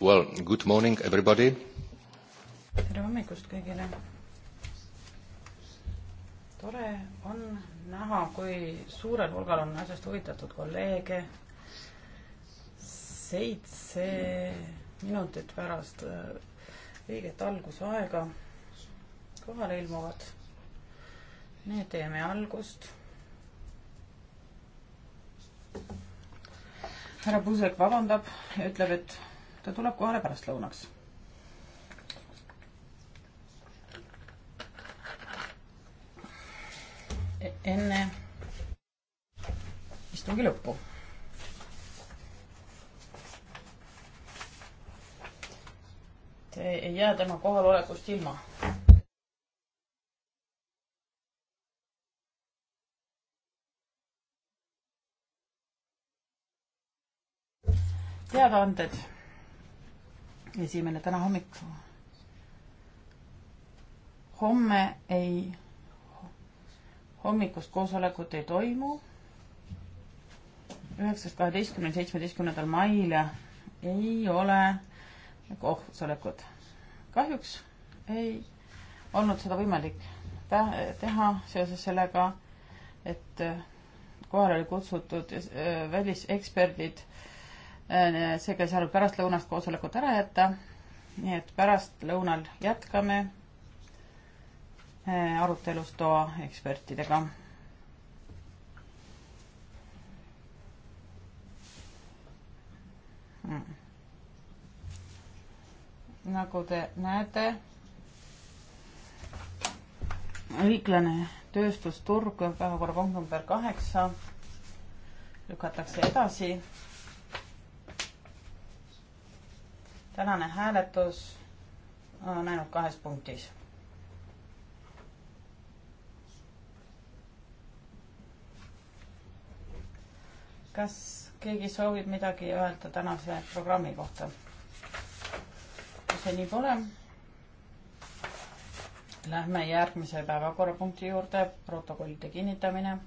Well, good morning everybody. tere hommikust kõigile. tore on näha, kui suurel hulgal on asjast huvitatud kolleege. seitse minutit pärast äh, õiget algusaega kohale ilmuvad. nii, teeme algust härra Puusek vabandab ja ütleb, et ta tuleb kohale pärastlõunaks. enne istungi lõppu. Te ei jää tema kohalolekust ilma. teadaanded esimene täna hommikul. homme ei, hommikust koosolekut ei toimu. üheksast kaheteistkümnel, seitsmeteistkümnendal mail ei ole koosolekut. kahjuks ei olnud seda võimalik teha seoses sellega, et kohale oli kutsutud äh, väliseksperdid äh, Äh, see, kes arvab pärast lõunast koosolekut ära jätta. nii et pärastlõunal jätkame äh, arutelus toa ekspertidega. Hmm. nagu te näete, õiglane tööstusturg, päevakorrapunkt number kaheksa lükatakse edasi tänane hääletus on ainult kahes punktis. kas keegi soovib midagi öelda tänase programmi kohta? kui see nii pole, lähme järgmise päevakorrapunkti juurde, protokollide kinnitamine.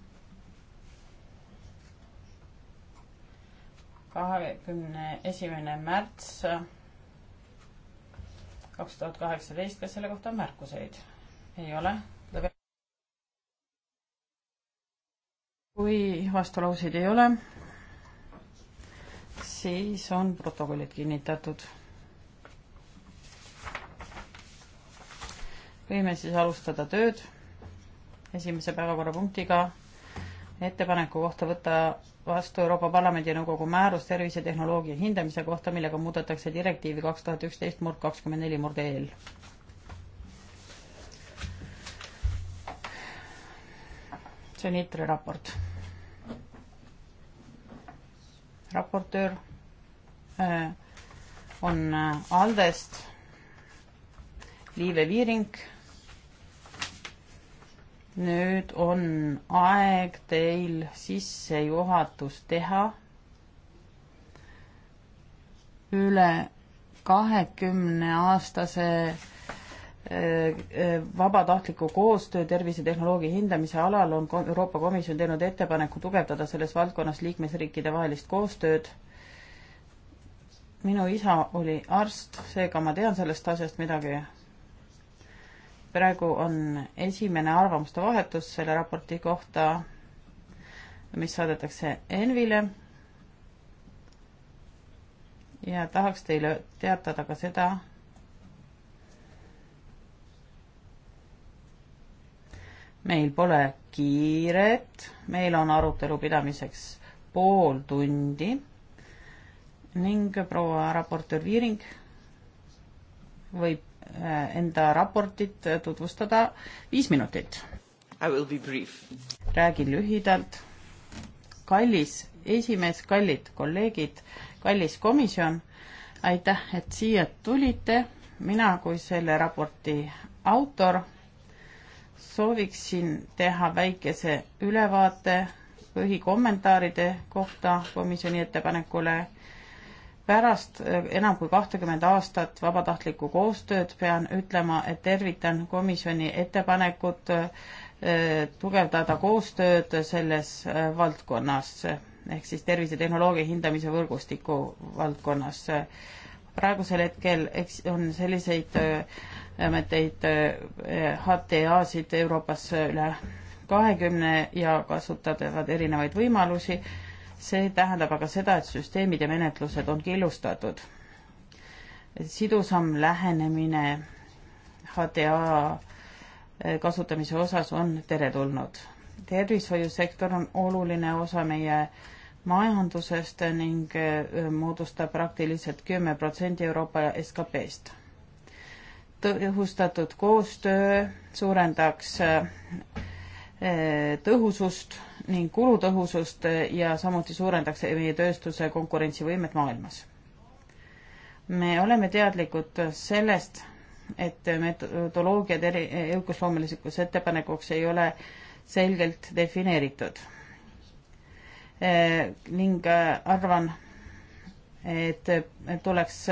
kahekümne esimene märts kaks tuhat kaheksateist, kas selle kohta on märkuseid? ei ole? kui vastulauseid ei ole, siis on protokollid kinnitatud. võime siis alustada tööd esimese päevakorrapunktiga ettepaneku kohta võtta vastu Euroopa Parlamendi ja Nõukogu määrus tervisetehnoloogia hindamise kohta, millega muudetakse direktiivi kaks tuhat üksteist murd kakskümmend neli murd EL. see on ITRE raport. raportöör äh, on äh, Aldest Liive Viiring nüüd on aeg teil sissejuhatus teha üle kahekümne aastase äh, äh, vabatahtliku koostöö tervisetehnoloogia hindamise alal on Euroopa Komisjon teinud ettepaneku tugevdada selles valdkonnas liikmesriikide vahelist koostööd. minu isa oli arst, seega ma tean sellest asjast midagi praegu on esimene arvamuste vahetus selle raporti kohta, mis saadetakse Envile. ja tahaks teile teatada ka seda, meil pole kiiret, meil on arutelu pidamiseks pool tundi ning proua raportöör Viiring võib Äh, enda raportit äh, tutvustada viis minutit. räägin lühidalt. kallis esimees, kallid kolleegid, kallis komisjon, aitäh, et siia tulite. mina kui selle raporti autor sooviksin teha väikese ülevaate põhikommentaaride kohta komisjoni ettepanekule pärast eh, enam kui kahtekümmend aastat vabatahtlikku koostööd pean ütlema, et tervitan komisjoni ettepanekut eh, tugevdada koostööd selles eh, valdkonnas ehk siis tervisetehnoloogia hindamise võrgustiku valdkonnas. praegusel hetkel eks on selliseid ameteid, HTA-sid Euroopas üle kahekümne ja kasutavad erinevaid võimalusi see tähendab aga seda, et süsteemid ja menetlused on killustatud. sidusam lähenemine HTA kasutamise osas on teretulnud. tervishoiusektor on oluline osa meie majandusest ning moodustab praktiliselt kümme protsenti Euroopa SKP-st. tõhustatud koostöö suurendaks tõhusust ning kulutõhusust ja samuti suurendaks meie tööstuse konkurentsivõimet maailmas. me oleme teadlikud sellest, et metodoloogiad eri, jõukusloomelikuks ettepanekuks ei ole selgelt defineeritud e,. ning arvan, et tuleks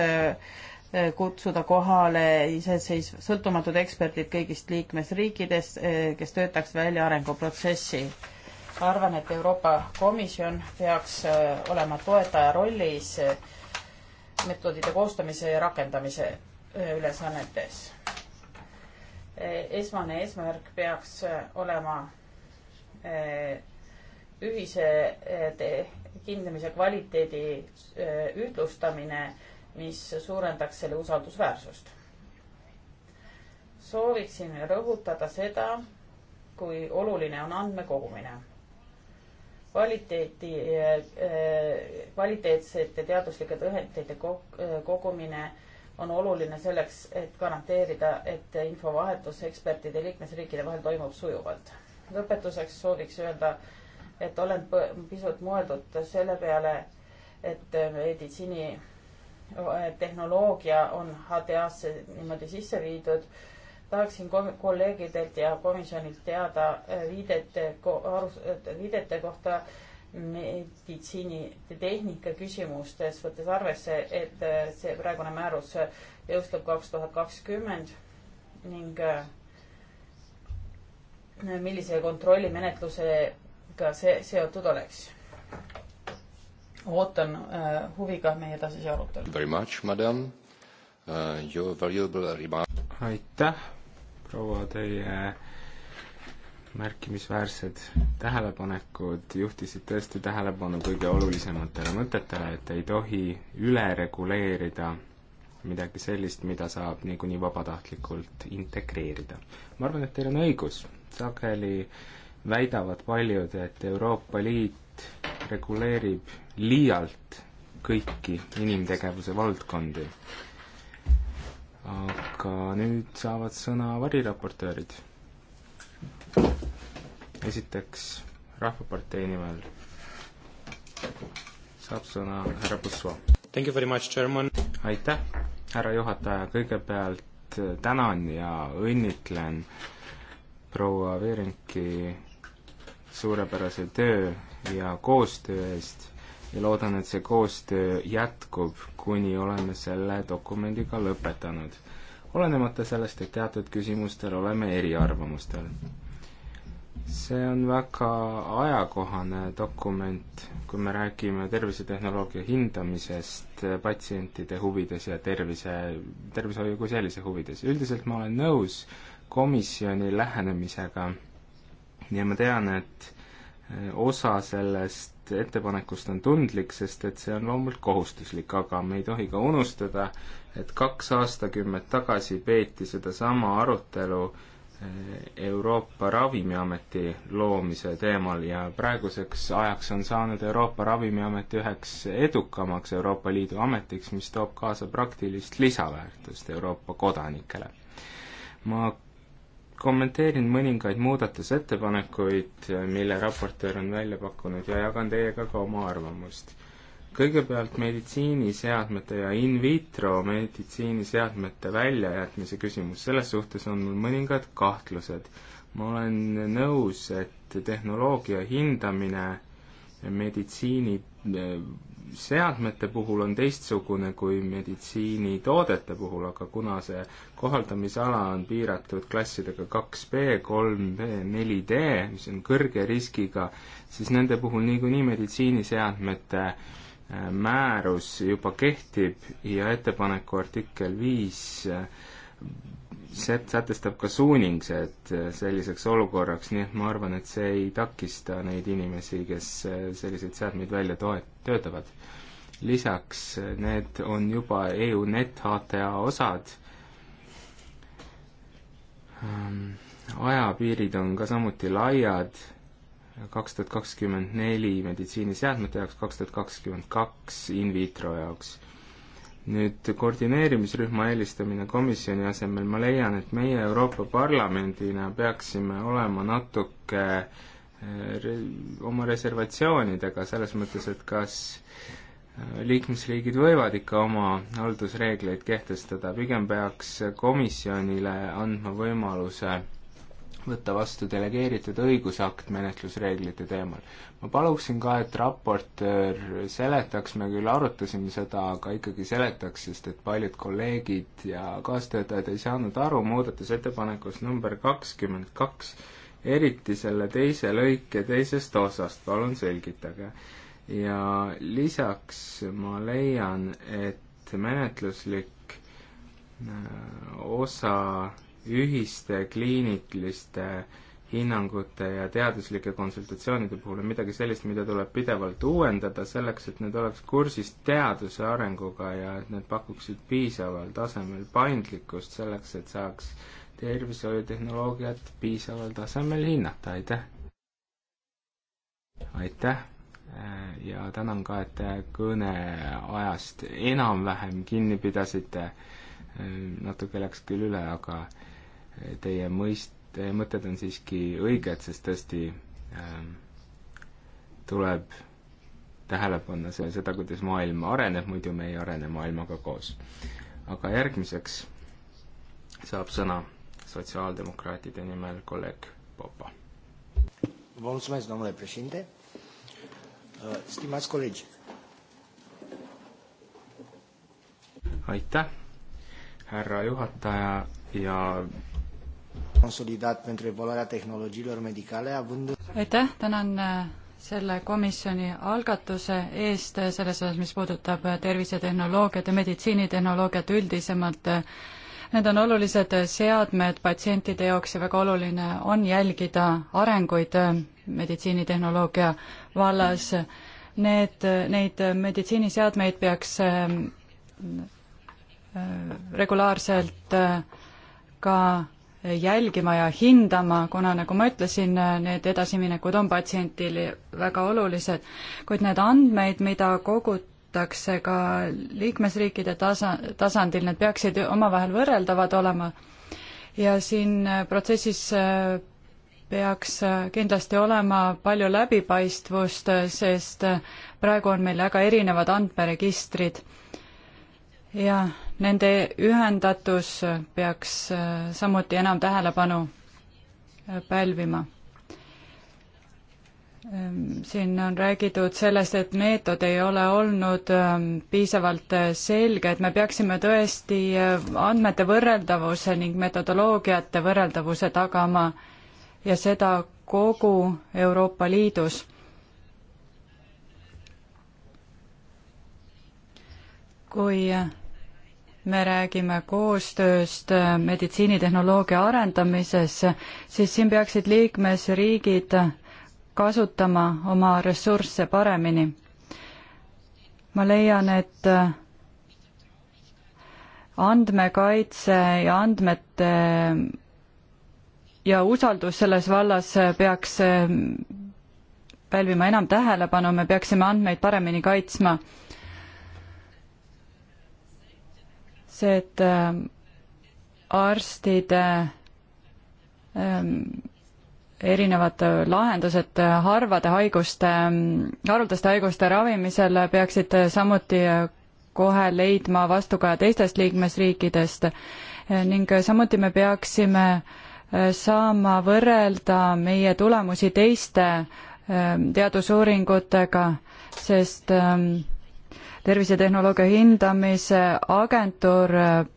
kutsuda kohale iseseisv-, sõltumatud eksperdid kõigist liikmesriikidest, kes töötaks välja arenguprotsessi arvan, et Euroopa Komisjon peaks äh, olema toetaja rollis äh, metoodide koostamise ja rakendamise äh, ülesannetes. esmane eesmärk peaks olema ühise hindamise kvaliteedi ühtlustamine, mis suurendaks selle usaldusväärsust. sooviksin rõhutada seda, kui oluline on andmekogumine kvaliteeti, eh, kvaliteetsete teaduslike tõendite eh, kogumine on oluline selleks, et garanteerida, et infovahetus ekspertide liikmesriikide vahel toimub sujuvalt. lõpetuseks sooviks öelda, et olen pisut mõeldud selle peale, et meditsiinitehnoloogia eh, on HTA-sse niimoodi sisse viidud tahaksin kolleegidelt ja komisjonilt teada äh, viidete ko, arus, viidete kohta meditsiinitehnika küsimustes, võttes arvesse, et äh, see praegune määrus jõustub kaks tuhat kakskümmend ning äh, millise kontrollimenetlusega see seotud oleks. ootan äh, huviga meie edasisi arutelu. Uh, aitäh proua, teie märkimisväärsed tähelepanekud juhtisid tõesti tähelepanu kõige olulisematele mõtetele, et ei tohi üle reguleerida midagi sellist, mida saab niikuinii vabatahtlikult integreerida. ma arvan, et teil on õigus, sageli väidavad paljud, et Euroopa Liit reguleerib liialt kõiki inimtegevuse valdkondi aga nüüd saavad sõna variraportöörid. esiteks Rahvapartei nimel saab sõna härra Pusva. Thank you very much, German. aitäh, härra juhataja, kõigepealt tänan ja õnnitlen proua Veerinki suurepärase töö ja koostöö eest ja loodan, et see koostöö jätkub kuni oleme selle dokumendiga lõpetanud. olenemata sellest, et teatud küsimustel oleme eriarvamustel. see on väga ajakohane dokument, kui me räägime tervisetehnoloogia hindamisest patsientide huvides ja tervise, tervishoiu kui sellise huvides. üldiselt ma olen nõus komisjoni lähenemisega ja ma tean, et osa sellest sellest ettepanekust on tundlik, sest et see on loomulikult kohustuslik, aga me ei tohi ka unustada, et kaks aastakümmet tagasi peeti sedasama arutelu eh, Euroopa Ravimiameti loomise teemal ja praeguseks ajaks on saanud Euroopa Ravimiamet üheks edukamaks Euroopa Liidu ametiks, mis toob kaasa praktilist lisaväärtust Euroopa kodanikele. ma kommenteerin mõningaid muudatusettepanekuid, mille raportöör on välja pakkunud ja jagan teiega ka oma arvamust. kõigepealt meditsiiniseadmete ja in vitro meditsiiniseadmete väljajätmise küsimus, selles suhtes on mul mõningad kahtlused. ma olen nõus, et tehnoloogia hindamine meditsiini seadmete puhul on teistsugune kui meditsiinitoodete puhul, aga kuna see kohaldamisala on piiratud klassidega kaks B, kolm B, neli D, mis on kõrge riskiga, siis nende puhul niikuinii meditsiiniseadmete äh, määrus juba kehtib ja ettepaneku artikkel viis äh, see sätestab ka suunised äh, selliseks olukorraks, nii et ma arvan, et see ei takista neid inimesi, kes äh, selliseid seadmeid välja toe-, töötavad. lisaks äh, need on juba EUNet HTA osad, ähm, ajapiirid on ka samuti laiad, kaks tuhat kakskümmend neli meditsiiniseadmete jaoks, kaks tuhat kakskümmend kaks in vitro jaoks nüüd koordineerimisrühma eelistamine komisjoni asemel, ma leian, et meie Euroopa Parlamendina peaksime olema natuke eh, re oma reservatsioonidega, selles mõttes, et kas eh, liikmesriigid võivad ikka oma haldusreegleid kehtestada, pigem peaks komisjonile andma võimaluse võtta vastu delegeeritud õigusakt menetlusreeglite teemal. ma paluksin ka, et raportöör seletaks, me küll arutasime seda, aga ikkagi seletaks, sest et paljud kolleegid ja kaastöötajad ei saanud aru muudatusettepanekust number kakskümmend kaks, eriti selle teise lõike teisest osast, palun selgitage. ja lisaks ma leian, et menetluslik äh, osa ühiste kliiniliste hinnangute ja teaduslike konsultatsioonide puhul on midagi sellist, mida tuleb pidevalt uuendada selleks, et need oleks kursis teaduse arenguga ja et need pakuksid piisaval tasemel paindlikkust selleks, et saaks tervishoiutehnoloogiat piisaval tasemel hinnata, aitäh! aitäh ja tänan ka, et te kõneajast enam-vähem kinni pidasite, natuke läks küll üle, aga teie mõist-, teie mõtted on siiski õiged, sest tõesti ähm, tuleb tähele panna see, seda, kuidas maailm areneb, muidu me ei arene maailmaga koos. aga järgmiseks saab sõna sotsiaaldemokraatide nimel kolleeg Popa. Mulțumesc, domnule președinte. Äh, stimați colegi. Aitäh, härra juhataja ja consolidat pentru evaluarea tehnologiilor medicale, având... aitäh, tänan äh, selle komisjoni algatuse eest selles osas, mis puudutab äh, tervisetehnoloogiat ja meditsiinitehnoloogiat üldisemalt. Need on olulised seadmed patsientide jaoks ja väga oluline on jälgida arenguid äh, meditsiinitehnoloogia vallas. Need, neid meditsiiniseadmeid peaks regulaarselt ka jälgima ja hindama, kuna nagu ma ütlesin, need edasiminekud on patsientile väga olulised, kuid need andmeid, mida kogutakse ka liikmesriikide tasa, tasandil, need peaksid omavahel võrreldavad olema ja siin protsessis äh, peaks äh, kindlasti olema palju läbipaistvust, äh, sest praegu on meil väga erinevad andmeregistrid ja nende ühendatus peaks äh, samuti enam tähelepanu äh, pälvima. Ähm, siin on räägitud sellest, et meetod ei ole olnud ähm, piisavalt äh, selge, et me peaksime tõesti andmete võrreldavuse ning metodoloogiate võrreldavuse tagama ja seda kogu Euroopa Liidus kui me räägime koostööst äh, meditsiinitehnoloogia arendamises, siis siin peaksid liikmesriigid kasutama oma ressursse paremini. ma leian, et äh, andmekaitse ja andmete ja usaldus selles vallas peaks äh, pälvima enam tähelepanu, me peaksime andmeid paremini kaitsma see, et ähm, arstide ähm, erinevad lahendused harvade haiguste, ähm, haruldaste haiguste ravimisel peaksid samuti kohe leidma vastukaja teistest liikmesriikidest ning samuti me peaksime äh, saama võrrelda meie tulemusi teiste teadusuuringutega, sest ähm, tervisetehnoloogia hindamise agentuur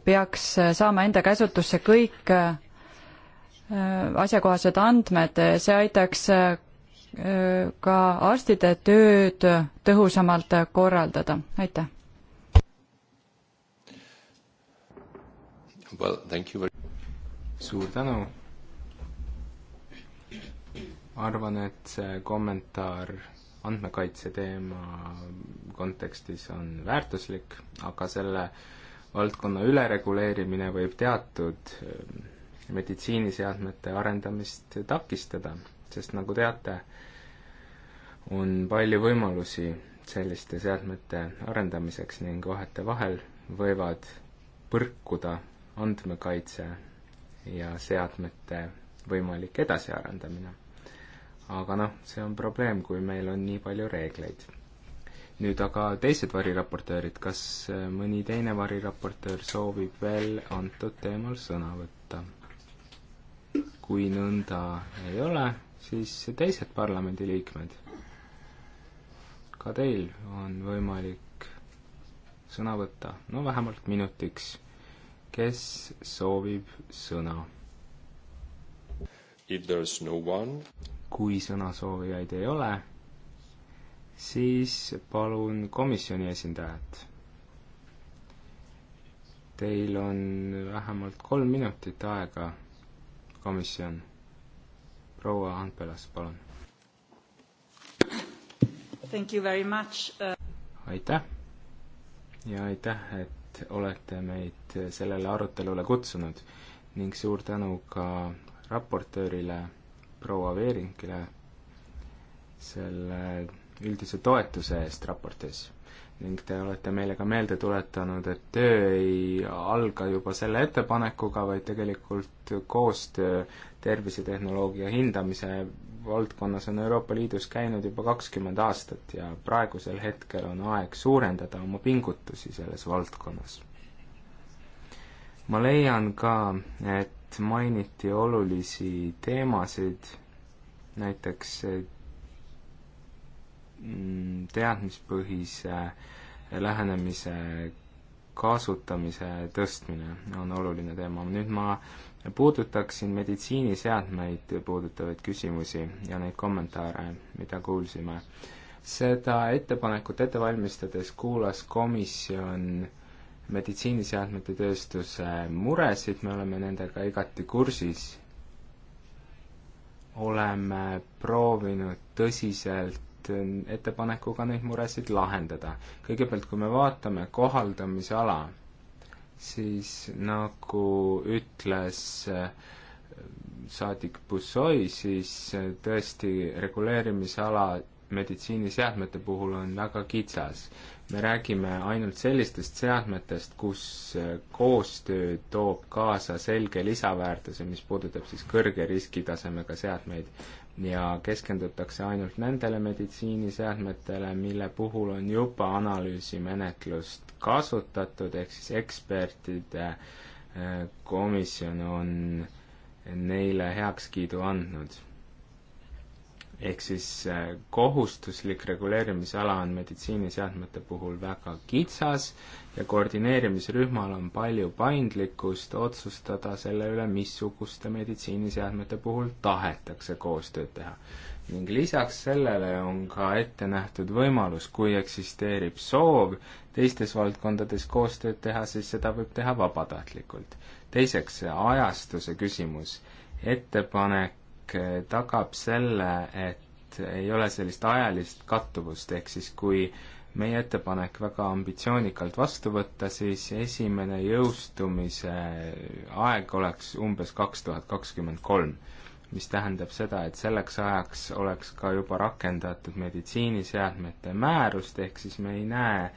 peaks saama enda käsutusse kõik äh, asjakohased andmed, see aitaks äh, ka arstide tööd tõhusamalt korraldada, aitäh. Well, thank you very suur tänu. arvan, et see kommentaar andmekaitse teema kontekstis on väärtuslik, aga selle valdkonna ülereguleerimine võib teatud ähm, meditsiiniseadmete arendamist takistada, sest nagu teate, on palju võimalusi selliste seadmete arendamiseks ning vahetevahel võivad põrkuda andmekaitse ja seadmete võimalik edasiarendamine. aga noh, see on probleem, kui meil on nii palju reegleid nüüd aga teised variraportöörid, kas äh, mõni teine variraportöör soovib veel antud teemal sõna võtta? kui nõnda ei ole, siis teised parlamendiliikmed, ka teil on võimalik sõna võtta, no vähemalt minutiks. kes soovib sõna? No one... kui sõnasoovijaid ei ole siis palun komisjoni esindajat. Teil on vähemalt kolm minutit aega, komisjon. proua Antpelas, palun. Uh, aitäh ja aitäh, et olete meid sellele arutelule kutsunud ning suur tänu ka raportöörile proua Veeringile selle üldise toetuse eest raportis ning te olete meile ka meelde tuletanud, et töö ei alga juba selle ettepanekuga, vaid tegelikult koostöö tervisetehnoloogia hindamise valdkonnas on Euroopa Liidus käinud juba kakskümmend aastat ja praegusel hetkel on aeg suurendada oma pingutusi selles valdkonnas. ma leian ka, et mainiti olulisi teemasid, näiteks Mm, teadmispõhise lähenemise kasutamise tõstmine on oluline teema. nüüd ma puudutaksin meditsiiniseadmeid puudutavaid küsimusi ja neid kommentaare, mida kuulsime. seda ettepanekut ette valmistades kuulas komisjon meditsiiniseadmete tööstuse muresid, me oleme nendega igati kursis. oleme proovinud tõsiselt Äh, ettepanekuga neid muresid lahendada. kõigepealt, kui me vaatame kohaldamisala, siis nagu ütles äh, saadik Bussoi, siis äh, tõesti reguleerimisala meditsiiniseadmete puhul on väga kitsas me räägime ainult sellistest seadmetest, kus äh, koostöö toob kaasa selge lisaväärtuse, mis puudutab siis kõrge riskitasemega seadmeid ja keskendutakse ainult nendele meditsiiniseadmetele, mille puhul on juba analüüsimenetlust kasutatud, ehk siis ekspertide äh, komisjon on neile heakskiidu andnud ehk siis äh, kohustuslik reguleerimisala on meditsiiniseadmete puhul väga kitsas ja koordineerimisrühmal on palju paindlikkust otsustada selle üle, missuguste meditsiiniseadmete puhul tahetakse koostööd teha. ning lisaks sellele on ka ette nähtud võimalus, kui eksisteerib soov teistes valdkondades koostööd teha, siis seda võib teha vabatahtlikult. teiseks, see ajastuse küsimus, ettepanek Eh, tagab selle, et ei ole sellist ajalist kattuvust, ehk siis kui meie ettepanek väga ambitsioonikalt vastu võtta, siis esimene jõustumise aeg oleks umbes kaks tuhat kakskümmend kolm, mis tähendab seda, et selleks ajaks oleks ka juba rakendatud meditsiiniseadmete määrust, ehk siis me ei näe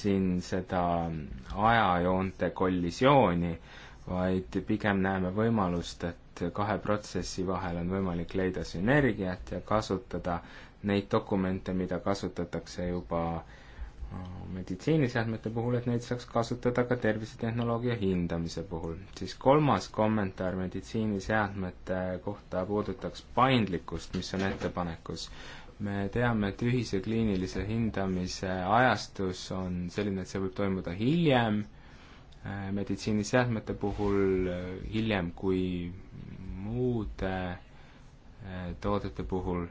siin seda ajajoonte kollisiooni, vaid pigem näeme võimalust, et et kahe protsessi vahel on võimalik leida sünergiat ja kasutada neid dokumente, mida kasutatakse juba äh, meditsiiniseadmete puhul, et neid saaks kasutada ka tervisetehnoloogia hindamise puhul. siis kolmas kommentaar meditsiiniseadmete kohta puudutaks paindlikkust, mis on ettepanekus. me teame, et ühise kliinilise hindamise ajastus on selline, et see võib toimuda hiljem äh, meditsiiniseadmete puhul äh, hiljem kui muude eh, toodete puhul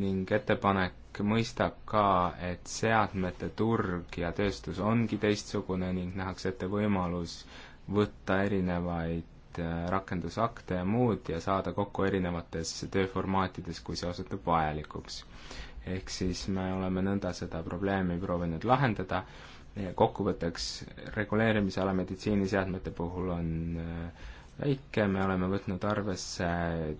ning ettepanek mõistab ka, et seadmete turg ja tööstus ongi teistsugune ning nähakse ette võimalus võtta erinevaid eh, rakendusakte ja muud ja saada kokku erinevates tööformaatides, kui see osutub vajalikuks. ehk siis me oleme nõnda seda probleemi proovinud lahendada kokkuvõtteks reguleerimisala meditsiiniseadmete puhul on äh, väike, me oleme võtnud arvesse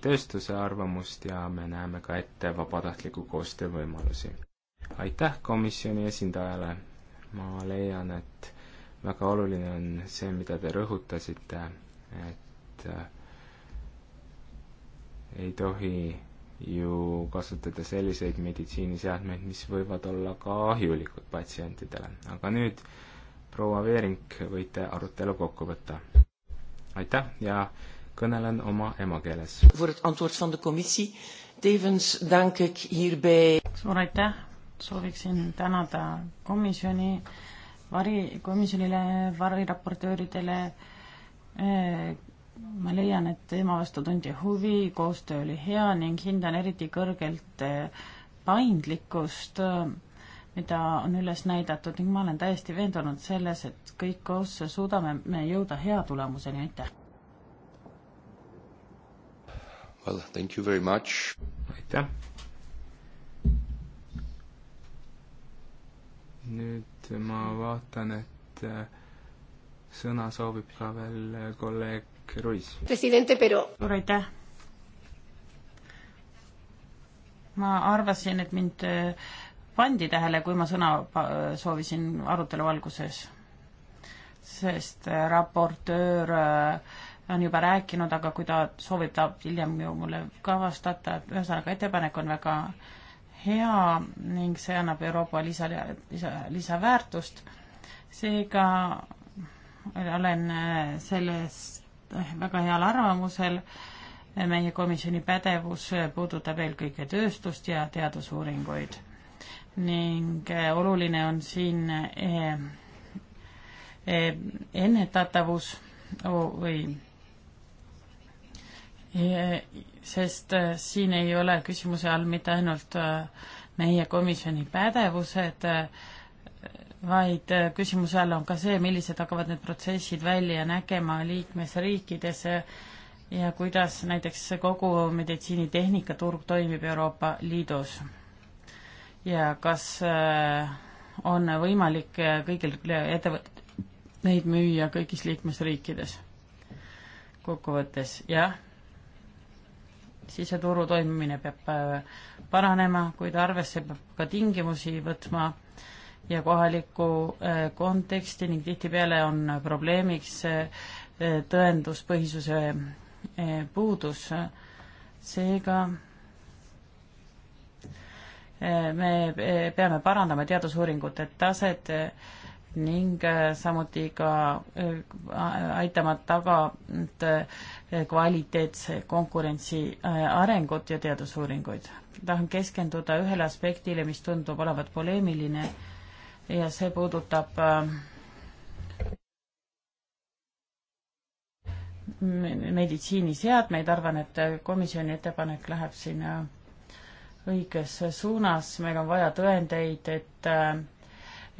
tööstuse arvamust ja me näeme ka ette vabatahtliku koostöö võimalusi. aitäh komisjoni esindajale, ma leian, et väga oluline on see, mida te rõhutasite, et äh, ei tohi ju kasutada selliseid meditsiiniseadmeid, mis võivad olla kahjulikud patsientidele. aga nüüd, proua Veering, võite arutelu kokku võtta aitäh ja kõnelen oma emakeeles. suur aitäh, sooviksin tänada komisjoni, vari, komisjonile, variraportööridele. Eh, ma leian, et teema vastu tunti huvi, koostöö oli hea ning hindan eriti kõrgelt eh, paindlikkust äh, mida on üles näidatud ning ma olen täiesti veendunud selles, et kõik koos suudame me jõuda hea tulemuseni, aitäh! Well, thank you very much! aitäh! nüüd ma vaatan, et äh, sõna soovib ka veel äh, kolleeg Ruiz. suur aitäh! ma arvasin, et mind äh, pandi tähele, kui ma sõna soovisin arutelu alguses. sest äh, raportöör äh, on juba rääkinud, aga kui ta soovib, ta hiljem ju mulle ka vastata, et ühesõnaga ettepanek on väga hea ning see annab Euroopa lisa, lisa, lisaväärtust. seega olen äh, sellest väga heal arvamusel. meie komisjoni pädevus puudutab eelkõige tööstust ja teadusuuringuid ning eh, oluline on siin eh, eh, ennetatavus või sest siin ei ole küsimuse all mitte ainult meie komisjoni pädevused, vaid küsimuse all on ka see, millised hakkavad need protsessid välja nägema liikmesriikides ja kuidas näiteks kogu meditsiinitehnika turg toimib Euroopa Liidus ja kas äh, on võimalik äh, kõigil äh, ettevõt-, neid müüa kõigis liikmesriikides kokkuvõttes, jah, siseturu toimimine peab paranema, kuid arvesse peab ka tingimusi võtma ja kohalikku konteksti ning tihtipeale on probleemiks tõenduspõhisuse puudus. seega me peame parandama teadusuuringute taset ning äh, samuti ka äh, aitama taga äh, kvaliteetse konkurentsi arengut ja teadusuuringuid. tahan keskenduda ühele aspektile, mis tundub olevat poleemiline ja see puudutab meditsiiniseadmeid, arvan, et komisjoni ettepanek läheb sinna õiges suunas, meil on vaja tõendeid, et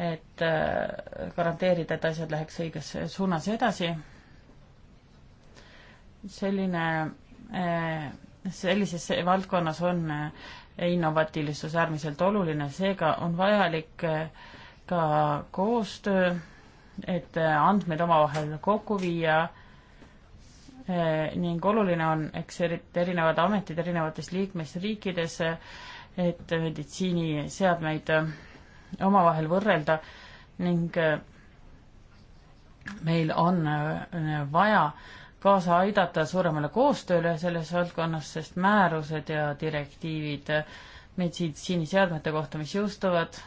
et äh, garanteerida, et asjad läheks õiges suunas edasi. selline, äh, sellises valdkonnas on äh, innovatiivsus äärmiselt oluline, seega on vajalik ka koostöö, et andmed omavahel kokku viia Eh, ning oluline on, eks erinevad ametid erinevates liikmesriikides, et meditsiiniseadmeid eh, omavahel võrrelda ning eh, meil on vaja kaasa aidata suuremale koostööle selles valdkonnas, sest määrused ja direktiivid meditsiiniseadmete kohta, mis jõustuvad,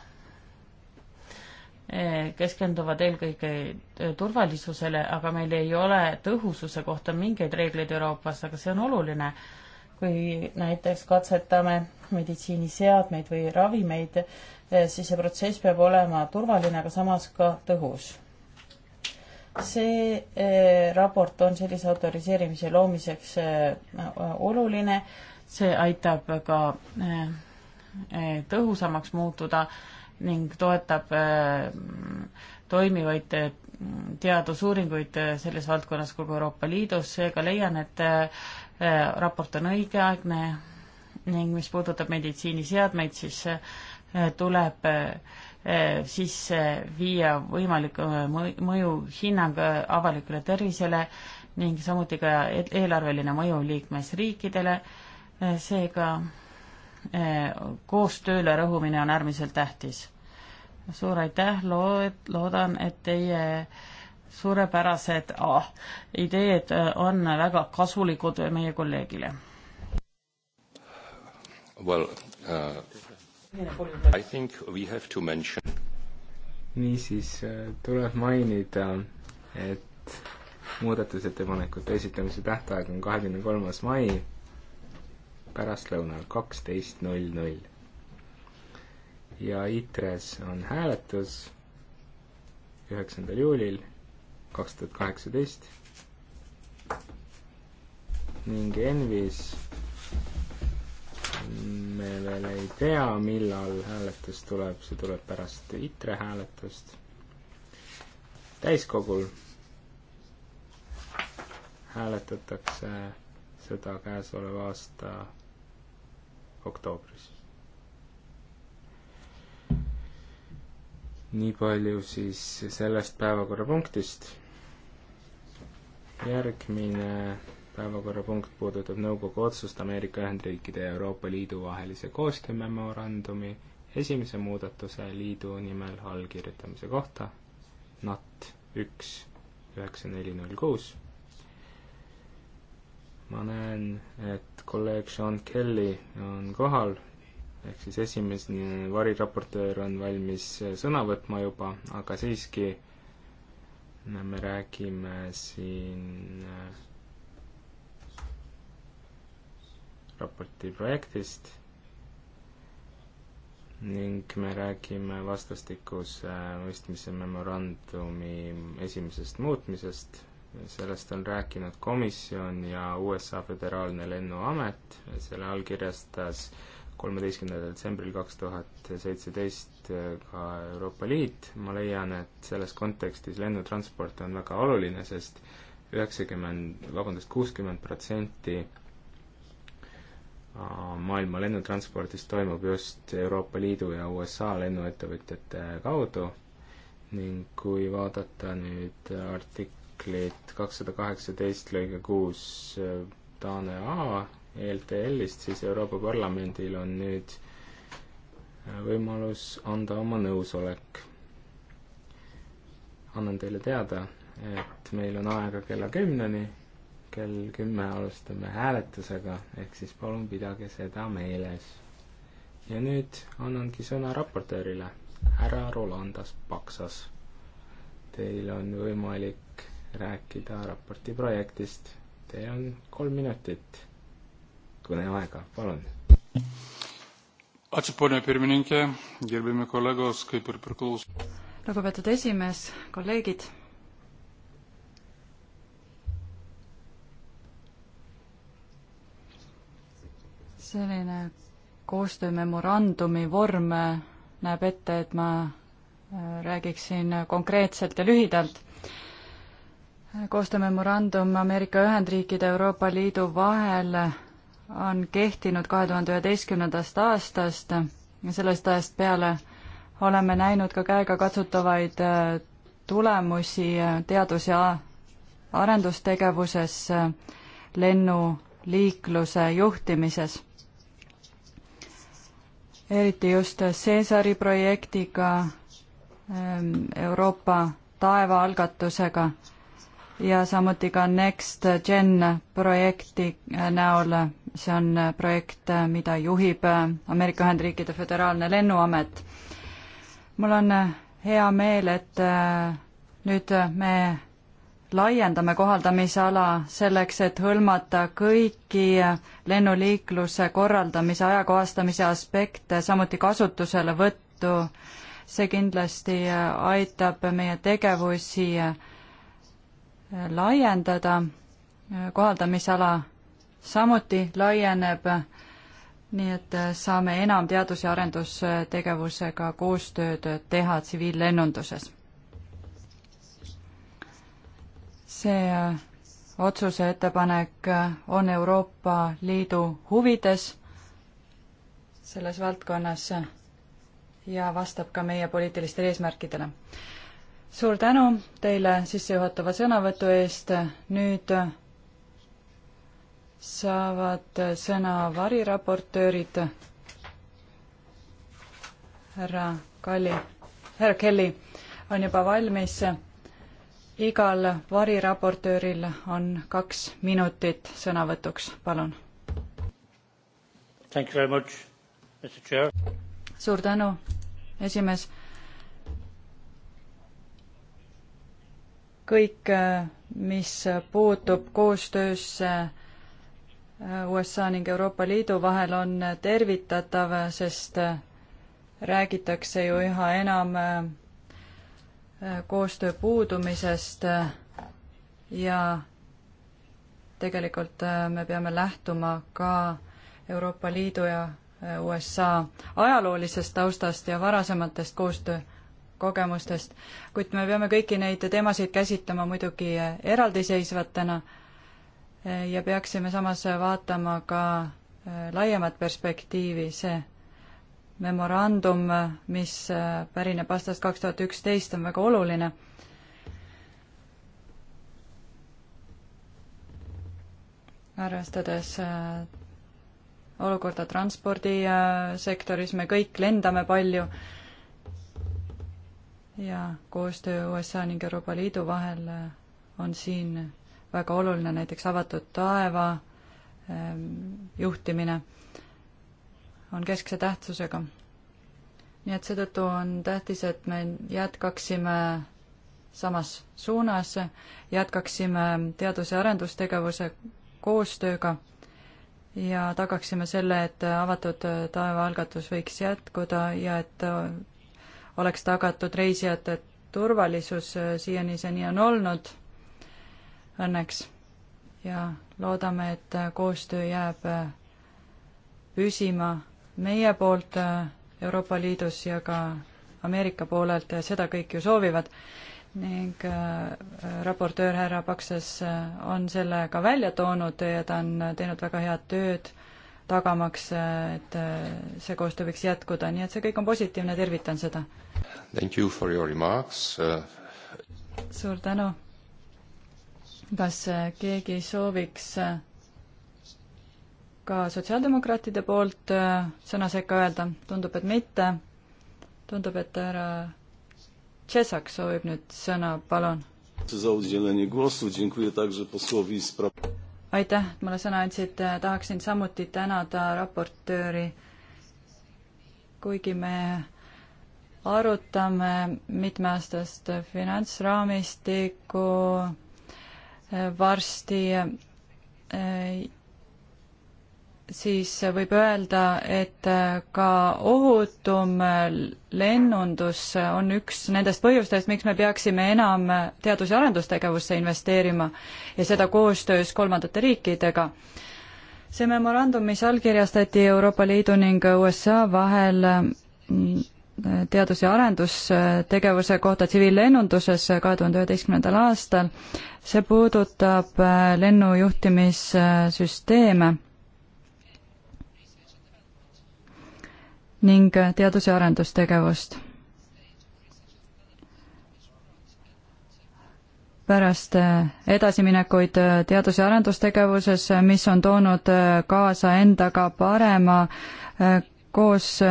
keskenduvad eelkõige äh, turvalisusele, aga meil ei ole tõhususe kohta mingeid reegleid Euroopas, aga see on oluline. kui näiteks katsetame meditsiiniseadmeid või ravimeid, äh, siis see protsess peab olema turvaline, aga samas ka tõhus. see äh, raport on sellise autoriseerimise loomiseks oluline, see aitab ka tõhusamaks muutuda ning toetab äh, toimivaid äh, teadusuuringuid äh, selles valdkonnas kogu Euroopa Liidus, seega leian, et raport on õigeaegne ning mis puudutab meditsiiniseadmeid, siis tuleb sisse viia võimalik mõju hinnang avalikule tervisele ning samuti ka e-, eelarveline mõju liikmesriikidele, seega koostööle rõhumine on äärmiselt tähtis. suur aitäh, lood-, loodan, et teie suurepärased ah, ideed äh, on väga kasulikud meie kolleegile. Well uh, I think we have to mention niisiis äh, tuleb mainida, et muudatusettepanekute esitamise tähtaeg on kahekümne kolmas mai pärastlõunal kaksteist null null. ja ITRE-s on hääletus üheksandal juulil kaks tuhat kaheksateist ning Envis me veel ei tea, millal hääletus tuleb, see tuleb pärast ITRE hääletust. täiskogul hääletatakse seda käesoleva aasta oktoobris. nii palju siis sellest päevakorrapunktist. järgmine päevakorrapunkt puudutab nõukogu otsust Ameerika Ühendriikide ja Euroopa Liidu vahelise koostöömemorandumi esimese muudatuse liidu nimel allkirjutamise kohta, NAT üks üheksa neli null kuus ma näen, et kolleeg Sean Kelly on kohal, ehk siis esimene variraportöör on valmis sõna võtma juba, aga siiski me räägime siin äh, raporti projektist ning me räägime vastastikuse äh, mõistmise memorandumi esimesest muutmisest sellest on rääkinud komisjon ja USA Föderaalne Lennuamet, selle allkirjastas kolmeteistkümnendal detsembril kaks tuhat seitseteist ka Euroopa Liit, ma leian, et selles kontekstis lennutransport on väga oluline, sest üheksakümmend, vabandust, kuuskümmend protsenti maailma lennutranspordist toimub just Euroopa Liidu ja USA lennuettevõtjate kaudu ning kui vaadata nüüd artik-, artiklit kakssada kaheksateist lõige kuus äh, Taane A ELTL-ist, siis Euroopa Parlamendil on nüüd äh, võimalus anda oma nõusolek. annan teile teada, et meil on aega kella kümneni, kell kümme alustame hääletusega, ehk siis palun pidage seda meeles. ja nüüd annangi sõna raportöörile, härra Rolandas Paksas. Teil on võimalik rääkida raporti projektist. Teil on kolm minutit kõneaega, palun. lugupeetud esimees, kolleegid. selline koostöömemorandumi vorm näeb ette, et ma äh, räägiksin konkreetselt ja lühidalt koostöömemorandum Ameerika Ühendriikide ja Euroopa Liidu vahel on kehtinud kahe tuhande üheteistkümnendast aastast ja sellest ajast peale oleme näinud ka käegakatsutavaid äh, tulemusi äh, teadus- ja arendustegevuses, äh, lennuliikluse juhtimises. eriti just Cäsari projektiga, ähm, Euroopa taevaalgatusega ja samuti ka Next Gen projekti äh, näol. see on äh, projekt, äh, mida juhib Ameerika Ühendriikide Föderaalne Lennuamet. mul on hea meel, et nüüd me laiendame kohaldamisala selleks, et hõlmata kõiki lennuliikluse korraldamise ajakohastamise aspekte, samuti kasutuselevõttu. see kindlasti aitab meie tegevusi laiendada, kohaldamisala samuti laieneb, nii et saame enam teadus- ja arendustegevusega koostööd teha tsiviillennunduses. see otsuse ettepanek on Euroopa Liidu huvides selles valdkonnas ja vastab ka meie poliitilistele eesmärkidele suur tänu teile sissejuhatava sõnavõtu eest, nüüd saavad sõna variraportöörid. härra Kalli, härra Kelly on juba valmis. igal variraportööril on kaks minutit sõnavõtuks, palun. suur tänu, esimees kõik, mis puutub koostöösse USA ning Euroopa Liidu vahel, on tervitatav, sest räägitakse ju üha enam äh, koostöö puudumisest ja tegelikult äh, me peame lähtuma ka Euroopa Liidu ja äh, USA ajaloolisest taustast ja varasematest koostöö kogemustest, kuid me peame kõiki neid teemasid käsitlema muidugi eraldiseisvatena eh, ja peaksime samas vaatama ka eh, laiemat perspektiivi, see memorandum, mis eh, pärineb aastast kaks tuhat üksteist, on väga oluline. arvestades olukorda transpordisektoris, me kõik lendame palju ja koostöö USA ning Euroopa Liidu vahel äh, on siin väga oluline, näiteks avatud taeva ähm, juhtimine on keskse tähtsusega. nii et seetõttu on tähtis, et me jätkaksime samas suunas, jätkaksime teadus- ja arendustegevuse koostööga ja tagaksime selle, et avatud taeva algatus võiks jätkuda ja et oleks tagatud reisijate turvalisus, äh, siiani see nii on olnud õnneks. ja loodame, et äh, koostöö jääb äh, püsima meie poolt Euroopa Liidus ja ka Ameerika poolelt ja seda kõik ju soovivad ning raportöör härra Paksas on selle ka välja toonud ja ta on teinud väga head tööd tagamaks, et äh, see koostöö võiks jätkuda, nii et see kõik on positiivne, tervitan seda. Thank you for your remarks uh.... suur tänu. kas äh, keegi sooviks ka sotsiaaldemokraatide poolt sõna sekka öelda, tundub, et mitte. tundub, et härra Czesak soovib nüüd sõna, palun aitäh, et mulle sõna andsite, tahaksin samuti tänada raportööri. kuigi me arutame mitmeaastast finantsraamistikku eh, varsti eh, siis võib öelda, et äh, ka ohutum äh, lennundus äh, on üks nendest põhjustest, miks me peaksime enam teadus- ja arendustegevusse investeerima ja seda koostöös kolmandate riikidega. see memorandum, mis allkirjastati Euroopa Liidu ning USA vahel mm, teadus- ja arendustegevuse kohta tsiviillennunduses kahe tuhande üheteistkümnendal aastal, see puudutab lennujuhtimissüsteeme ning teadus- ja arendustegevust. pärast edasiminekuid teadus- ja arendustegevuses, mis on toonud kaasa endaga parema eh, koos eh,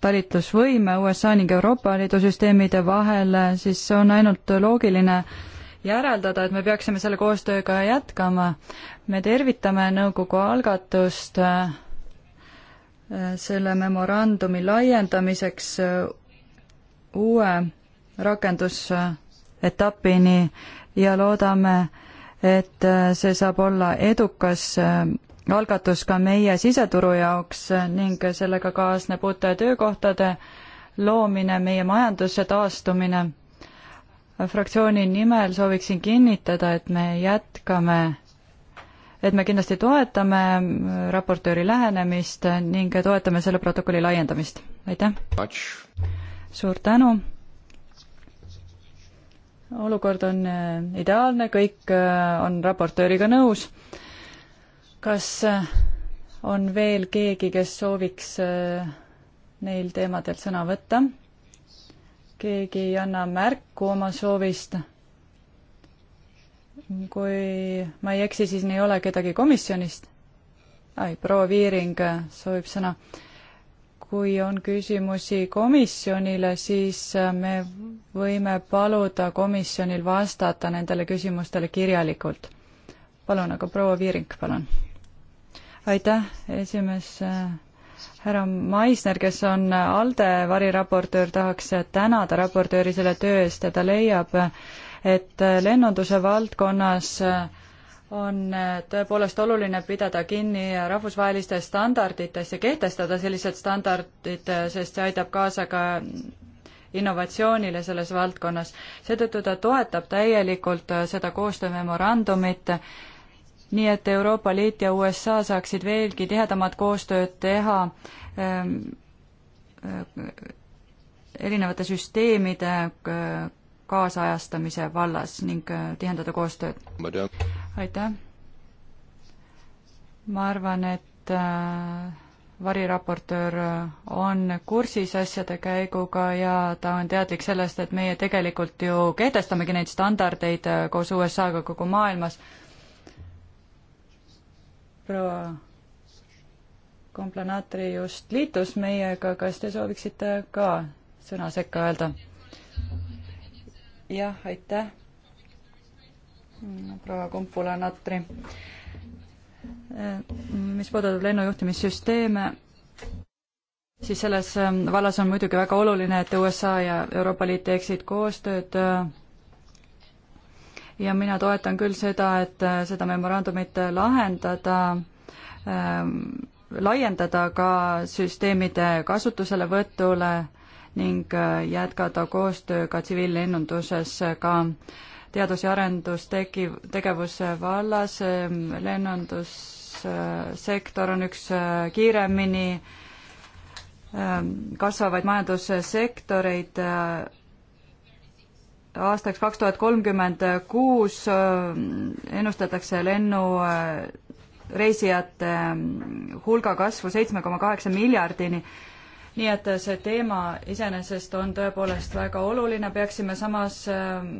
talitlusvõime USA ning Euroopa Liidu süsteemide vahel, siis on ainult loogiline järeldada, et me peaksime selle koostööga jätkama. me tervitame nõukogu algatust äh, selle memorandumi laiendamiseks äh, uue rakendusetapini ja loodame, et äh, see saab olla edukas äh, algatus ka meie siseturu jaoks ning sellega kaasneb uute töökohtade loomine, meie majanduse taastumine. fraktsiooni nimel sooviksin kinnitada, et me jätkame et me kindlasti toetame äh, raportööri lähenemist ning toetame selle protokolli laiendamist, aitäh! suur tänu! olukord on äh, ideaalne, kõik äh, on raportööriga nõus. kas on veel keegi, kes sooviks neil teemadel sõna võtta? keegi ei anna märku oma soovist kui ma ei eksi, siis ei ole kedagi komisjonist. ai, proua Viiring soovib sõna. kui on küsimusi komisjonile, siis äh, me võime paluda komisjonil vastata nendele küsimustele kirjalikult. palun, aga proua Viiring, palun. aitäh, esimees äh, härra Maisner, kes on äh, ALDE variraportöör, tahaks tänada raportööri selle töö eest ja ta leiab, et lennunduse valdkonnas on tõepoolest oluline pidada kinni rahvusvahelistest standarditest ja kehtestada sellised standardid, sest see aitab kaasa ka innovatsioonile selles valdkonnas. seetõttu ta toetab täielikult seda koostöömemorandumit, nii et Euroopa Liit ja USA saaksid veelgi tihedamat koostööd teha ähm, äh, erinevate süsteemide äh, kaasajastamise vallas ning äh, tihendada koostööd. aitäh! ma arvan, et äh, variraportöör äh, on kursis asjade käiguga ja ta on teadlik sellest, et meie tegelikult ju kehtestamegi neid standardeid koos USA-ga kogu maailmas. proua Komplanatri just liitus meiega, kas te sooviksite ka sõna sekka öelda? jah, aitäh, proua Kumpula-Natri. mis puudutab lennujuhtimissüsteeme, siis selles ähm, vallas on muidugi väga oluline, et USA ja Euroopa Liit teeksid koostööd ja mina toetan küll seda, et äh, seda memorandumit lahendada ähm,, laiendada ka süsteemide kasutuselevõtule äh, ning äh, jätkata koostööga tsiviillennunduses äh, ka teadus- ja arendustegi-, tegevuse vallas, ähm, lennundussektor on üks äh, kiiremini ähm, kasvavaid majandussektoreid aastaks kaks tuhat kolmkümmend kuus ennustatakse lennu reisijate ähm, hulga kasvu seitsme koma kaheksa miljardini nii et see teema iseenesest on tõepoolest väga oluline, peaksime samas ähm,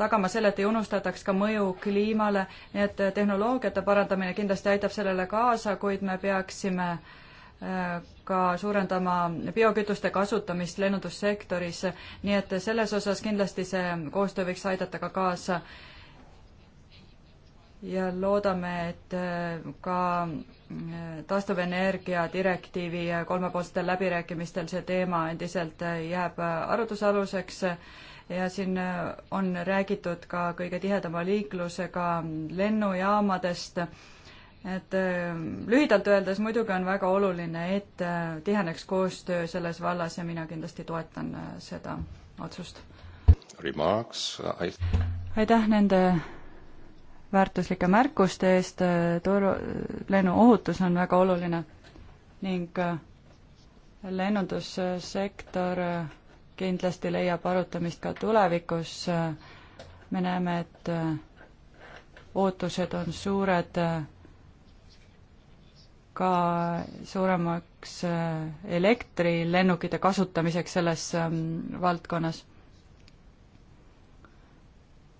tagama selle, et ei unustataks ka mõju kliimale, nii et tehnoloogiate parandamine kindlasti aitab sellele kaasa, kuid me peaksime äh, ka suurendama biokütuste kasutamist lennundussektoris, nii et selles osas kindlasti see koostöö võiks aidata ka kaasa ja loodame, et äh, ka äh, taastuvenergia direktiivi äh, kolmepoolsetel läbirääkimistel see teema endiselt jääb arutlusaluseks ja siin on räägitud ka kõige tihedama liiklusega lennujaamadest et lühidalt öeldes muidugi on väga oluline, et tiheneks koostöö selles vallas ja mina kindlasti toetan seda otsust. aitäh nende väärtuslike märkuste eest, äh, toru, lennuohutus on väga oluline ning äh, lennundussektor äh, kindlasti leiab arutamist ka tulevikus. me näeme, et ootused on suured ka suuremaks elektrilennukite kasutamiseks selles ähm, valdkonnas.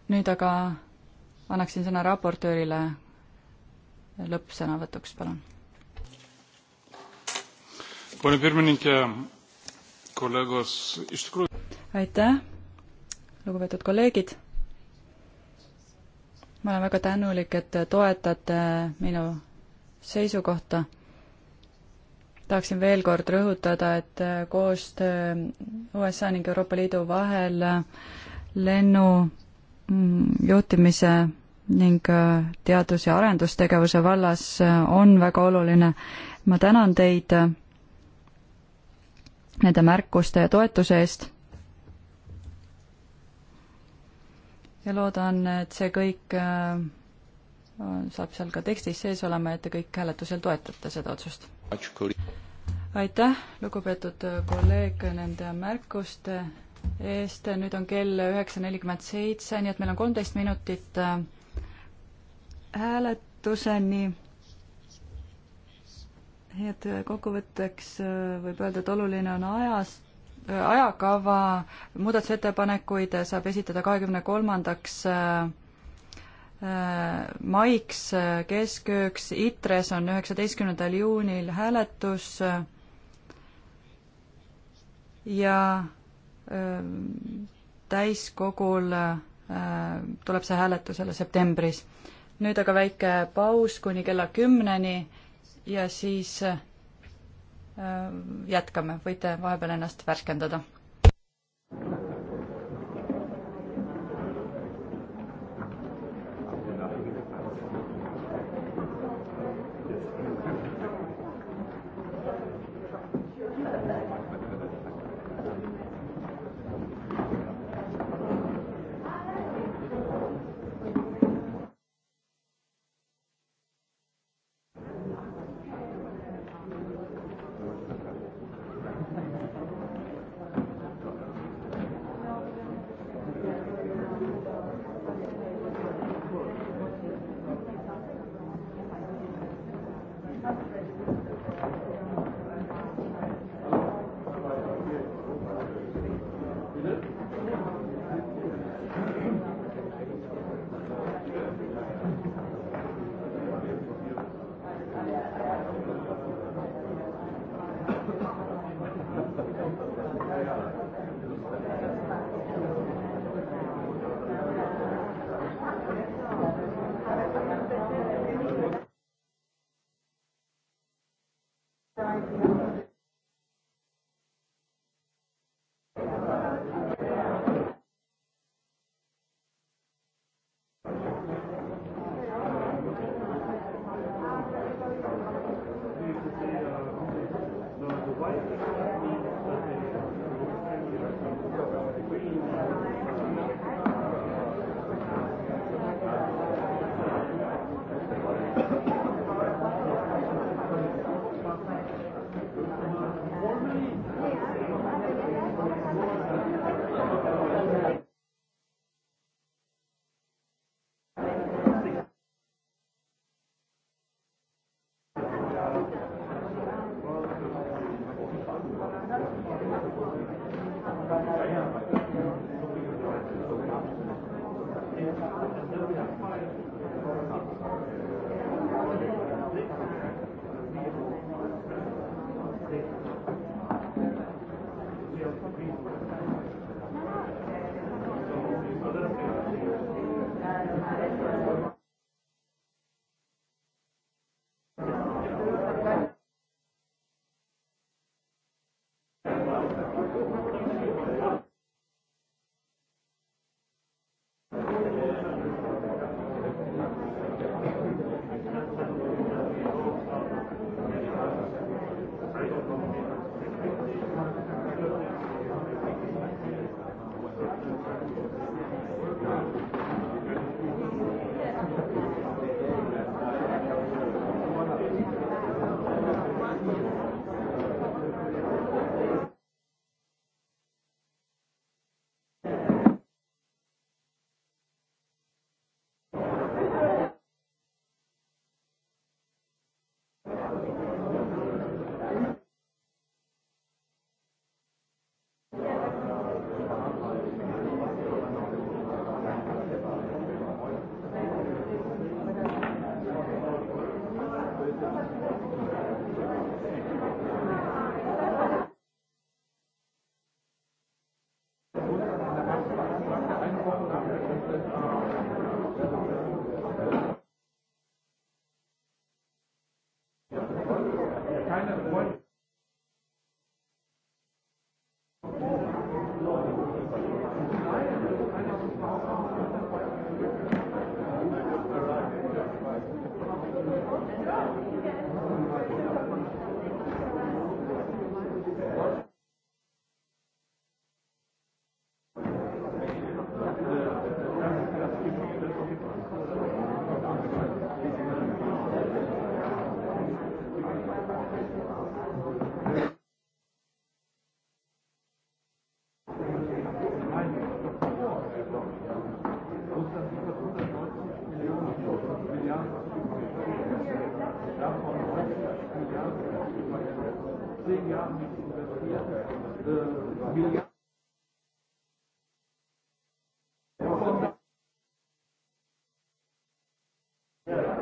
nüüd aga annaksin sõna raportöörile lõppsõnavõtuks, palun. aitäh, lugupeetud kolleegid. ma olen väga tänulik, et toetate minu seisukohta. tahaksin veel kord rõhutada, et koostöö USA ning Euroopa Liidu vahel lennu Mm, juhtimise ning äh, teadus- ja arendustegevuse vallas äh, on väga oluline. ma tänan teid äh, nende märkuste ja toetuse eest. ja loodan, et see kõik saab seal ka tekstis sees olema, et te kõik hääletusel toetate seda otsust. aitäh, lugupeetud kolleeg, nende märkuste eest, nüüd on kell üheksa nelikümmend seitse, nii et meil on kolmteist minutit äh, hääletuseni. nii et kokkuvõtteks äh, võib öelda, et oluline on ajast äh, ajakava muudatusettepanekuid saab esitada kahekümne kolmandaks maiks keskööks, ITRES on üheksateistkümnendal juunil hääletus ja täiskogul tuleb see hääletusele septembris. nüüd aga väike paus kuni kella kümneni ja siis jätkame, võite vahepeal ennast värskendada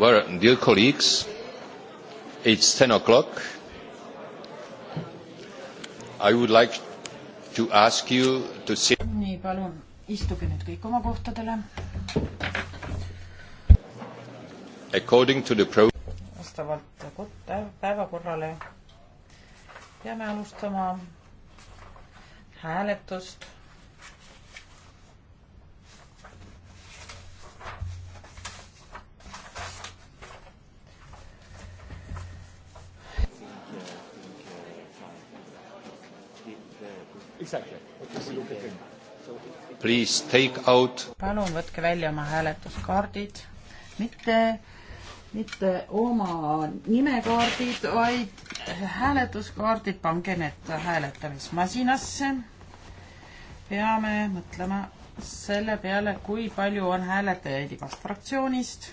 Well, dear colleagues, it's 10 o'clock. I would like to ask you to sit. nii, palun istuge nüüd kõik oma kohtadele. According to the pro-. vastavalt päevakorrale peame alustama hääletust Please take out. palun võtke välja oma hääletuskaardid, mitte, mitte oma nimekaardid, vaid hääletuskaardid pange need hääletamismasinasse. peame mõtlema selle peale, kui palju on hääletajaid igast fraktsioonist.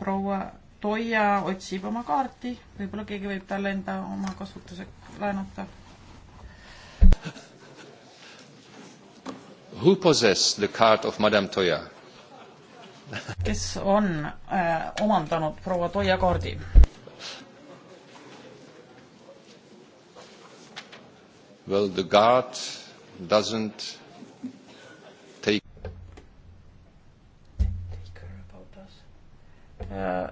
proua Toia otsib oma kaarti, võib-olla keegi võib talle enda oma kasutuse laenata Who possess the card of Madame Toya? kes on äh, omandanud proua Toia kaardi? Well, the guard doesn't take take care about us äh,.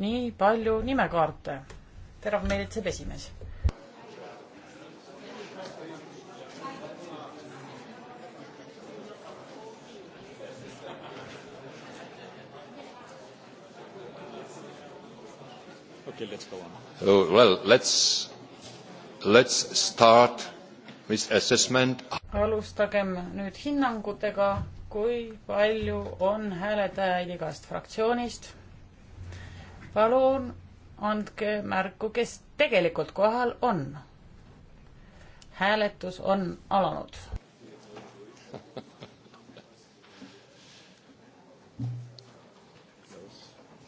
nii palju nimekaarte. terav meelitseb esimees Okay, let's go on. Oh, well, let's, let's start with assessment. alustagem nüüd hinnangutega, kui palju on hääletajaid igast fraktsioonist. palun andke märku, kes tegelikult kohal on. hääletus on alanud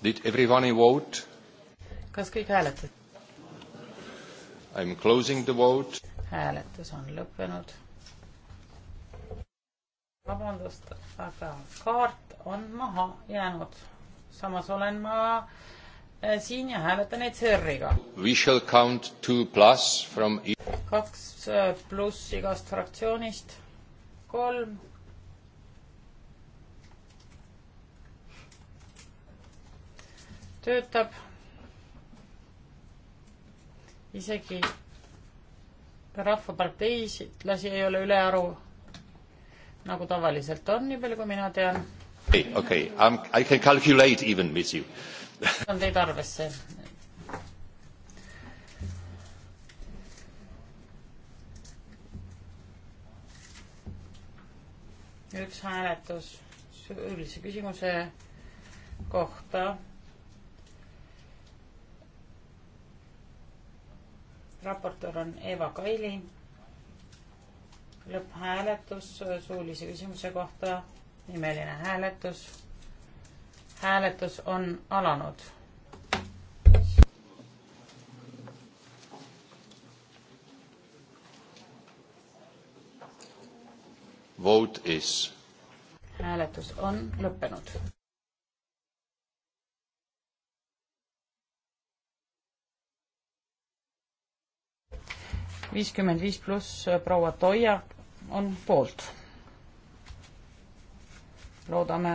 Did everyone vote? kas kõik hääletasid? I am closing the vote. hääletus on lõppenud. vabandust, aga kaart on maha jäänud. samas olen ma eh, siin ja hääletan ECR-iga. We shall count two plus from e- kaks eh, pluss igast fraktsioonist, kolm töötab isegi rahvaparteislasi ei ole ülearu, nagu tavaliselt on, nii palju kui mina tean. okei, okei, um, I can calculate even with you on teid arvesse. üks hääletus suulise küsimuse kohta raportöör on Eva Kaili. lõpphääletus suulise küsimuse kohta, nimeline hääletus. hääletus on alanud. Vote is. hääletus on lõppenud. viiskümmend viis pluss äh, proua Toia on poolt. loodame,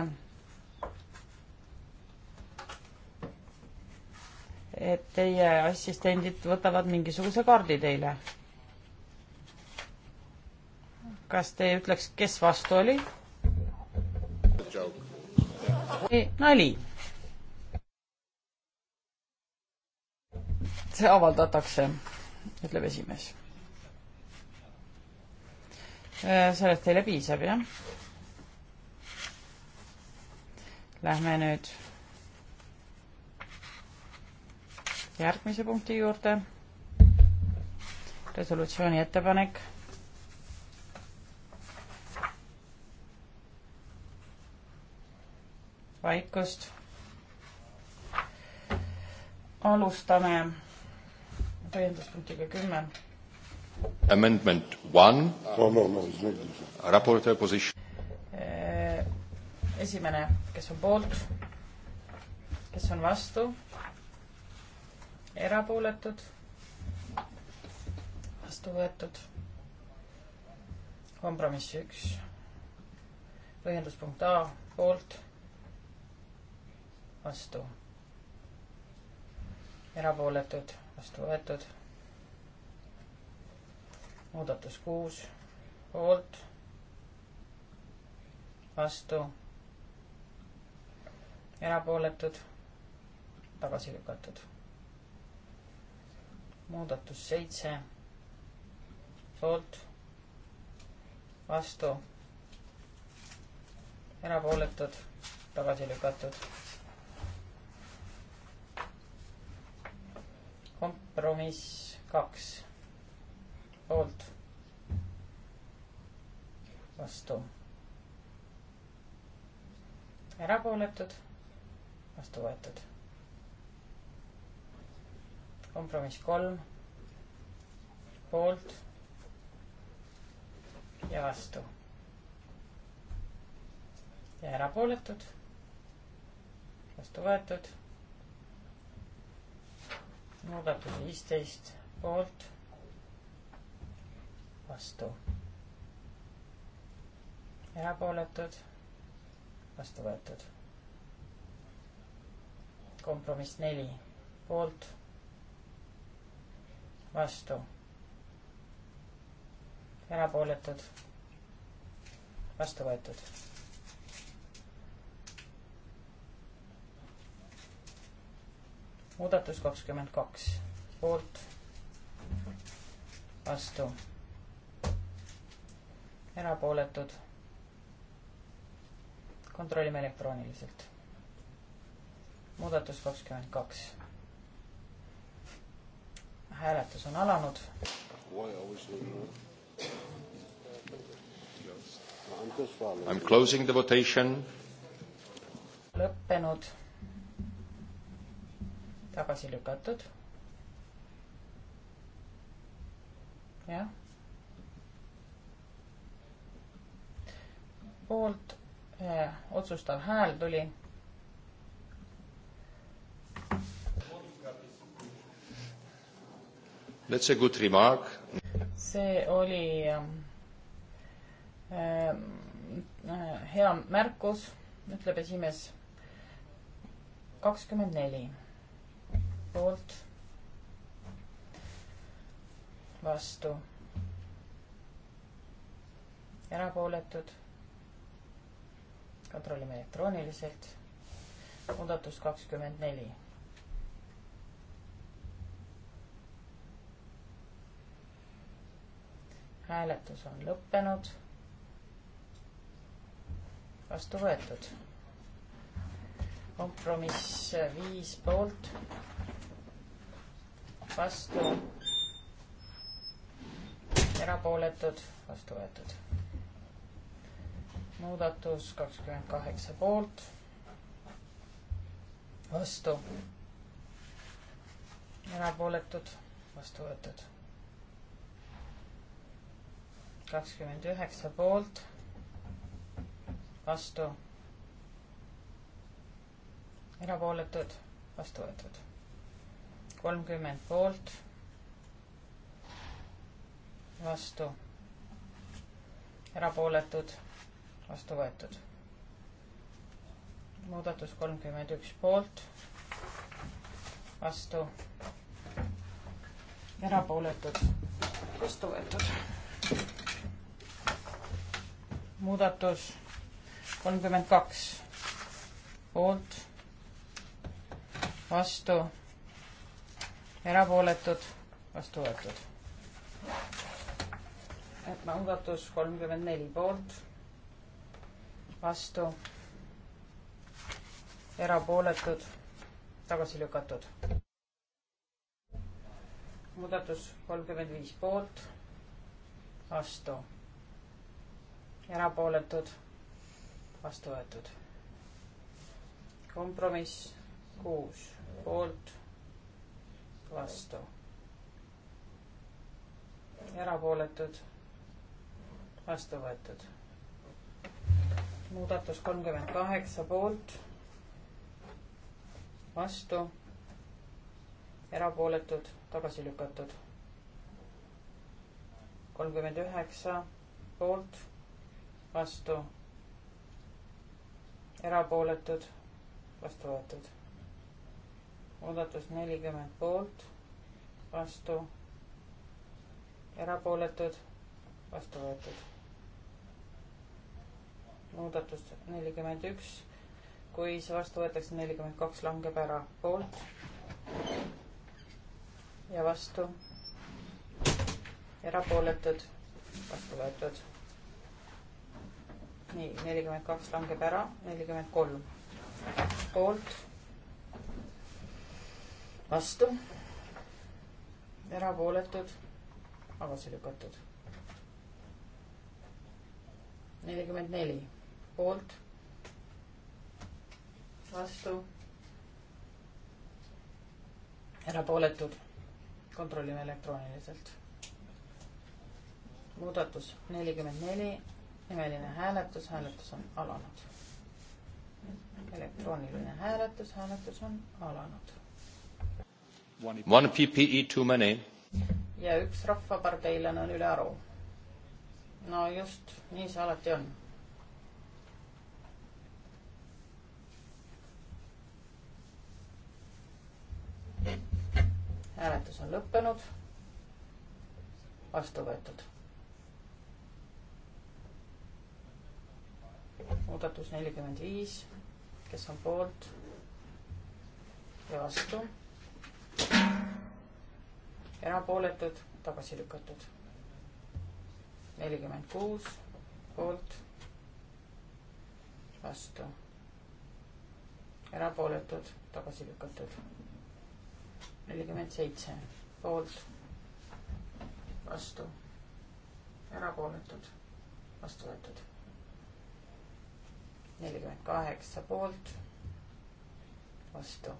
et teie assistendid võtavad mingisuguse kaardi teile. kas te ütleks, kes vastu oli? nali. see avaldatakse, ütleb esimees Äh, sellest teile piisab, jah? Lähme nüüd järgmise punkti juurde. resolutsiooni ettepanek vaikust. alustame põhjenduspunktiga kümme Amendment one no,. No, no, raportöö position. Eh, esimene, kes on poolt, kes on vastu, erapooletud, vastu võetud, kompromiss üks, põhjenduspunkt A poolt, vastu, erapooletud, vastu võetud muudatus kuus poolt, vastu, erapooletud, tagasi lükatud. muudatus seitse poolt, vastu, erapooletud, tagasi lükatud. kompromiss kaks poolt, vastu, erapooletud, vastu võetud. kompromiss kolm, poolt ja vastu. ja erapooletud, vastu võetud, muudatus viisteist poolt vastu. erapooletud, vastu võetud. kompromiss neli, poolt, vastu, erapooletud, vastu võetud. muudatus kakskümmend kaks, poolt, vastu erapooletud. kontrollime elektrooniliselt. muudatus kakskümmend kaks. hääletus on alanud. I am closing the votation. lõppenud. tagasi lükatud. jah poolt eh, otsustav hääl tuli. That's a good remark. see oli eh, eh hea märkus, ütleb esimees. kakskümmend neli poolt, vastu erapooletud kontrollime elektrooniliselt. muudatus kakskümmend neli. hääletus on lõppenud. vastu võetud. kompromiss viis poolt, vastu, erapooletud, vastu võetud muudatus kakskümmend kaheksa poolt, vastu, erapooletud, vastu võetud. kakskümmend üheksa poolt, vastu, erapooletud, vastu võetud. kolmkümmend poolt, vastu erapooletud, vastu võetud. muudatus kolmkümmend üks poolt, vastu, erapooletud, vastu võetud. muudatus kolmkümmend kaks poolt, vastu, erapooletud, vastu võetud. et muudatus kolmkümmend neli poolt vastu, erapooletud, tagasi lükatud. muudatus kolmkümmend viis poolt, vastu, erapooletud, vastu võetud. kompromiss kuus poolt, vastu, erapooletud, vastu võetud muudatus kolmkümmend kaheksa poolt, vastu, erapooletud, tagasi lükatud. kolmkümmend üheksa poolt, vastu, erapooletud, vastu võetud. muudatus nelikümmend poolt, vastu, erapooletud, vastu võetud muudatus nelikümmend üks, kui see vastu võetakse, nelikümmend kaks langeb ära, poolt ja vastu, erapooletud, vastu võetud. nii, nelikümmend kaks langeb ära, nelikümmend kolm poolt, vastu, erapooletud, tagasi lükatud nelikümmend neli poolt, vastu, erapooletud, kontrollime elektrooniliselt. muudatus nelikümmend neli, nimeline hääletus, hääletus on alanud. elektrooniline hääletus, hääletus on alanud. One PPE too many. ja üks rahvaparteilane on ülearu. no just, nii see alati on hääletus on lõppenud. vastu võetud. muudatus nelikümmend viis, kes on poolt ja vastu. erapooletud, tagasi lükatud. nelikümmend kuus poolt, vastu erapooletud, tagasi lükatud nelikümmend seitse poolt, vastu, erapooletud, vastu võetud. nelikümmend kaheksa poolt, vastu,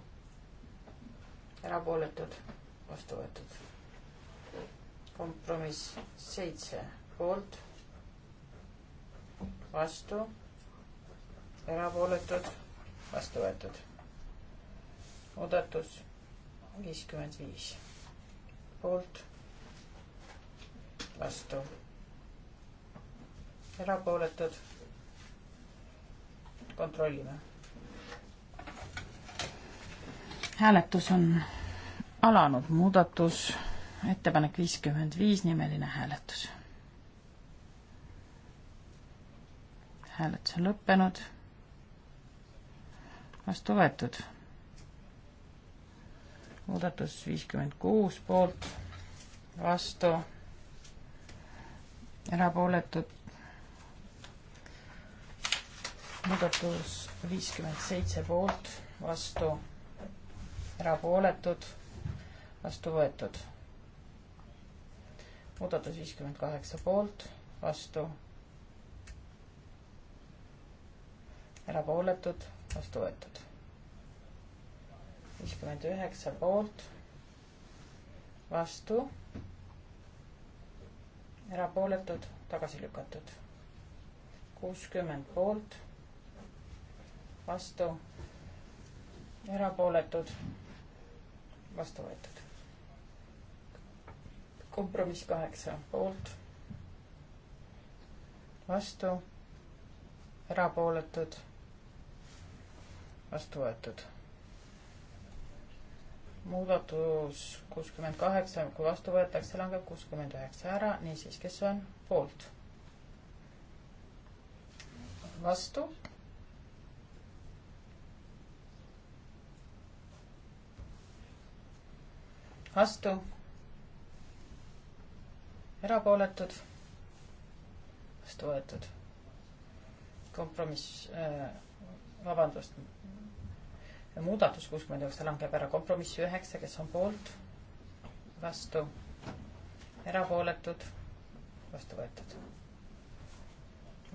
erapooletud, vastu võetud. kompromiss seitse poolt, vastu, erapooletud, vastu võetud. muudatus viiskümmend viis poolt, vastu, erapooletud. kontrollime. hääletus on alanud, muudatus, ettepanek viiskümmend viis, nimeline hääletus. hääletus on lõppenud vastu võetud muudatus viiskümmend kuus poolt, vastu, erapooletud. muudatus viiskümmend seitse poolt, vastu, erapooletud, vastu võetud. muudatus viiskümmend kaheksa poolt, vastu, erapooletud, vastu võetud viiskümmend üheksa poolt, vastu, erapooletud, tagasi lükatud. kuuskümmend poolt, vastu, erapooletud, vastu võetud. kompromiss kaheksa poolt, vastu, erapooletud, vastu võetud muudatus kuuskümmend kaheksa, kui vastu võetakse, langeb kuuskümmend üheksa ära, niisiis, kes on poolt? vastu. vastu. erapooletud. vastu võetud. kompromiss äh,, vabandust, muudatus kuuskümmend üheksa langeb ära, kompromiss üheksa, kes on poolt, vastu, erapooletud, vastu võetud.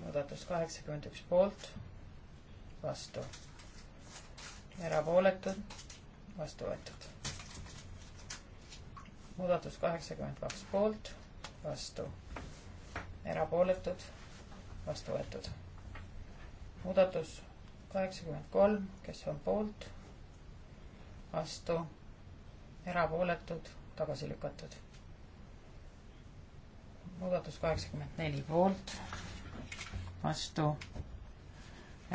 muudatus kaheksakümmend üks poolt, vastu, erapooletud, vastu võetud. muudatus kaheksakümmend kaks poolt, vastu, erapooletud, vastu võetud. muudatus kaheksakümmend kolm, kes on poolt, vastu, erapooletud, tagasi lükatud. muudatus kaheksakümmend neli poolt, vastu,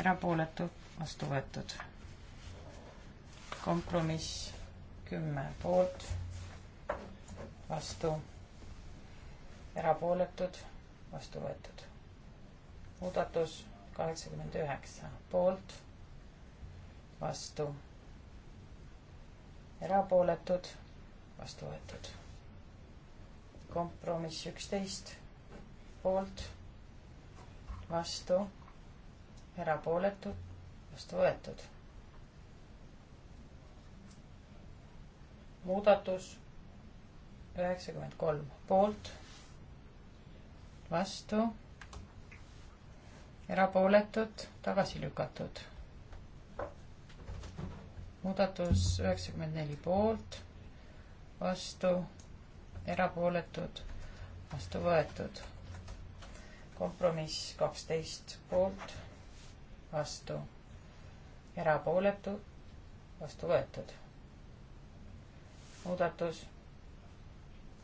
erapooletu, vastu võetud. kompromiss kümme poolt, vastu, erapooletud, vastu võetud. muudatus kaheksakümmend üheksa poolt, vastu, erapooletud, vastu võetud. kompromiss üksteist poolt, vastu, erapooletud, vastu võetud. muudatus üheksakümmend kolm poolt, vastu erapooletud, tagasi lükatud. muudatus üheksakümmend neli poolt, vastu, erapooletud, vastu võetud. kompromiss kaksteist poolt, vastu, erapooletu, vastu võetud. muudatus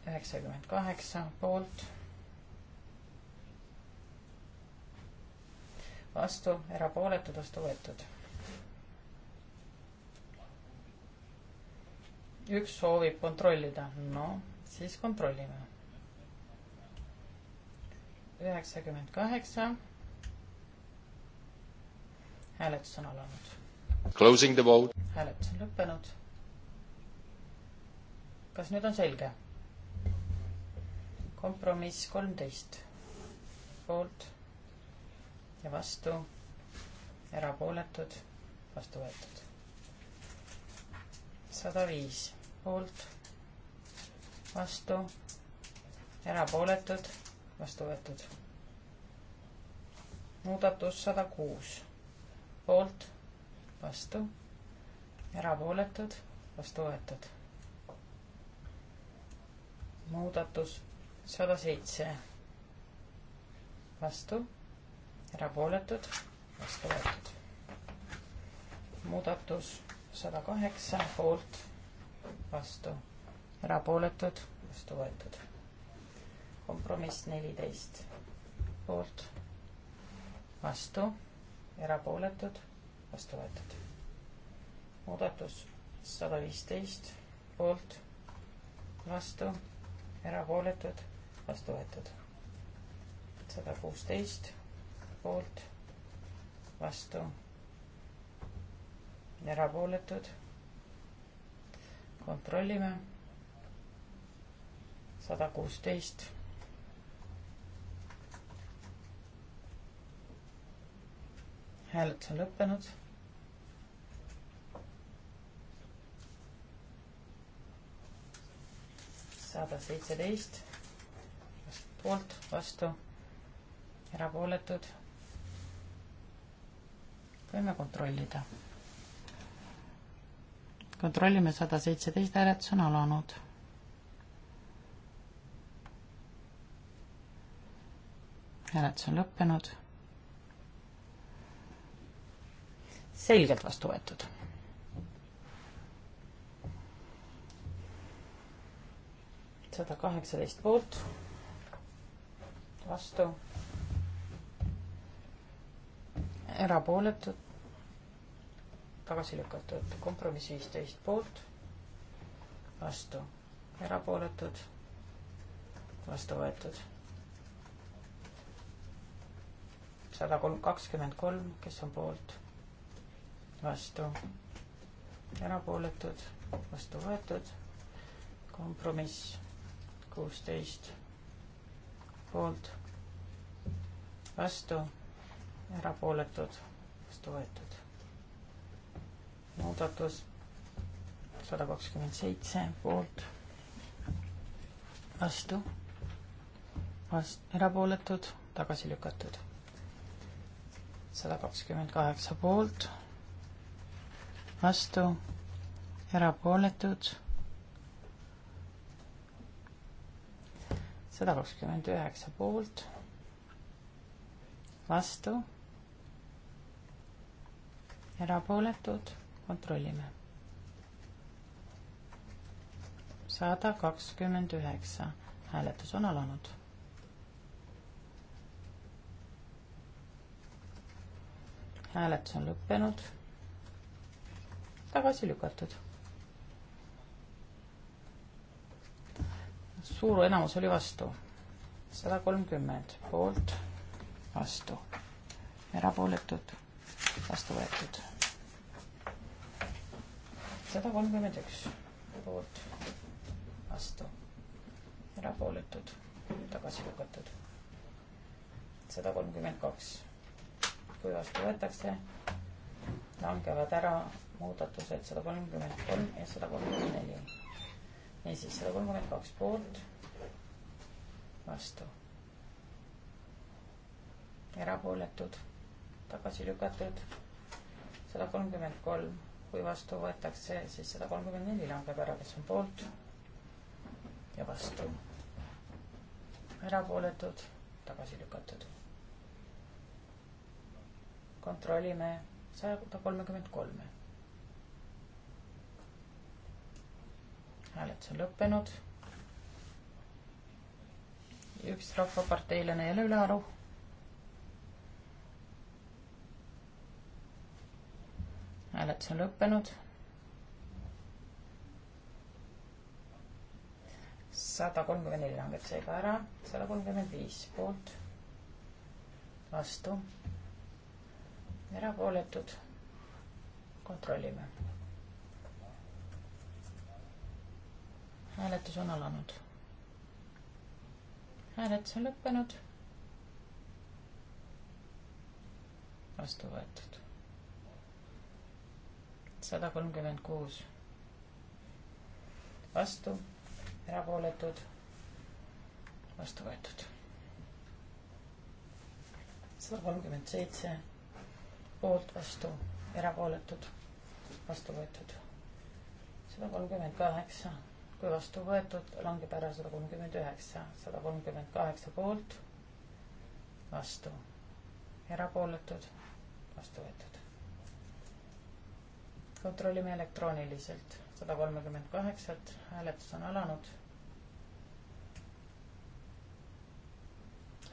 üheksakümmend kaheksa poolt vastu, erapooletud, vastu võetud. üks soovib kontrollida, no siis kontrollime. üheksakümmend kaheksa. hääletus on alanud. Closing the vote. hääletus on lõppenud. kas nüüd on selge? kompromiss kolmteist poolt ja vastu, erapooletud, vastu võetud. sada viis poolt, vastu, erapooletud, vastu võetud. muudatus sada kuus poolt, vastu, erapooletud, vastu võetud. muudatus sada seitse vastu erapooletud, vastu võetud. muudatus sada kaheksa poolt, vastu, erapooletud, vastu võetud. kompromiss neliteist poolt, vastu, erapooletud, vastu võetud. muudatus sada viisteist poolt, vastu, erapooletud, vastu võetud. sada kuusteist poolt, vastu, erapooletud. kontrollime. sada kuusteist. hääletus on lõppenud sada seitseteist poolt, vastu, erapooletud võime kontrollida. kontrollime sada seitseteist, hääletus on alanud. hääletus on lõppenud. selgelt vastu võetud sada kaheksateist poolt, vastu erapooletud, tagasi lükatud, kompromiss viisteist poolt, vastu, erapooletud, vastu võetud. sada kolm, kakskümmend kolm, kes on poolt, vastu, erapooletud, vastu võetud, kompromiss kuusteist poolt, vastu erapooletud, vastu võetud. muudatus sada kakskümmend seitse poolt, vastu, vast-, erapooletud, tagasi lükatud. sada kakskümmend kaheksa poolt, vastu, erapooletud, sada kakskümmend üheksa poolt, vastu erapooletud, kontrollime. sada kakskümmend üheksa, hääletus on alanud. hääletus on lõppenud, tagasi lükatud. suur enamus oli vastu, sada kolmkümmend poolt, vastu, erapooletud, vastu võetud sada kolmkümmend üks poolt, vastu, erapooletud, tagasi lükatud. sada kolmkümmend kaks. kui vastu võetakse, langevad ära muudatused sada kolmkümmend kolm ja sada kolmkümmend neli. niisiis sada kolmkümmend kaks poolt, vastu, erapooletud, tagasi lükatud, sada kolmkümmend kolm kui vastu võetakse, siis sada kolmkümmend neli langeb ära, kes on poolt ja vastu. erapooletud, tagasi lükatud. kontrollime saja kolmekümmend kolme. hääletus on lõppenud. üks rahvaparteilane jälle ülearu hääletus on lõppenud. sada kolmkümmend neli langeb seega ära, sada kolmkümmend viis poolt, vastu, erapooletud, kontrollime. hääletus on alanud. hääletus on lõppenud. vastu võetud sada kolmkümmend kuus. vastu, erapooletud, vastu võetud. sada kolmkümmend seitse, poolt, vastu, erapooletud, vastu võetud. sada kolmkümmend kaheksa kui vastu võetud, langeb ära sada kolmkümmend üheksa, sada kolmkümmend kaheksa poolt, vastu, erapooletud, vastu võetud kontrollime elektrooniliselt. sada kolmekümmend kaheksat, hääletus on alanud.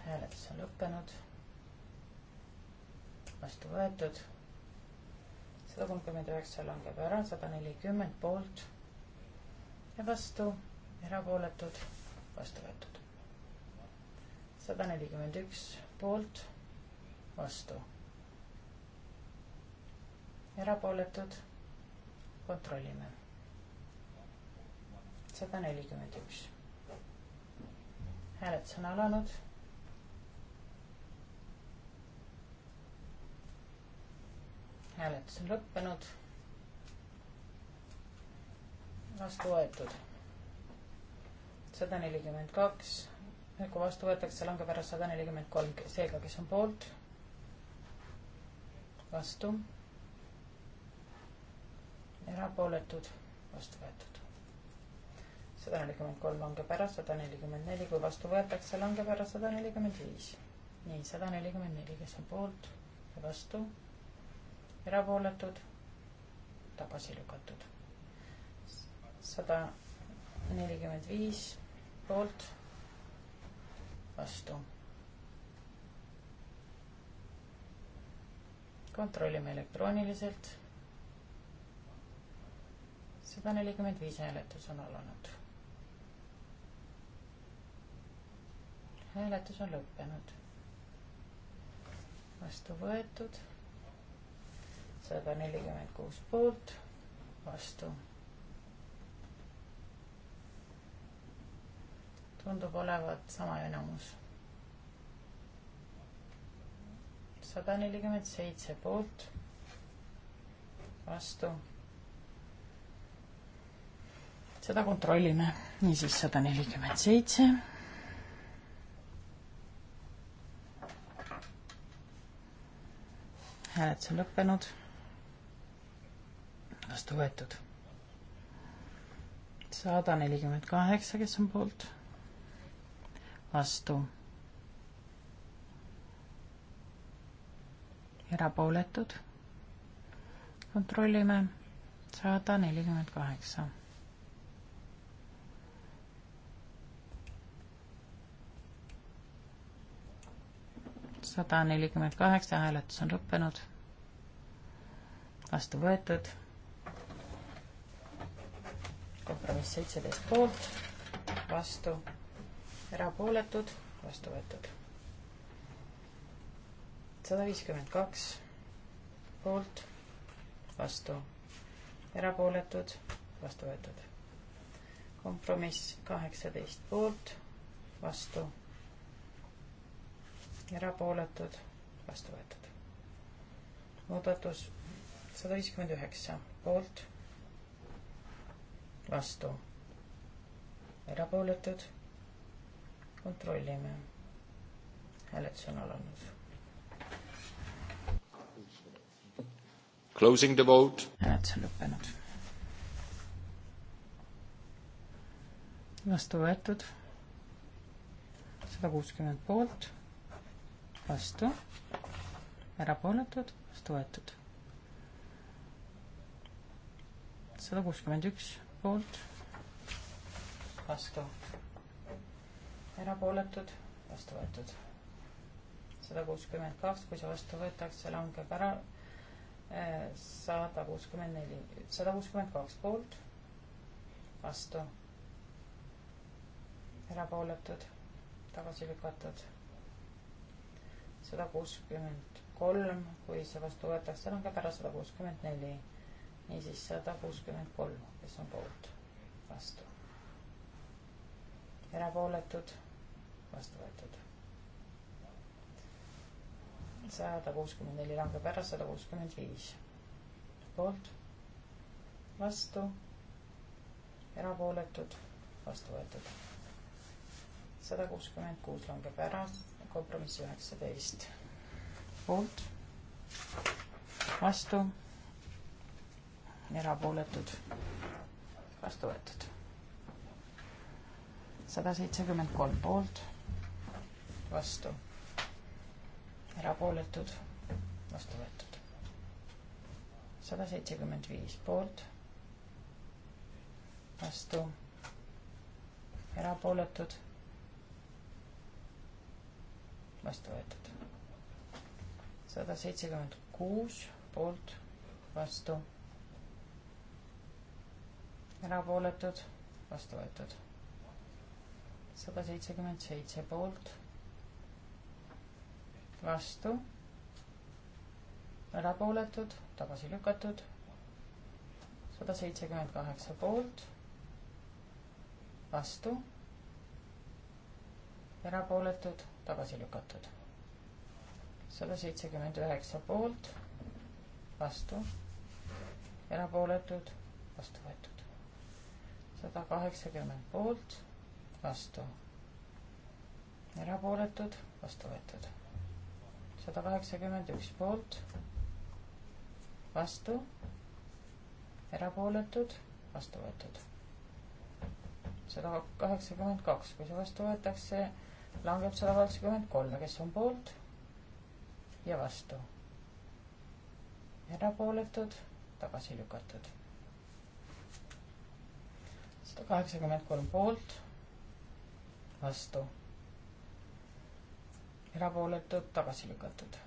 hääletus on lõppenud. vastu võetud. sada kolmkümmend üheksa langeb ära, sada nelikümmend poolt ja vastu, erapooletud, vastu võetud. sada nelikümmend üks poolt, vastu erapooletud kontrollime. sada nelikümmend üks. hääletus on alanud. hääletus on lõppenud. vastu võetud. sada nelikümmend kaks kui vastu võetakse, langeb ära sada nelikümmend kolm, seega, kes on poolt, vastu erapooletud, vastu võetud. sada nelikümmend kolm langeb ära, sada nelikümmend neli, kui vastu võetakse, langeb ära sada nelikümmend viis. nii, sada nelikümmend neli, kes on poolt ja vastu, erapooletud, tagasi lükatud. sada nelikümmend viis poolt, vastu kontrollime elektrooniliselt sada nelikümmend viis hääletus on alanud. hääletus on lõppenud. vastu võetud sada nelikümmend kuus poolt, vastu. tundub olevat sama enamus. sada nelikümmend seitse poolt, vastu seda kontrollime. niisiis sada nelikümmend seitse. hääletus on lõppenud. vastu võetud. sada nelikümmend kaheksa, kes on poolt? vastu. erapooletud. kontrollime sada nelikümmend kaheksa sada nelikümmend kaheksa, hääletus on lõppenud. vastu võetud. kompromiss seitseteist poolt, vastu, erapooletud, vastu võetud. sada viiskümmend kaks poolt, vastu, erapooletud, vastu võetud. kompromiss kaheksateist poolt, vastu erapooletud, vastu võetud. muudatus sada viiskümmend üheksa, poolt, vastu, erapooletud, kontrollime. hääletus on alanud. Closing the vote. hääletus on lõppenud. vastu võetud sada kuuskümmend poolt vastu, erapooletud, vastu võetud. sada kuuskümmend üks poolt, vastu, erapooletud, vastu võetud. sada kuuskümmend kaks, kui see vastu võetakse, langeb ära äh, sada kuuskümmend neli, sada kuuskümmend kaks poolt, vastu, erapooletud, tagasi lükatud sada kuuskümmend kolm, kui see vastu võetakse, langeb ära sada kuuskümmend neli. niisiis sada kuuskümmend kolm, kes on poolt, vastu. erapooletud, vastu võetud. sada kuuskümmend neli langeb ära, sada kuuskümmend viis poolt, vastu, erapooletud, vastu võetud sada kuuskümmend kuus langeb ära, kompromiss üheksateist. poolt, vastu, erapooletud, vastu võetud. sada seitsekümmend kolm poolt, vastu, erapooletud, vastu võetud. sada seitsekümmend viis poolt, vastu, erapooletud vastu võetud. sada seitsekümmend kuus poolt, vastu, erapooletud, vastu võetud. sada seitsekümmend seitse poolt, vastu, erapooletud, tagasi lükatud. sada seitsekümmend kaheksa poolt, vastu, erapooletud tagasi lükatud. sada seitsekümmend üheksa poolt, vastu, erapooletud, vastu võetud. sada kaheksakümmend poolt, vastu, erapooletud, vastu võetud. sada kaheksakümmend üks poolt, vastu, erapooletud, vastu võetud. sada kaheksakümmend kaks, kui see vastu võetakse langeb sada kaheksakümmend kolm, kes on poolt ja vastu. erapooletud, tagasi lükatud. sada kaheksakümmend kolm poolt, vastu. erapooletud, tagasi lükatud.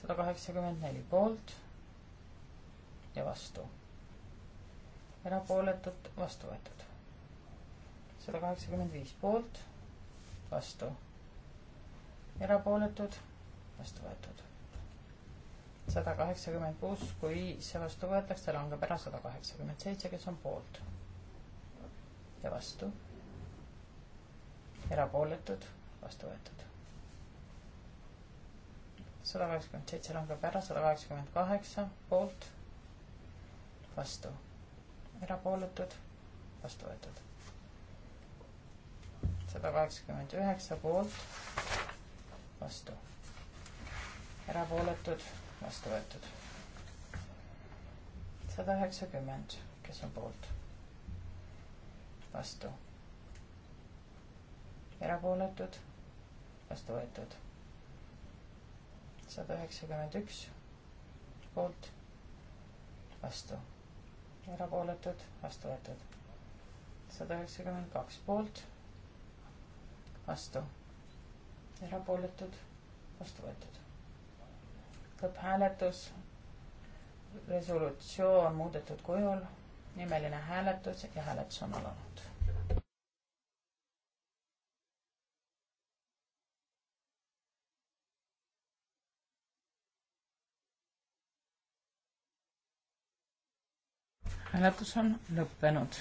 sada kaheksakümmend neli poolt ja vastu. erapooletud, vastu võetud. sada kaheksakümmend viis poolt vastu, erapooletud, vastu võetud. sada kaheksakümmend kuus, kui see vastu võetakse, langeb ära sada kaheksakümmend seitse, kes on poolt ja vastu, erapooletud, vastu võetud. sada kaheksakümmend seitse langeb ära, sada kaheksakümmend kaheksa poolt, vastu, erapooletud, vastu võetud sada kakskümmend üheksa poolt, vastu. erapooletud, vastu võetud. sada üheksakümmend, kes on poolt? vastu. erapooletud, vastu võetud. sada üheksakümmend üks, poolt, vastu. erapooletud, vastu võetud. sada üheksakümmend kaks poolt vastu, erapooletud, vastu võetud. lõpphääletus, resolutsioon muudetud kujul, nimeline hääletus ja hääletus on alanud. hääletus on lõppenud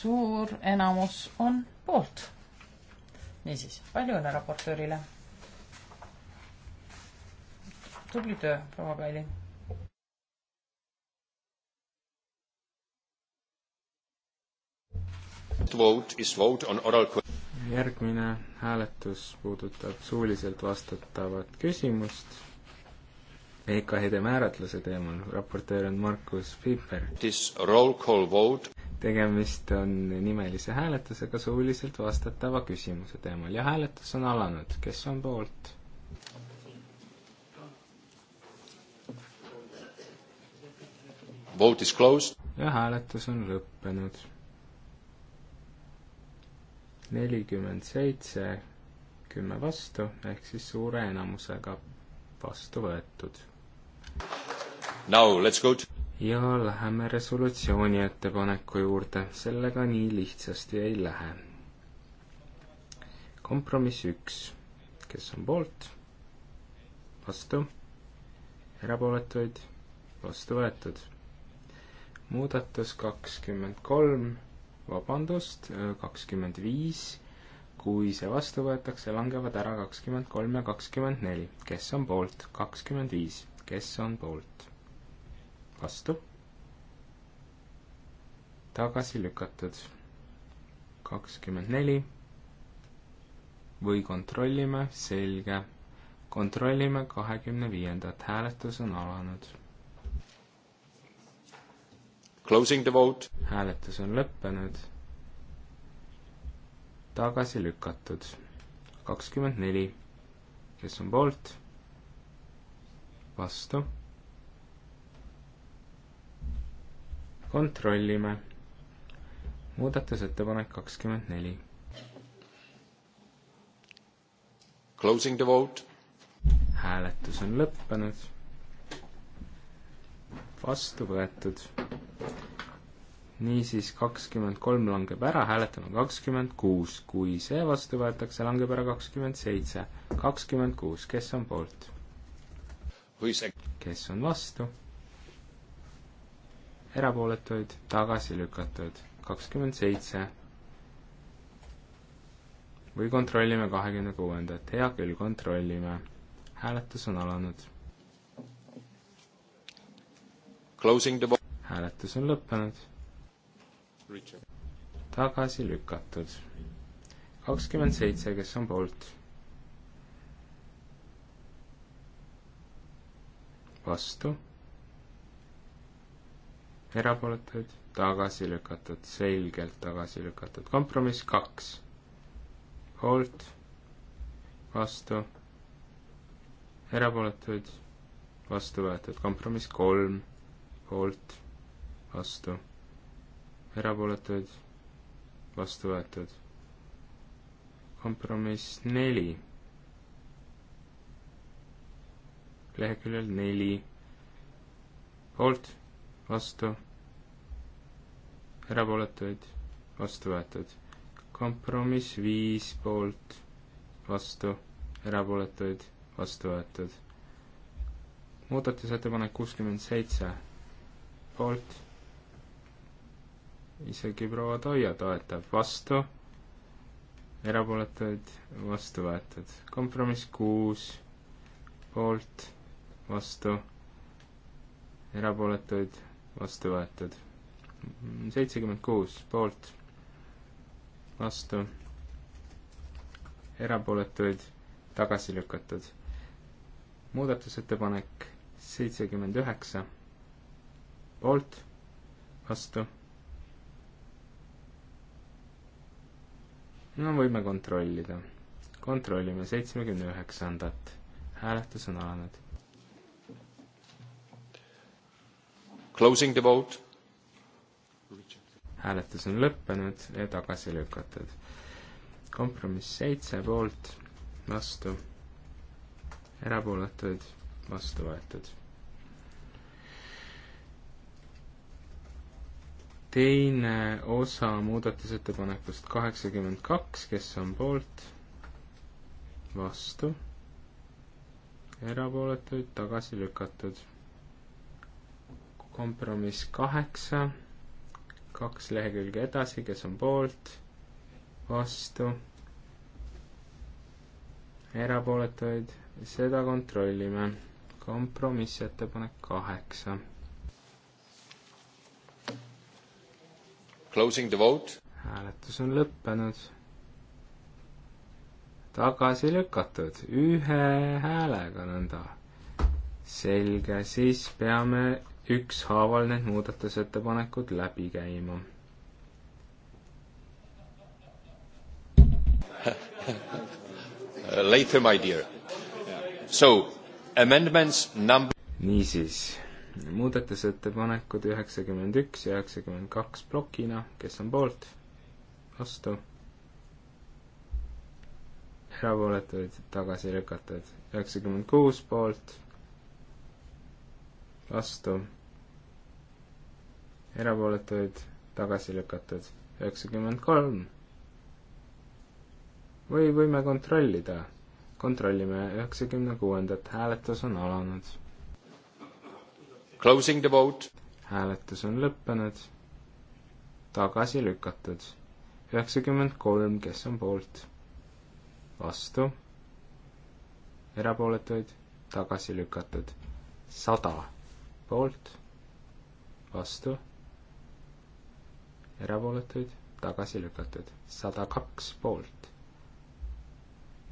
suur enamus on poolt. niisiis, palju õnne raportöörile. tubli töö, proua Kaili. järgmine hääletus puudutab suuliselt vastatavat küsimust EKHD määratluse teemal. raportöör on Markus Piiper tegemist on nimelise hääletusega suuliselt vastatava küsimuse teemal ja hääletus on alanud, kes on poolt? Vote is closed. ja hääletus on lõppenud. nelikümmend seitse, kümme vastu, ehk siis suure enamusega vastu võetud. Now let's go to ja läheme resolutsiooni ettepaneku juurde, sellega nii lihtsasti ei lähe. kompromiss üks, kes on poolt, vastu, erapooletuid, vastu võetud. muudatus kakskümmend kolm, vabandust, kakskümmend viis, kui see vastu võetakse, langevad ära kakskümmend kolm ja kakskümmend neli, kes on poolt, kakskümmend viis, kes on poolt vastu, tagasi lükatud. kakskümmend neli või kontrollime, selge. kontrollime kahekümne viiendat, hääletus on alanud. Closing the vote. hääletus on lõppenud. tagasi lükatud. kakskümmend neli. kes on poolt? vastu kontrollime. muudatusettepanek kakskümmend neli. Closing the vote. hääletus on lõppenud. vastu võetud. niisiis kakskümmend kolm langeb ära, hääletame kakskümmend kuus, kui see vastu võetakse, langeb ära kakskümmend seitse, kakskümmend kuus, kes on poolt? kes on vastu? erapooletuid tagasi lükatud kakskümmend seitse. või kontrollime kahekümne kuuendat, hea küll, kontrollime. hääletus on alanud. hääletus on lõppenud. tagasi lükatud. kakskümmend seitse, kes on poolt? vastu erapooletuid, tagasi lükatud, selgelt tagasi lükatud. kompromiss kaks, poolt, vastu, erapooletuid, vastu võetud. kompromiss kolm, poolt, vastu, erapooletuid, vastu võetud. kompromiss neli, leheküljel neli, poolt vastu, erapooletuid, vastu võetud. kompromiss viis poolt, vastu, erapooletuid, vastu võetud. muudatusettepanek kuuskümmend seitse poolt, isegi proua Toia toetab, vastu, erapooletuid, vastu võetud. kompromiss kuus poolt, vastu, erapooletuid, vastu võetud. seitsekümmend kuus poolt, vastu, erapooletuid, tagasi lükatud. muudatusettepanek seitsekümmend üheksa poolt, vastu. no võime kontrollida. kontrollime seitsmekümne üheksandat. hääletus on alanud Closing the vote. hääletus on lõppenud ja tagasi lükatud. kompromiss seitse poolt, vastu, erapooletuid, vastu võetud. teine osa muudatusettepanekust kaheksakümmend kaks, kes on poolt, vastu, erapooletuid, tagasi lükatud kompromiss kaheksa, kaks lehekülge edasi, kes on poolt, vastu, erapooletuid, seda kontrollime. kompromissettepanek kaheksa. Closing the vote. hääletus on lõppenud. tagasi lükatud ühe häälega nõnda. selge, siis peame ükshaaval need muudatusettepanekud läbi käima. Later, my dear. So amendments number. niisiis, muudatusettepanekud üheksakümmend üks ja üheksakümmend kaks plokina, kes on poolt, vastu, erapooletuid tagasi lükatud, üheksakümmend kuus poolt, vastu erapooletuid tagasi lükatud üheksakümmend kolm. või võime kontrollida. kontrollime üheksakümne kuuendat, hääletus on alanud. Closing the vote. hääletus on lõppenud. tagasi lükatud. üheksakümmend kolm, kes on poolt? vastu. erapooletuid tagasi lükatud. sada poolt, vastu erapooletuid, tagasi lükatud. sada kaks poolt,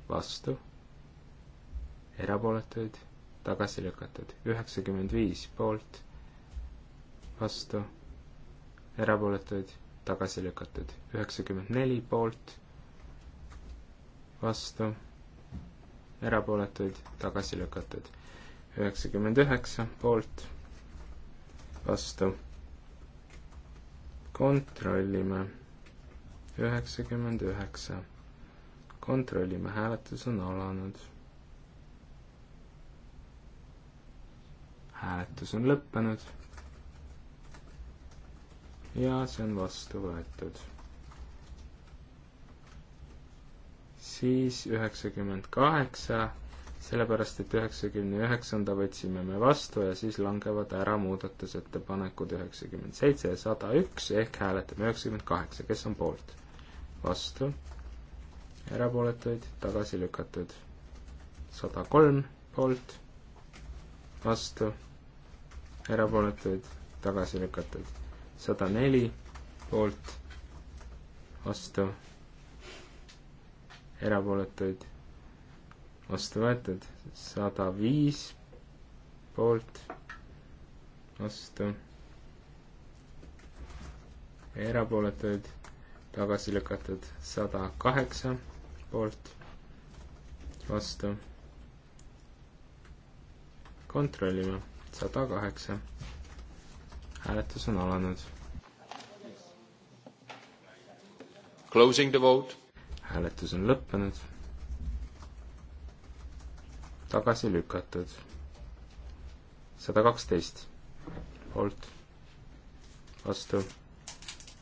vastu, erapooletuid, tagasi lükatud. üheksakümmend viis poolt, vastu, erapooletuid, tagasi lükatud. üheksakümmend neli poolt, vastu, erapooletuid, tagasi lükatud. üheksakümmend üheksa poolt, vastu kontrollime. üheksakümmend üheksa. kontrollime, hääletus on alanud. hääletus on lõppenud. ja see on vastu võetud. siis üheksakümmend kaheksa sellepärast, et üheksakümne üheksanda võtsime me vastu ja siis langevad ära muudatusettepanekud üheksakümmend seitse ja sada üks ehk hääletame üheksakümmend kaheksa, kes on poolt? vastu, erapooletuid, tagasi lükatud. sada kolm poolt, vastu, erapooletuid, tagasi lükatud. sada neli poolt, vastu, erapooletuid vastu võetud, sada viis poolt, vastu, erapooletuid tagasi lükatud, sada kaheksa poolt, vastu, kontrollime, sada kaheksa, hääletus on alanud. Closing the vote. hääletus on lõppenud tagasi lükatud. sada kaksteist poolt, vastu,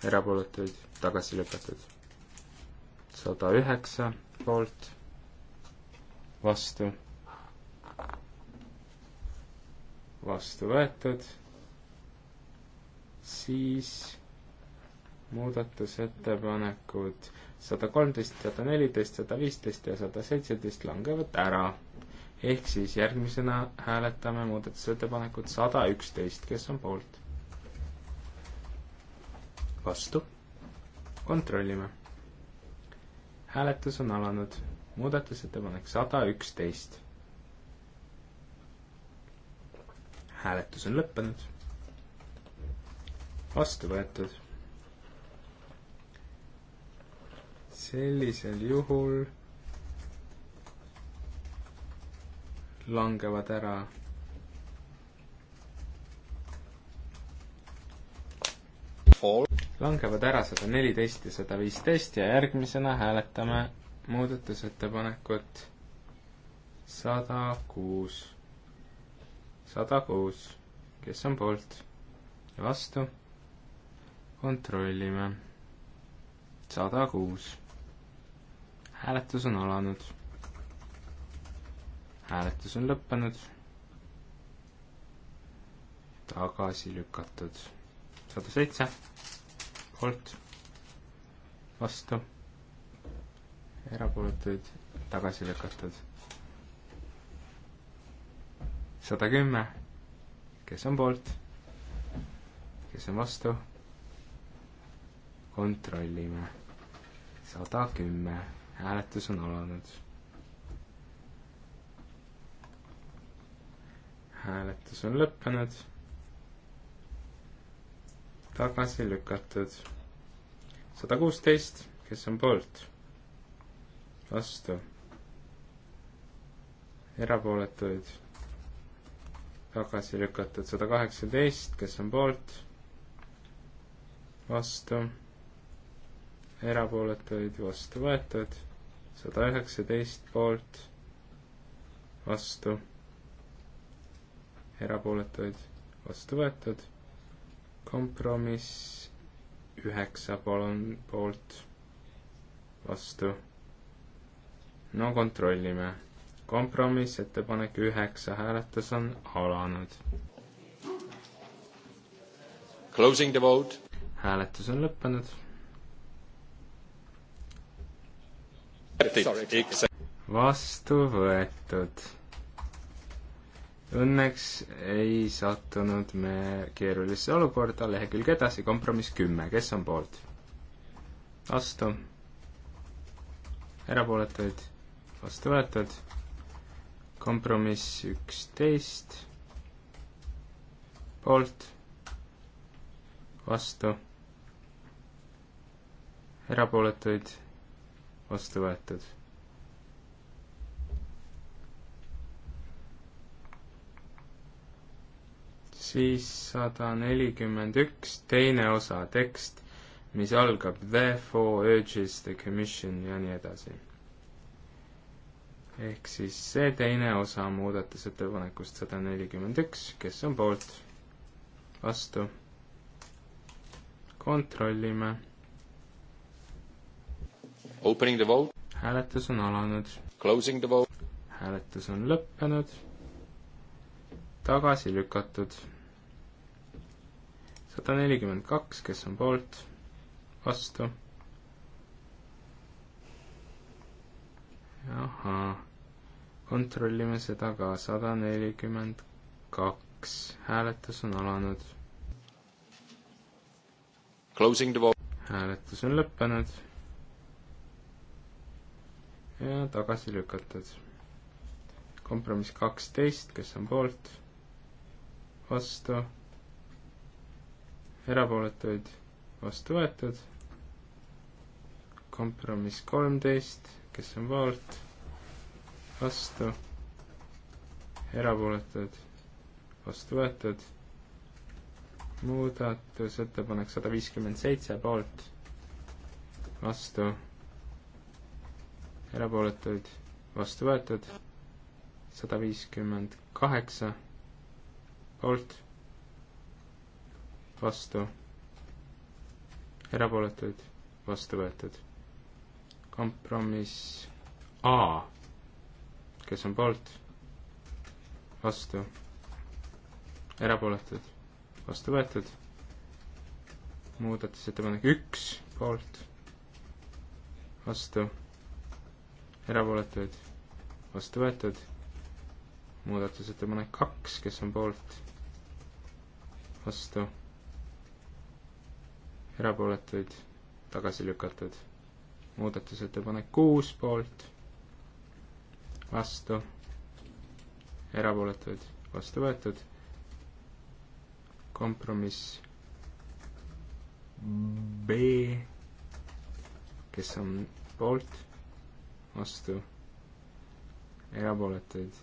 erapooletuid, tagasi lükatud. sada üheksa poolt, vastu, vastu võetud, siis muudatusettepanekud sada kolmteist, sada neliteist, sada viisteist ja sada seitseteist langevad ära ehk siis järgmisena hääletame muudatusettepanekut sada üksteist, kes on poolt? vastu. kontrollime. hääletus on alanud. muudatusettepanek sada üksteist. hääletus on lõppenud. vastu võetud. sellisel juhul langevad ära. langevad ära sada neliteist ja sada viisteist ja järgmisena hääletame muudatusettepanekut sada kuus. sada kuus, kes on poolt ja vastu? kontrollime. sada kuus. hääletus on alanud hääletus on lõppenud, tagasi lükatud sada seitse poolt, vastu, erapooletuid tagasi lükatud sada kümme, kes on poolt, kes on vastu, kontrollime. sada kümme, hääletus on alanud hääletus on lõppenud. tagasi lükatud. sada kuusteist, kes on poolt? vastu. erapooletuid. tagasi lükatud sada kaheksateist, kes on poolt? vastu. erapooletuid vastu võetud. sada üheksateist poolt. vastu erapooletuid, vastu võetud. kompromiss üheksa, palun, poolt, vastu. no kontrollime. kompromissettepanek üheksa, hääletus on alanud. Closing the vote. hääletus on lõppenud. vastu võetud Õnneks ei sattunud me keerulisse olukorda, lehekülg edasi, kompromiss kümme, kes on poolt? vastu, erapooletuid, vastu võetud, kompromiss üksteist, poolt, vastu, erapooletuid, vastu võetud siis sada nelikümmend üks, teine osa tekst, mis algab Therefore urges the commission ja nii edasi. ehk siis see teine osa muudatusettepanekust sada nelikümmend üks, kes on poolt, vastu, kontrollime. Opening the vote. hääletus on alanud. Closing the vote. hääletus on lõppenud tagasi lükatud sada nelikümmend kaks, kes on poolt, vastu. ahhaa, kontrollime seda ka, sada nelikümmend kaks, hääletus on alanud. hääletus on lõppenud ja tagasi lükatud. kompromiss kaksteist, kes on poolt, vastu erapooletuid vastu võetud. kompromiss kolmteist, kes on poolt, vastu, erapooletuid vastu võetud. muudatusettepanek sada viiskümmend seitse poolt, vastu, erapooletuid vastu võetud, sada viiskümmend kaheksa poolt vastu, erapooletuid, vastu võetud. kompromiss A, kes on poolt, vastu, erapooletud, vastu võetud. muudatusettepanek üks, poolt, vastu, erapooletuid, vastu võetud. muudatusettepanek kaks, kes on poolt, vastu erapooletuid, tagasi lükatud. muudatusettepanek kuus poolt, vastu, erapooletuid, vastu võetud. kompromiss B, kes on poolt, vastu, erapooletuid,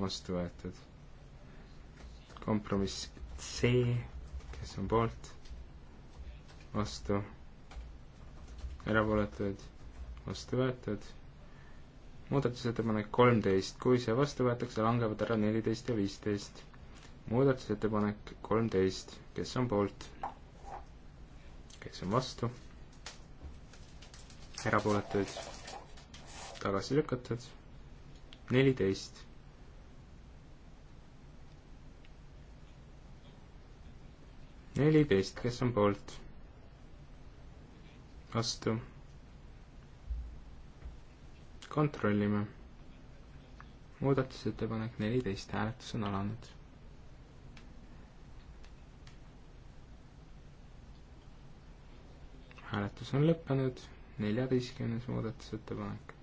vastu võetud. kompromiss C, kes on poolt vastu, erapooletuid, vastu võetud. muudatusettepanek kolmteist, kui see vastu võetakse, langevad ära neliteist ja viisteist. muudatusettepanek kolmteist, kes on poolt? kes on vastu? erapooletuid, tagasi lükatud, neliteist neliteist, kes on poolt? vastu. kontrollime. muudatusettepanek neliteist, hääletus on alanud. hääletus on lõppenud, neljateistkümnes muudatusettepanek.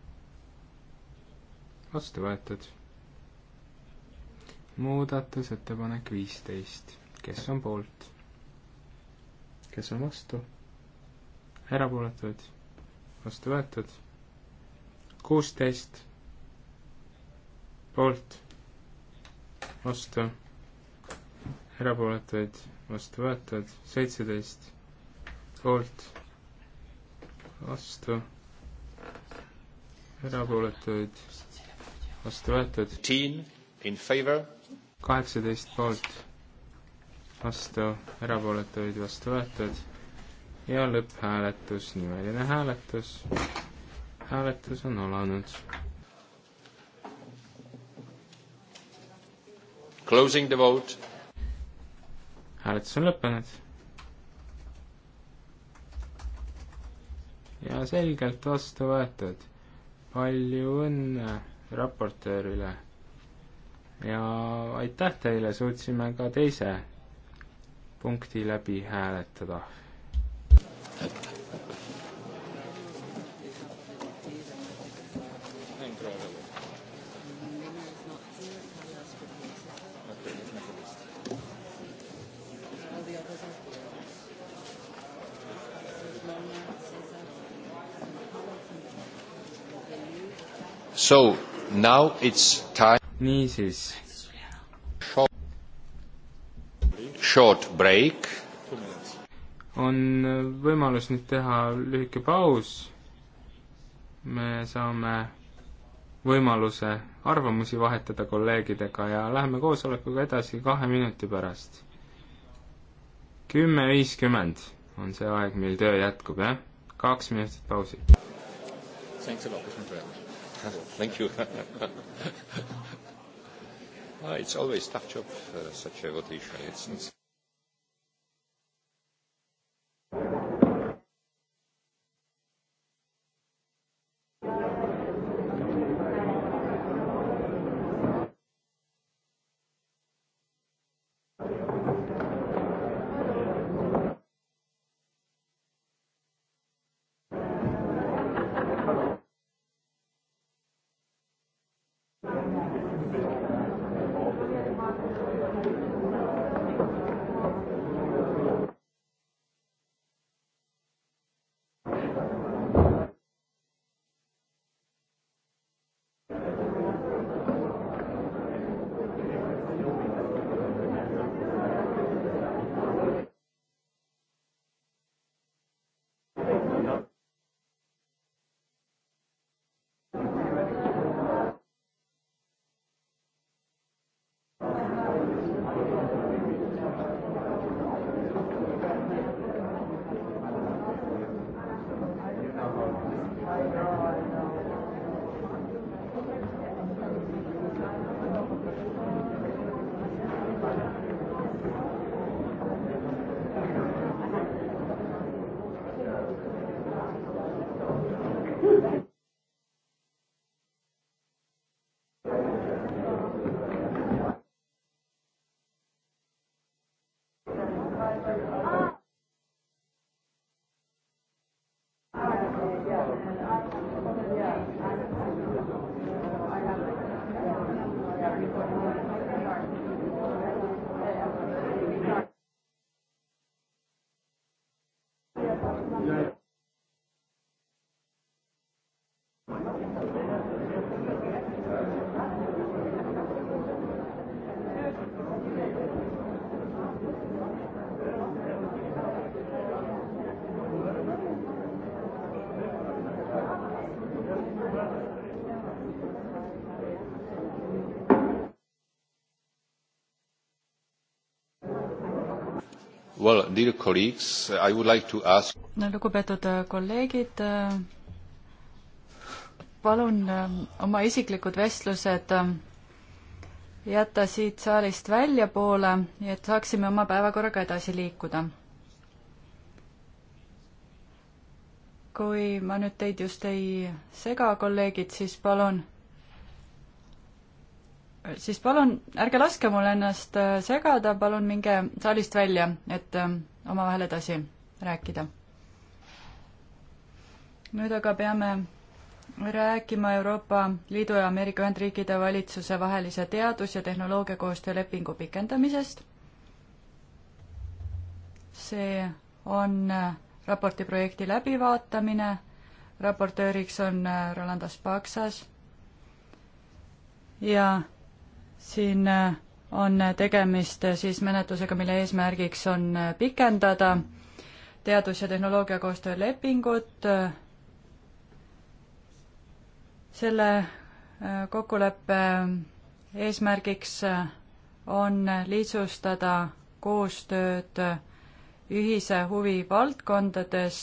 vastu võetud. muudatusettepanek viisteist, kes on poolt? kes on vastu? erapooletuid, vastu võetud, kuusteist poolt, vastu, erapooletuid, vastu võetud, seitseteist poolt, vastu, erapooletuid, vastu võetud, kaheksateist poolt, vastu, erapooletuid, vastu võetud ja lõpphääletus, nimeline hääletus. hääletus on alanud. Closing the vote. hääletus on lõppenud ja selgelt vastu võetud. palju õnne raportöörile ja aitäh teile, suutsime ka teise punkti läbi hääletada So now it's time. niisiis. Short break on võimalus nüüd teha lühike paus. me saame võimaluse arvamusi vahetada kolleegidega ja läheme koosolekuga edasi kahe minuti pärast. kümme viiskümmend on see aeg, mil töö jätkub, jah? kaks minutit pausi. Thanks a lot, Thank you ah, it's always tough job, uh, such a rotation. It's, it's Well, dear colleagues, I would like to ask no, lugupeetud äh, kolleegid, äh, palun äh, oma isiklikud vestlused jätta siit saalist väljapoole, et saaksime oma päevakorraga edasi liikuda. kui ma nüüd teid just ei sega, kolleegid, siis palun siis palun ärge laske mul ennast äh, segada, palun minge saalist välja, et äh, omavahel edasi rääkida. nüüd aga peame rääkima Euroopa Liidu ja Ameerika Ühendriikide valitsuse vahelise teadus- ja tehnoloogiakoostöö lepingu pikendamisest. see on äh, raporti projekti läbivaatamine, raportööriks on Rolandas Paksas ja siin äh, on tegemist äh, siis menetlusega, mille eesmärgiks on äh, pikendada teadus- ja tehnoloogiakoostöö lepingut. selle kokkuleppe eesmärgiks on lihtsustada koostööd ühise huvi valdkondades,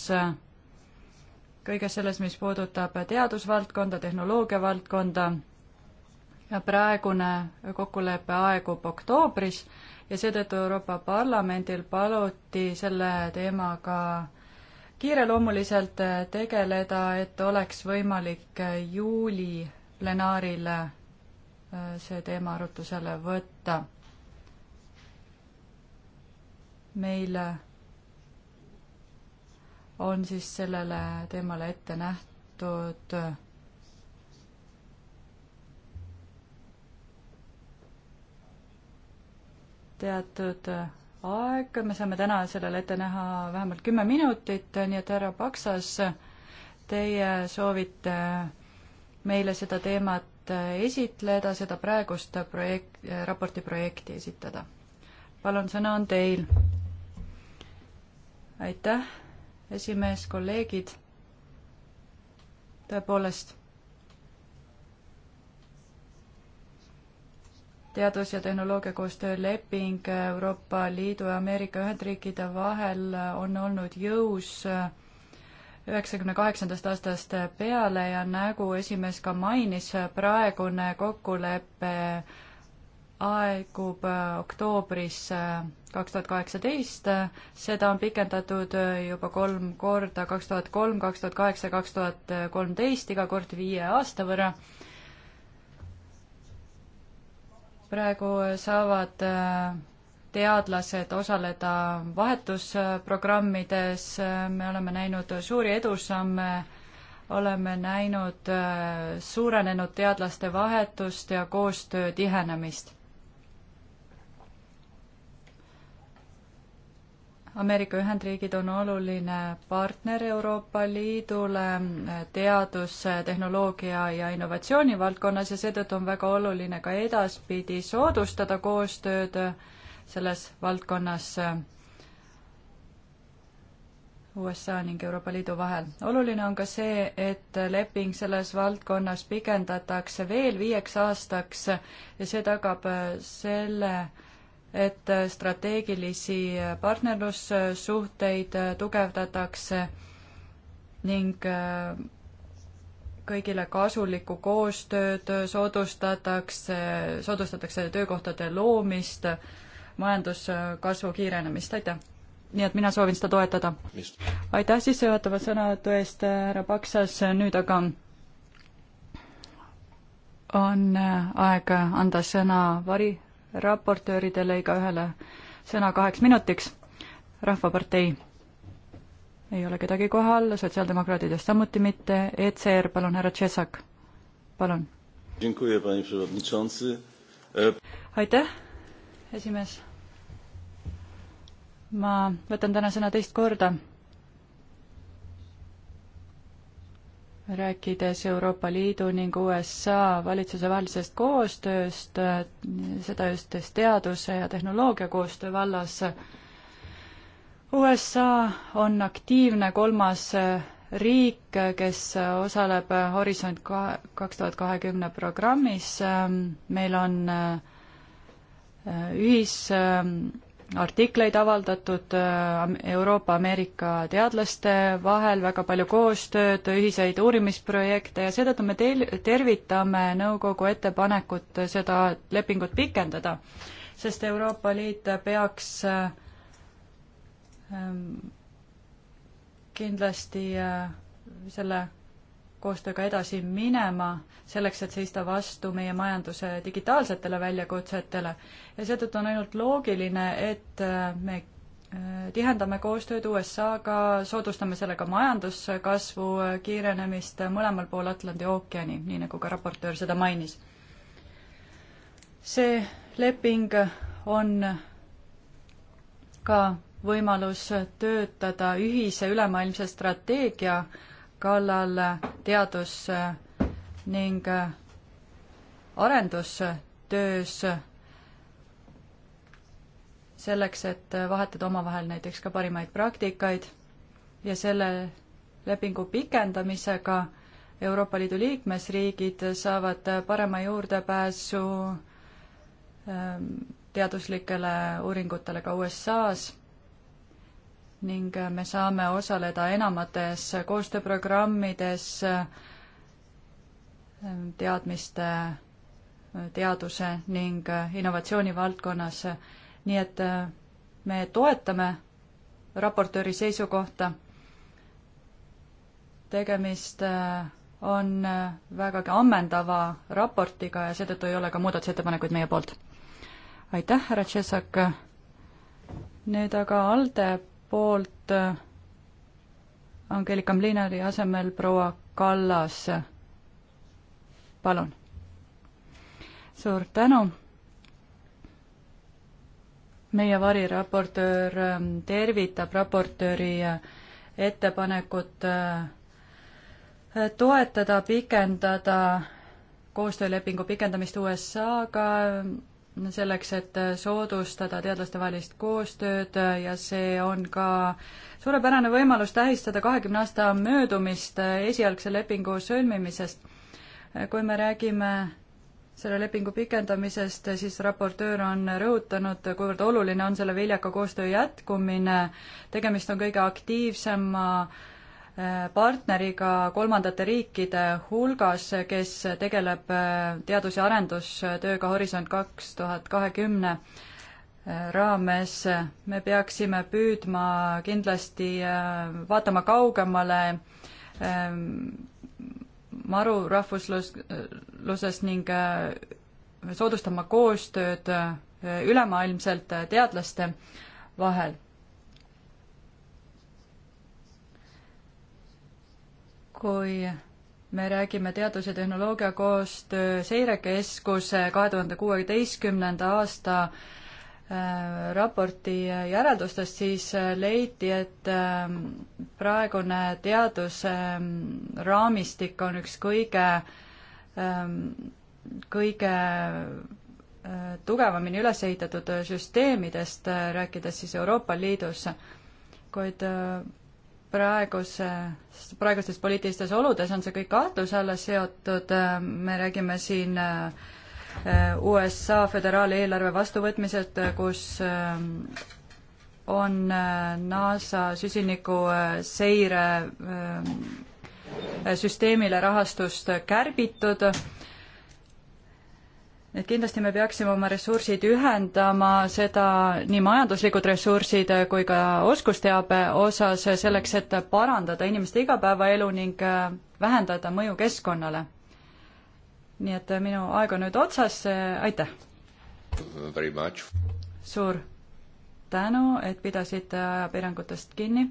kõiges selles, mis puudutab teadusvaldkonda, tehnoloogia valdkonda ja praegune kokkulepe aegub oktoobris ja seetõttu Euroopa Parlamendil paluti selle teemaga kiireloomuliselt tegeleda, et oleks võimalik juuli plenaaril äh, see teema arutusele võtta. meil äh, on siis sellele teemale ette nähtud äh, teatud aeg, me saame täna sellele ette näha vähemalt kümme minutit, nii et härra Paksas, teie soovite meile seda teemat esitleda, seda praegust projekt, raporti projekti esitada. palun, sõna on teil. aitäh, esimees, kolleegid. tõepoolest teadus- ja tehnoloogiakoostöö leping Euroopa Liidu ja Ameerika Ühendriikide vahel on olnud jõus üheksakümne kaheksandast aastast peale ja nagu esimees ka mainis, praegune kokkulepe aegub oktoobris kaks tuhat kaheksateist, seda on pikendatud juba kolm korda, kaks tuhat kolm, kaks tuhat kaheksa, kaks tuhat kolmteist, iga kord viie aasta võrra praegu saavad äh, teadlased osaleda vahetusprogrammides, me oleme näinud suuri edusamme, oleme näinud äh, suurenenud teadlaste vahetust ja koostöö tihenemist Ameerika Ühendriigid on oluline partner Euroopa Liidule eh, teadus, tehnoloogia ja innovatsiooni valdkonnas ja seetõttu on väga oluline ka edaspidi soodustada koostööd eh, selles valdkonnas eh, USA ning Euroopa Liidu vahel. oluline on ka see, et leping selles valdkonnas pikendatakse veel viieks aastaks ja see tagab selle, et strateegilisi partnerlussuhteid tugevdatakse ning äh, kõigile kasulikku koostööd soodustatakse, soodustatakse töökohtade loomist, majanduskasvu kiirenemist, aitäh! nii et mina soovin seda toetada. aitäh sissejuhatava sõnavõtu eest, härra Paksas, nüüd aga on äh, aeg anda sõna vari, raportööridele igaühele sõna kaheks minutiks. rahvapartei ei ole kedagi kohal, sotsiaaldemokraadidest samuti mitte, ECR, palun, härra Tšesak, palun. E- aitäh, esimees. ma võtan täna sõna teist korda rääkides Euroopa Liidu ning USA valitsuse vahelisest koostööst, seda just siis teaduse ja tehnoloogia koostöö vallas. USA on aktiivne kolmas riik, kes osaleb Horisont kaks tuhat kahekümne programmis, meil on ühis artikleid avaldatud äh, Euroopa-Ameerika teadlaste vahel, väga palju koostööd, ühiseid uurimisprojekte ja seetõttu me tel-, tervitame nõukogu ettepanekut seda lepingut pikendada, sest Euroopa Liit peaks äh, ähm, kindlasti äh, selle koostööga edasi minema, selleks et seista vastu meie majanduse digitaalsetele väljakutsetele. ja seetõttu on ainult loogiline, et äh, me äh, tihendame koostööd USA-ga, soodustame sellega majanduskasvu äh, kiirenemist mõlemal pool Atlandi ookeani, nii nagu ka raportöör seda mainis. see leping on ka võimalus töötada ühise ülemaailmse strateegia äh, kallal teadus- ning arendustöös selleks, et vahetada omavahel näiteks ka parimaid praktikaid ja selle lepingu pikendamisega Euroopa Liidu liikmesriigid saavad parema juurdepääsu ähm, teaduslikele uuringutele ka USA-s ning me saame osaleda enamates koostööprogrammides teadmiste, teaduse ning innovatsiooni valdkonnas. nii et äh, me toetame raportööri seisukohta. tegemist äh, on äh, vägagi ammendava raportiga ja seetõttu ei ole ka muudatusettepanekuid meie poolt. aitäh, härra Tšesak. nüüd aga ALDE poolt äh, Angelika Mlinari asemel proua Kallas. palun. suur tänu. meie variraportöör ähm, tervitab raportööri äh, ettepanekut äh, toetada, pikendada koostöölepingu pikendamist USA-ga selleks, et soodustada teadlastevahelist koostööd ja see on ka suurepärane võimalus tähistada kahekümne aasta möödumist esialgse lepingu sõlmimisest. kui me räägime selle lepingu pikendamisest, siis raportöör on rõhutanud, kuivõrd oluline on selle viljaka koostöö jätkumine. tegemist on kõige aktiivsema äh, partneriga kolmandate riikide hulgas, kes tegeleb äh, teadus- ja arendustööga Horisont kaks tuhat kahekümne äh, raames. me peaksime püüdma kindlasti äh, vaatama kaugemale ähm, marurahvuslusest ning soodustama koostööd ülemaailmselt teadlaste vahel kui me räägime Teadus- ja Tehnoloogiakoostöö Seirekeskuse kahe tuhande kuueteistkümnenda aasta äh, raporti järeldustest, siis äh, leiti, et ähm, praegune teadusraamistik ähm, on üks kõige, ähm, kõige äh, tugevamini üles ehitatud süsteemidest, rääkides siis Euroopa Liidus, kuid praeguses, praegustes poliitilistes oludes on see kõik kahtluse alla seotud, me räägime siin äh, USA föderaaleelarve vastuvõtmisest, kus äh, on äh, NASA süsinikuseire süsteemile rahastust kärbitud et kindlasti me peaksime oma ressursid ühendama, seda nii majanduslikud ressursid kui ka oskusteabe osas, selleks et parandada inimeste igapäevaelu ning äh, vähendada mõju keskkonnale. nii et äh, minu aeg on nüüd otsas, äh, aitäh! suur tänu, et pidasite ajapiirangutest kinni.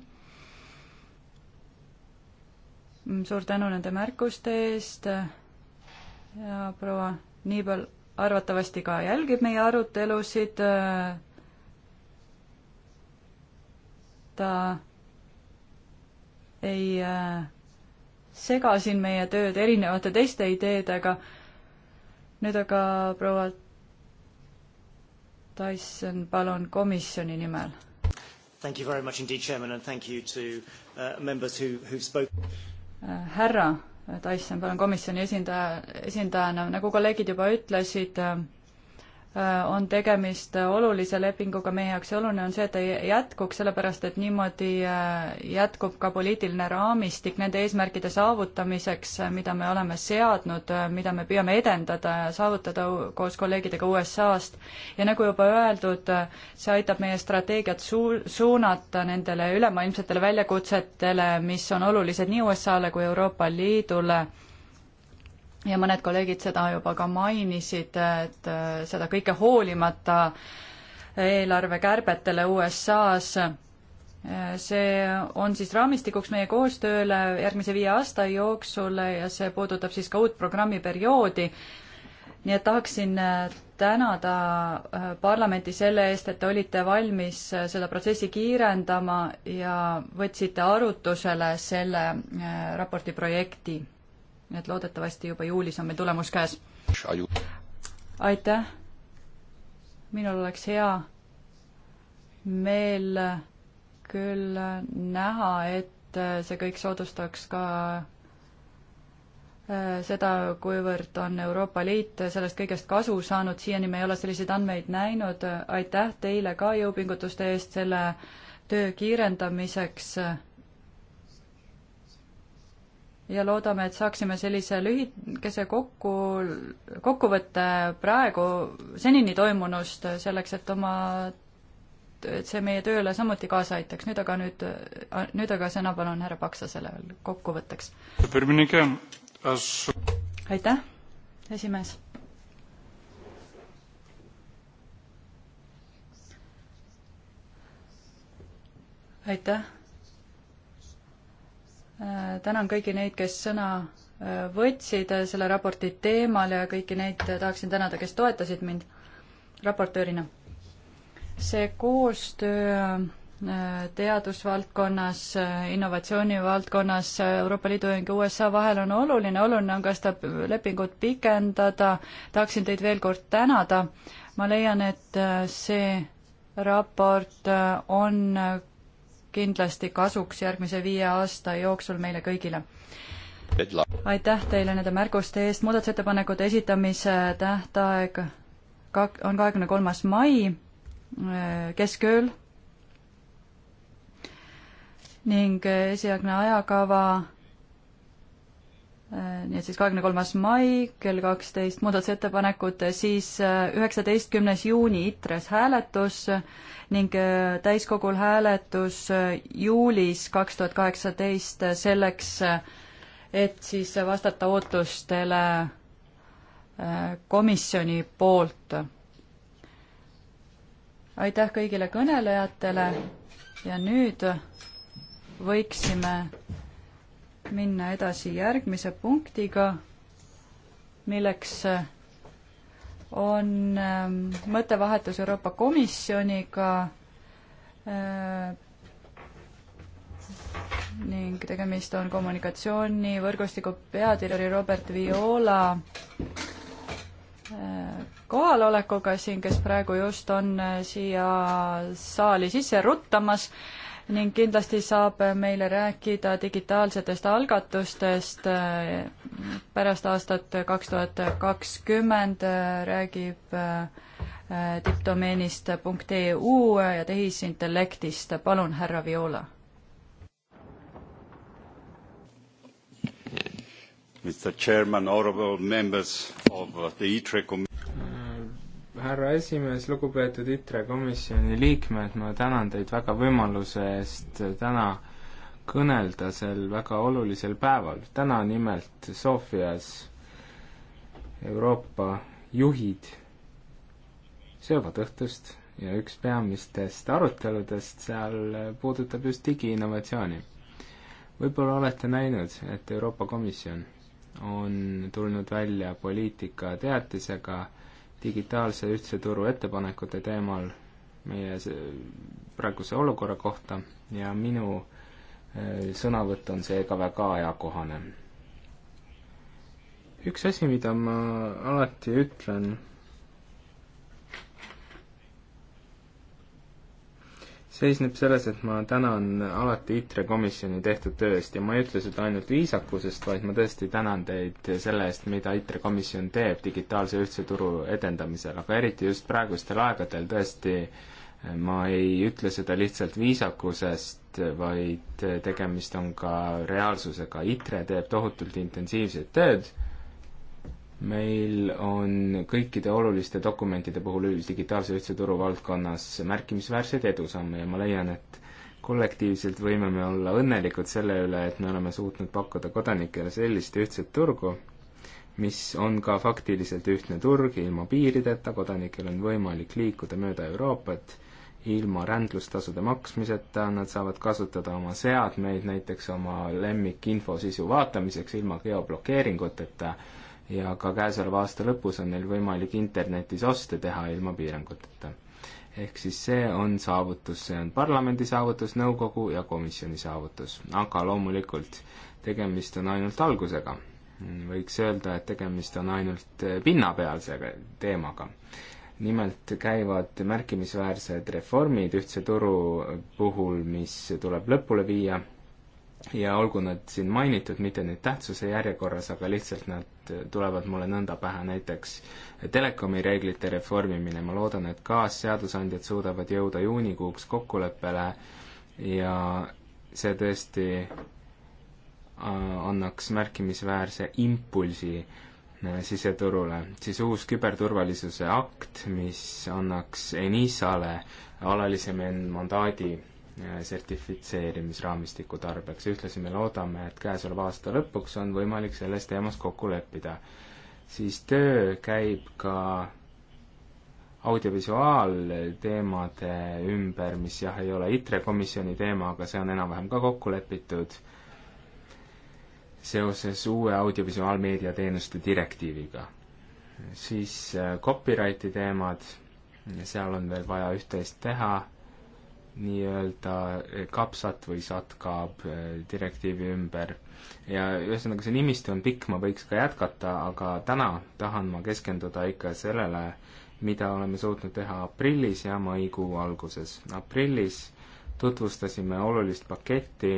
Mm, suur tänu nende märkuste eest ja proua Niibel arvatavasti ka jälgib meie arutelusid. ta ei äh, sega siin meie tööd erinevate teiste ideedega. nüüd aga proua Tyson, palun komisjoni nimel. Thank you very much indeed, chairman, and thank you to uh, members who, who've spoken. Äh, härra Äh, Tyson, palun komisjoni esindaja, esindajana, nagu kolleegid juba ütlesid äh,, Äh, on tegemist äh, olulise lepinguga meie jaoks ja oluline on see, et ta jätkuks, sellepärast et niimoodi äh, jätkub ka poliitiline raamistik nende eesmärkide saavutamiseks, mida me oleme seadnud, mida me püüame edendada ja saavutada koos kolleegidega USA-st. ja nagu juba öeldud, see aitab meie strateegiat suu-, suunata nendele ülemaailmsetele väljakutsetele, mis on olulised nii USA-le kui Euroopa Liidule ja mõned kolleegid seda juba ka mainisid, et äh, seda kõike hoolimata eelarvekärbetele USA-s, äh, see on siis raamistikuks meie koostööle järgmise viie aasta jooksul ja see puudutab siis ka uut programmiperioodi. nii et tahaksin äh, tänada parlamenti selle eest, et te olite valmis seda protsessi kiirendama ja võtsite arutusele selle raporti projekti nii et loodetavasti juba juulis on meil tulemus käes. aitäh! minul oleks hea meel küll näha, et see kõik soodustaks ka äh, seda, kuivõrd on Euroopa Liit sellest kõigest kasu saanud, siiani me ei ole selliseid andmeid näinud, aitäh teile ka jõupingutuste eest selle töö kiirendamiseks ja loodame, et saaksime sellise lühikese kokku, kokkuvõtte praegu senini toimunust selleks, et oma, et see meie tööle samuti kaasa aitaks. nüüd aga nüüd, nüüd aga sõna palun härra Paksasele veel kokkuvõtteks. aitäh, esimees. aitäh tänan kõiki neid, kes sõna äh, võtsid äh, selle raporti teemal ja kõiki neid äh, tahaksin tänada, kes toetasid mind raportöörina. see koostöö teadusvaldkonnas, innovatsioonivaldkonnas Euroopa Liidu ning USA vahel on oluline, oluline on ka seda lepingut pikendada. tahaksin teid veel kord tänada. ma leian, et see raport on kindlasti kasuks järgmise viie aasta jooksul meile kõigile. aitäh teile nende märguste eest, muudatusettepanekute esitamise tähtaeg on kahekümne kolmas mai äh, keskööl ning äh, esialgne ajakava nii et siis kahekümne kolmas mai kell kaksteist muudatusettepanekud, siis äh, üheksateistkümnes juuni ITRES hääletus ning äh, täiskogul hääletus äh, juulis kaks tuhat kaheksateist selleks, et siis vastata ootustele komisjoni poolt. aitäh kõigile kõnelejatele ja nüüd võiksime minna edasi järgmise punktiga, milleks äh, on ähm, mõttevahetus Euroopa Komisjoniga äh, ning tegemist on kommunikatsioonivõrgustiku peadirektori Robert Viola äh, kohalolekuga siin, kes praegu just on siia saali sisse ruttamas ning kindlasti saab meile rääkida digitaalsetest algatustest pärast aastat kaks tuhat kakskümmend, räägib äh, tippdomeenist punkt EU ja tehisintellektist. palun, härra Viola. Mr Chairman, honorable members of the ITRE e committee härra esimees, lugupeetud ITRE komisjoni liikmed, ma tänan teid väga võimaluse eest täna kõnelda sel väga olulisel päeval. täna nimelt Sofias Euroopa juhid söövad õhtust ja üks peamistest aruteludest seal puudutab just digiinnovatsiooni. võib-olla olete näinud, et Euroopa Komisjon on tulnud välja poliitikateatisega digitaalse ühtse turu ettepanekute teemal meie praeguse olukorra kohta ja minu eh, sõnavõtt on seega väga ajakohane. üks asi, mida ma alati ütlen seisneb selles, et ma tänan alati ITRE komisjoni tehtud töö eest ja ma ei ütle seda ainult viisakusest, vaid ma tõesti tänan teid selle eest, mida ITRE komisjon teeb digitaalse ühtse turu edendamisel, aga eriti just praegustel aegadel tõesti eh, ma ei ütle seda lihtsalt viisakusest, vaid eh, tegemist on ka reaalsusega. ITRE teeb tohutult intensiivset tööd meil on kõikide oluliste dokumentide puhul ülddigitaalse ühtse turu valdkonnas märkimisväärseid edusamme ja ma leian, et kollektiivselt võime me olla õnnelikud selle üle, et me oleme suutnud pakkuda kodanikele sellist ühtset turgu, mis on ka faktiliselt ühtne turg ilma piirideta, kodanikel on võimalik liikuda mööda Euroopat ilma rändlustasude maksmiseta, nad saavad kasutada oma seadmeid näiteks oma lemmikinfosisu vaatamiseks ilma geoblokeeringuteta ja ka käesoleva aasta lõpus on neil võimalik internetis oste teha ilma piiranguteta. ehk siis see on saavutus, see on parlamendi saavutus, nõukogu ja komisjoni saavutus, aga loomulikult tegemist on ainult algusega. võiks öelda, et tegemist on ainult eh, pinnapealse teemaga. nimelt käivad märkimisväärsed reformid ühtse turu puhul, mis tuleb lõpule viia ja olgu nad siin mainitud, mitte nüüd tähtsuse järjekorras, aga lihtsalt nad tulevad mulle nõnda pähe, näiteks telekomi reeglite reformimine, ma loodan, et kaasseadusandjad suudavad jõuda juunikuuks kokkuleppele ja see tõesti äh, annaks märkimisväärse impulsi äh, siseturule, siis uus küberturvalisuse akt, mis annaks ENISA-le alalise mandaadi Äh, sertifitseerimisraamistiku tarbeks. ühtlasi me loodame, et käesoleva aasta lõpuks on võimalik selles teemas kokku leppida. siis töö käib ka audiovisuaalteemade ümber, mis jah, ei ole ITRE komisjoni teema, aga see on enam-vähem ka kokku lepitud, seoses uue audiovisuaalmeedia teenuste direktiiviga. siis äh, copyrighti teemad, seal on veel vaja üht-teist teha nii-öelda eh, kapsat või satkab eh, direktiivi ümber. ja ühesõnaga, see nimistu on pikk, ma võiks ka jätkata, aga täna tahan ma keskenduda ikka sellele, mida oleme suutnud teha aprillis ja maikuu alguses. aprillis tutvustasime olulist paketti,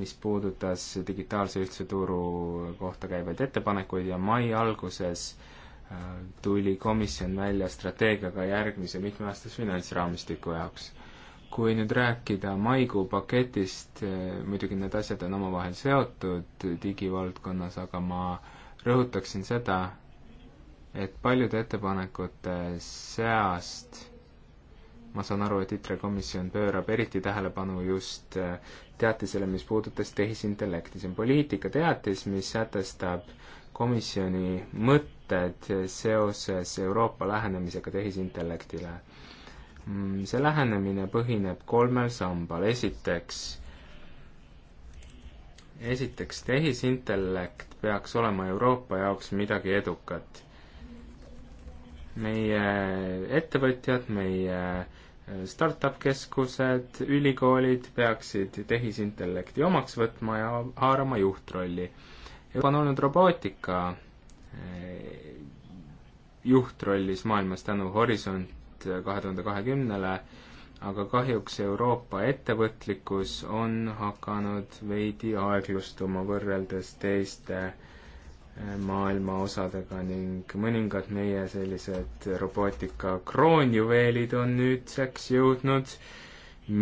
mis puudutas digitaalse ühtse turu kohta käivaid ettepanekuid ja mai alguses äh, tuli komisjon välja strateegiaga järgmise mitmeaastase finantsraamistiku jaoks. kui nüüd rääkida maikuu paketist, muidugi need asjad on omavahel seotud digivaldkonnas, aga ma rõhutaksin seda, et paljude ettepanekute seast ma saan aru, et ITRE komisjon pöörab eriti tähelepanu just teatisele, mis puudutas tehisintellekti. see on poliitikateatis, mis sätestab äh, komisjoni mõtted seoses Euroopa lähenemisega tehisintellektile. Mm, see lähenemine põhineb kolmel sambal, esiteks esiteks, tehisintellekt peaks olema Euroopa jaoks midagi edukat. meie ettevõtjad, meie äh, startup keskused, ülikoolid peaksid tehisintellekti omaks võtma ja haarama juhtrolli juba on olnud robootika eh, juhtrollis maailmas tänu Horisont kahe tuhande kahekümnele, aga kahjuks Euroopa ettevõtlikkus on hakanud veidi aeglustuma võrreldes teiste eh, maailma osadega ning mõningad meie sellised robootika kroonjuveelid on nüüdseks jõudnud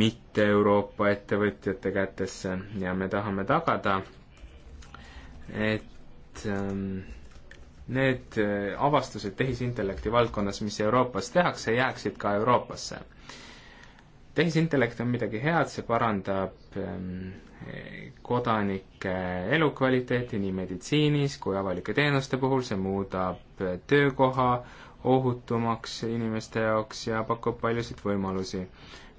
mitte Euroopa ettevõtjate kätesse ja me tahame tagada, et ähm, need äh, avastused tehisintellekti valdkonnas, mis Euroopas tehakse, jääksid ka Euroopasse. tehisintellekt on midagi head, see parandab ähm, kodanike elukvaliteeti nii meditsiinis kui avalike teenuste puhul, see muudab äh, töökoha ohutumaks inimeste jaoks ja pakub paljusid võimalusi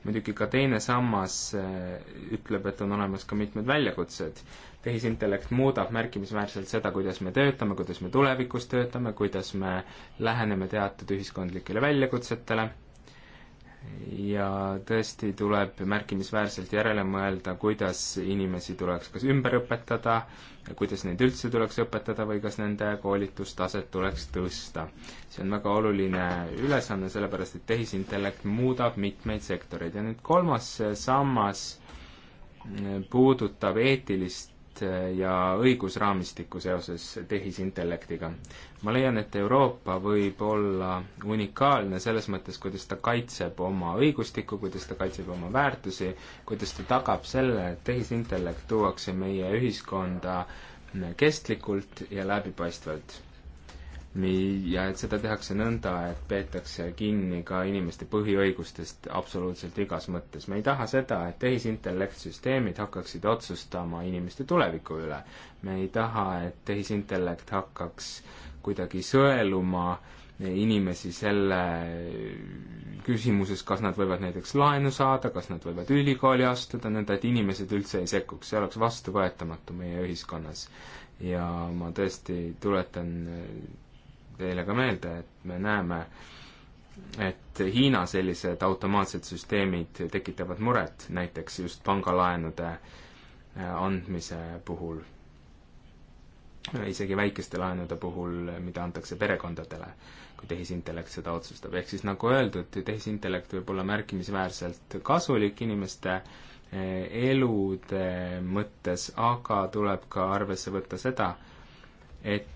muidugi ka teine sammas eh, ütleb, et on olemas ka mitmed väljakutsed. tehisintellekt muudab märkimisväärselt seda, kuidas me töötame, kuidas me tulevikus töötame, kuidas me läheneme teatud ühiskondlikele väljakutsetele ja tõesti tuleb märkimisväärselt järele mõelda, kuidas inimesi tuleks kas ümber õpetada, kuidas neid üldse tuleks õpetada või kas nende koolitustaset tuleks tõsta. see on väga oluline ülesanne, sellepärast et tehisintellekt muudab mitmeid sektoreid ja nüüd kolmas sammas mm, puudutab eetilist rollit äh, ja õigusraamistikku seoses tehisintellektiga. ma leian, et Euroopa võib olla unikaalne selles mõttes, kuidas ta kaitseb oma õigustikku, kuidas ta kaitseb oma väärtusi, kuidas ta tagab selle, et tehisintellekt tuuakse meie ühiskonda kestlikult ja läbipaistvalt nii, ja et seda tehakse nõnda, et peetakse kinni ka inimeste põhiõigustest absoluutselt igas mõttes. me ei taha seda, et tehisintellektsüsteemid hakkaksid otsustama inimeste tuleviku üle. me ei taha, et tehisintellekt hakkaks kuidagi sõeluma inimesi selle küsimuses, kas nad võivad näiteks laenu saada, kas nad võivad ülikooli astuda, nõnda et inimesed üldse ei sekkuks, see oleks vastuvõetamatu meie ühiskonnas. ja ma tõesti tuletan teile ka meelde, et me näeme, et Hiina sellised automaatsed süsteemid tekitavad muret, näiteks just pangalaenude äh, andmise puhul, isegi väikeste laenude puhul, mida antakse perekondadele, kui tehisintellekt seda otsustab. ehk siis nagu öeldud, tehisintellekt võib olla märkimisväärselt kasulik inimeste äh, elude mõttes, aga tuleb ka arvesse võtta seda, et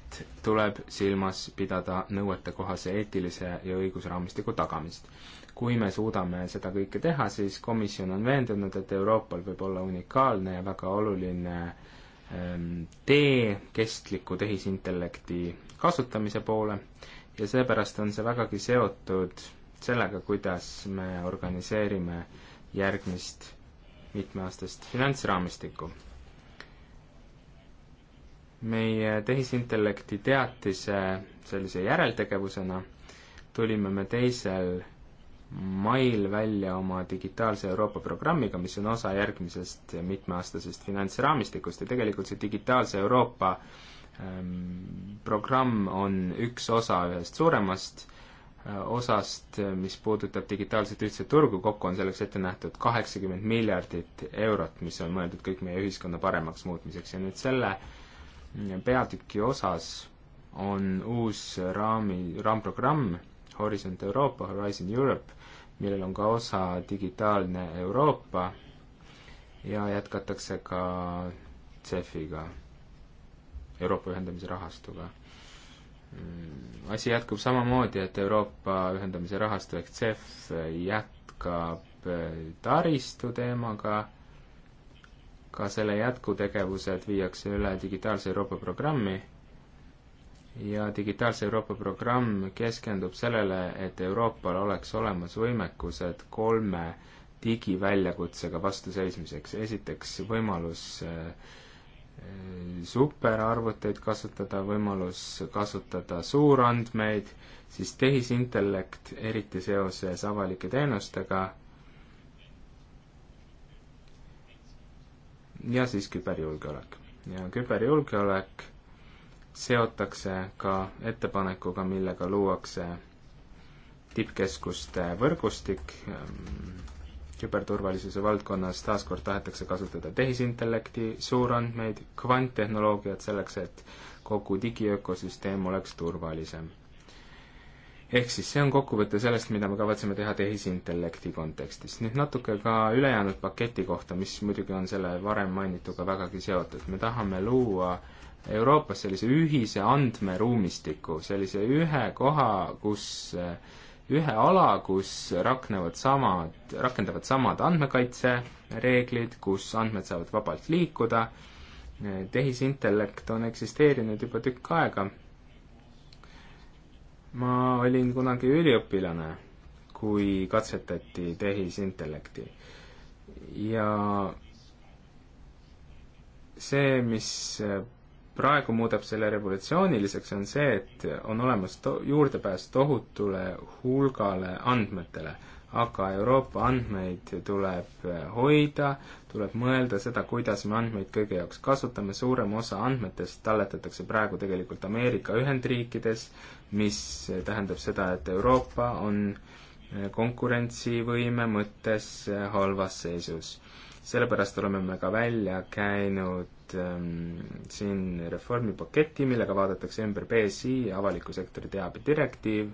tuleb silmas pidada nõuetekohase eetilise ja õigusraamistiku tagamist. kui me suudame seda kõike teha, siis komisjon on veendunud, et Euroopal võib olla unikaalne ja väga oluline ehm, tee kestliku tehisintellekti kasutamise poole ja seepärast on see vägagi seotud sellega, kuidas me organiseerime järgmist mitmeaastast finantsraamistikku meie tehisintellekti teatise sellise järeltegevusena tulime me teisel mail välja oma digitaalse Euroopa programmiga, mis on osa järgmisest mitmeaastasest finantsraamistikust ja tegelikult see digitaalse Euroopa ähm, programm on üks osa ühest suuremast äh, osast, äh, mis puudutab digitaalset ühtset turgu, kokku on selleks ette nähtud kaheksakümmend miljardit eurot, mis on mõeldud kõik meie ühiskonna paremaks muutmiseks ja nüüd selle äh, peatüki osas on uus raami, raamprogramm Horisont Euroopa, Horizon Europe, millel on ka osa Digitaalne Euroopa ja jätkatakse ka CEF-iga, Euroopa ühendamise rahastuga. Mm, asi jätkub samamoodi, et Euroopa ühendamise rahastu ehk CEF jätkab äh, taristu teemaga ka selle jätkutegevused viiakse üle Digitaalse Euroopa programmi ja Digitaalse Euroopa programm keskendub sellele, et Euroopal oleks olemas võimekused kolme digiväljakutsega vastuseismiseks. esiteks võimalus äh, superarvuteid kasutada, võimalus kasutada suurandmeid, siis tehisintellekt, eriti seoses avalike teenustega ja siis küberjulgeolek. ja küberjulgeolek seotakse ka ettepanekuga, millega luuakse tippkeskuste võrgustik ähm, küberturvalisuse valdkonnas, taaskord tahetakse kasutada tehisintellekti, suurandmeid, kvanttehnoloogiat selleks, et kogu digiökosüsteem oleks turvalisem ehk siis see on kokkuvõte sellest, mida me kavatseme teha tehisintellekti kontekstis. nüüd natuke ka ülejäänud paketi kohta, mis muidugi on selle varem mainituga vägagi seotud. me tahame luua Euroopas sellise ühise andmeruumistiku, sellise ühe koha, kus ühe ala, kus raknevad samad, rakendavad samad andmekaitsereeglid, kus andmed saavad vabalt liikuda, tehisintellekt on eksisteerinud juba tükk aega ma olin kunagi üliõpilane, kui katsetati tehisintellekti. ja see, mis praegu muudab selle revolutsiooniliseks, on see, et on olemas to-, juurdepääs tohutule hulgale andmetele, aga Euroopa andmeid tuleb hoida, tuleb mõelda seda, kuidas me andmeid kõige jaoks kasutame, suurem osa andmetest talletatakse praegu tegelikult Ameerika Ühendriikides, mis tähendab seda, et Euroopa on konkurentsivõime mõttes halvas seisus. sellepärast oleme me ka välja käinud ähm, siin reformipaketi, millega vaadatakse ümber BSI, avaliku sektori teabe direktiiv,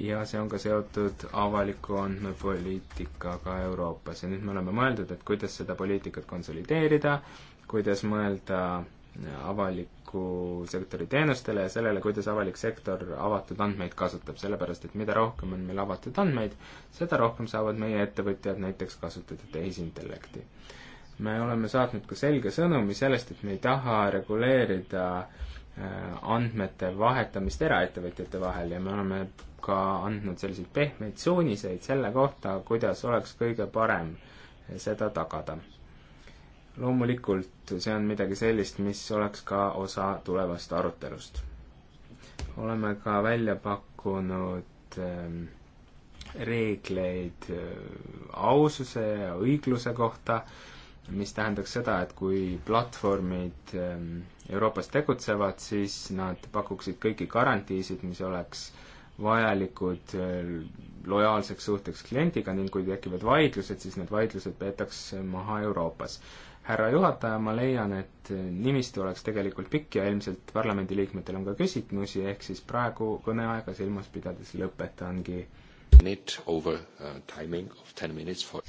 ja see on ka seotud avaliku andmepoliitikaga Euroopas ja nüüd me oleme mõeldud, et kuidas seda poliitikat konsolideerida, kuidas mõelda äh, avaliku sektori teenustele ja sellele, kuidas avalik sektor avatud andmeid kasutab, sellepärast et mida rohkem on meil avatud andmeid, seda rohkem saavad meie ettevõtjad näiteks kasutada tehisintellekti. me oleme saatnud ka selge sõnumi sellest, et me ei taha reguleerida äh, andmete vahetamist eraettevõtjate vahel ja me oleme ka andnud selliseid pehmeid suuniseid selle kohta, kuidas oleks kõige parem äh, seda tagada loomulikult see on midagi sellist, mis oleks ka osa tulevast arutelust. oleme ka välja pakkunud ehm, reegleid äh, aususe ja õigluse kohta, mis tähendaks seda, et kui platvormid ehm, Euroopas tegutsevad, siis nad pakuksid kõiki garantiisid, mis oleks vajalikud äh, lojaalseks suhteks kliendiga ning kui tekivad vaidlused, siis need vaidlused peetakse maha Euroopas härra juhataja, ma leian, et nimistu oleks tegelikult pikk ja ilmselt parlamendiliikmetel on ka küsitmusi, ehk siis praegu kõneaega silmas pidades lõpetangi. Over, uh, for...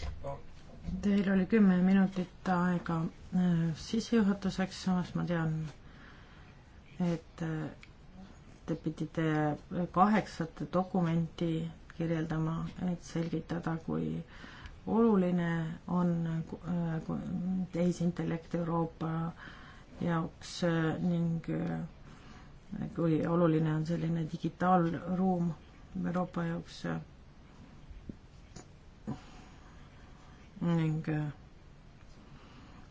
Teil oli kümme minutit aega uh, sissejuhatuseks, samas ma tean, et uh, te pidite kaheksat dokumenti kirjeldama, et selgitada, kui äh, oluline on äh, tehisintellekt Euroopa jaoks äh, ning äh, kui oluline on selline digitaalruum Euroopa jaoks ning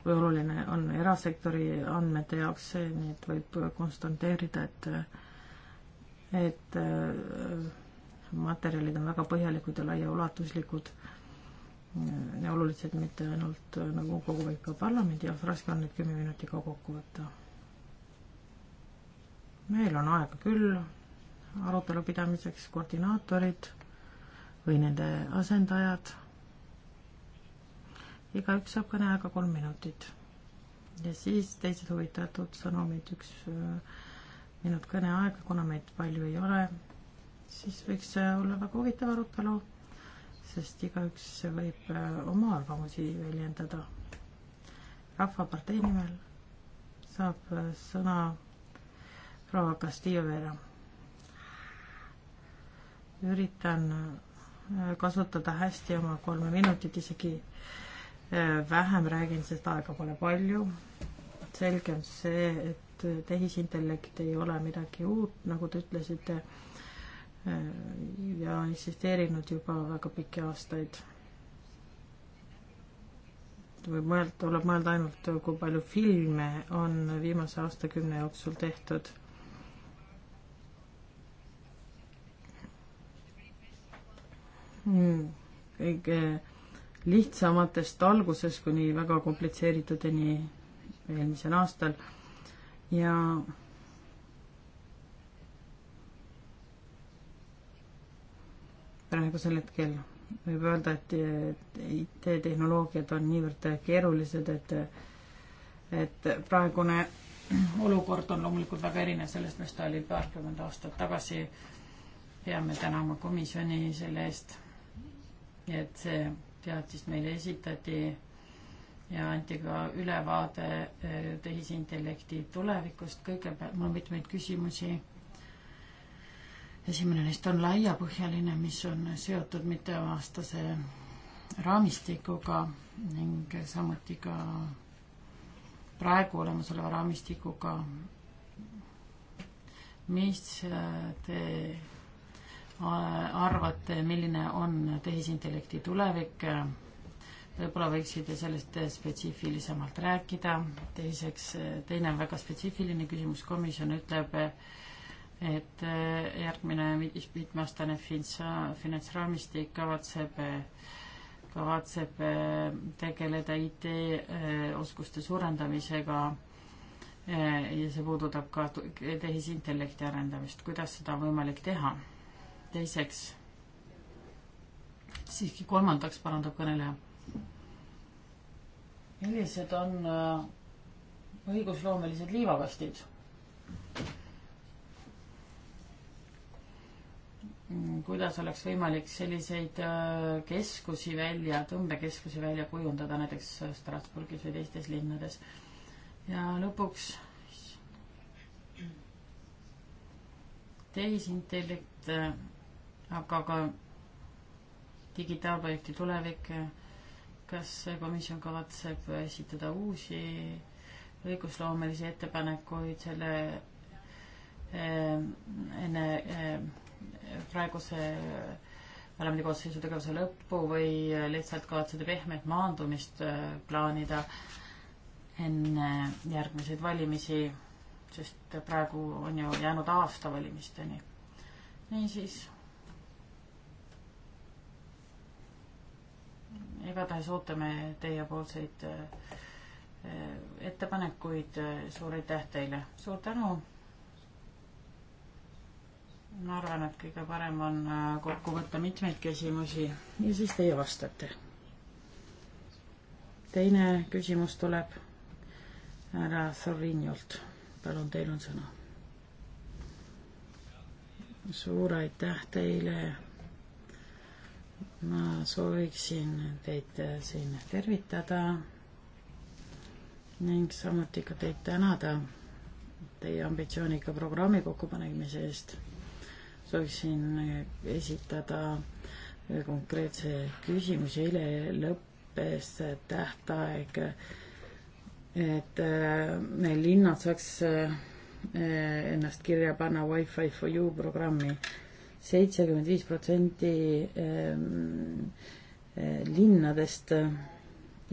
kui oluline on erasektori andmete jaoks see, nii et võib konstateerida, et et materjalid on väga põhjalikud ja laiaulatuslikud olulised mitte ainult äh, nõukogu, nagu vaid ka parlamendi jaoks, raske on neid kümne minutiga kokku võtta. meil on aega küll arutelu pidamiseks, koordinaatorid või nende asendajad. igaüks saab kõneaega kolm minutit ja siis teised huvitatud sõnumid, üks äh, minut kõneaega, kuna meid palju ei ole, siis võiks olla väga huvitav arutelu sest igaüks võib äh, oma arvamusi väljendada. rahvapartei nimel saab äh, sõna proua Castillo Vera. üritan äh, kasutada hästi oma kolme minutit, isegi vähem räägin, sest aega pole palju. selge on see, et tehisintellekt ei ole midagi uut, nagu te ütlesite ja eksisteerinud juba väga pikki aastaid. võib mõelda, tuleb mõelda ainult, kui palju filme on viimase aastakümne jooksul tehtud. Hmm, kõige lihtsamatest alguses kuni väga komplitseeritudeni eelmisel aastal ja praegusel hetkel võib öelda, et IT-tehnoloogiad on niivõrd keerulised, et, et praegune olukord on loomulikult väga erinev sellest, mis ta oli paarkümmend aastat tagasi. peame tänama komisjoni selle eest, et see teadis meile esitati ja anti ka ülevaade tehisintellekti tulevikust. kõigepealt mul on mitmeid küsimusi esimene neist on laiapõhjaline, mis on seotud mitteaastase raamistikuga ning samuti ka praegu olemasoleva raamistikuga, mis te arvate, milline on tehisintellekti tulevik? võib-olla võiksite sellest spetsiifilisemalt rääkida. teiseks, teine on väga spetsiifiline küsimus, komisjon ütleb, et eh, järgmine mitmeaastane finantsraamistik kavatseb, kavatseb eh, tegeleda IT-oskuste eh, suurendamisega ja see puudutab ka tehisintellekti arendamist, kuidas seda on võimalik teha. teiseks, siiski kolmandaks parandab kõneleja. millised on õigusloomelised liivakastid? Mm, kuidas oleks võimalik selliseid äh, keskusi välja, tõmbekeskusi välja kujundada näiteks Strasbourgis või teistes linnades. ja lõpuks tehisintellekt, äh, aga ka digitaalprojekti tulevik. Äh, kas komisjon kavatseb esitada uusi õigusloomelisi ettepanekuid selle enne praeguse parlamendikoosseisu tegevuse lõppu või lihtsalt kavatsete pehmet maandumist äh, plaanida enne järgmiseid valimisi, sest praegu on ju jäänud aasta valimisteni. niisiis. igatahes ootame teiepoolseid äh, äh, ettepanekuid, suur aitäh teile, suur tänu ma arvan, et kõige parem on äh, kokku võtta mitmeid küsimusi ja siis teie vastate. teine küsimus tuleb härra Sorinjolt. palun, teil on sõna. suur aitäh teile. ma sooviksin teid siin tervitada ning samuti ka teid tänada teie ambitsioonika programmi kokkupanemise eest sooviksin eh, esitada eh, konkreetse küsimuse. eile lõppes eh, tähtaeg, et linnad saaks ennast kirja panna Wi-Fi for you programmi. seitsekümmend viis protsenti linnadest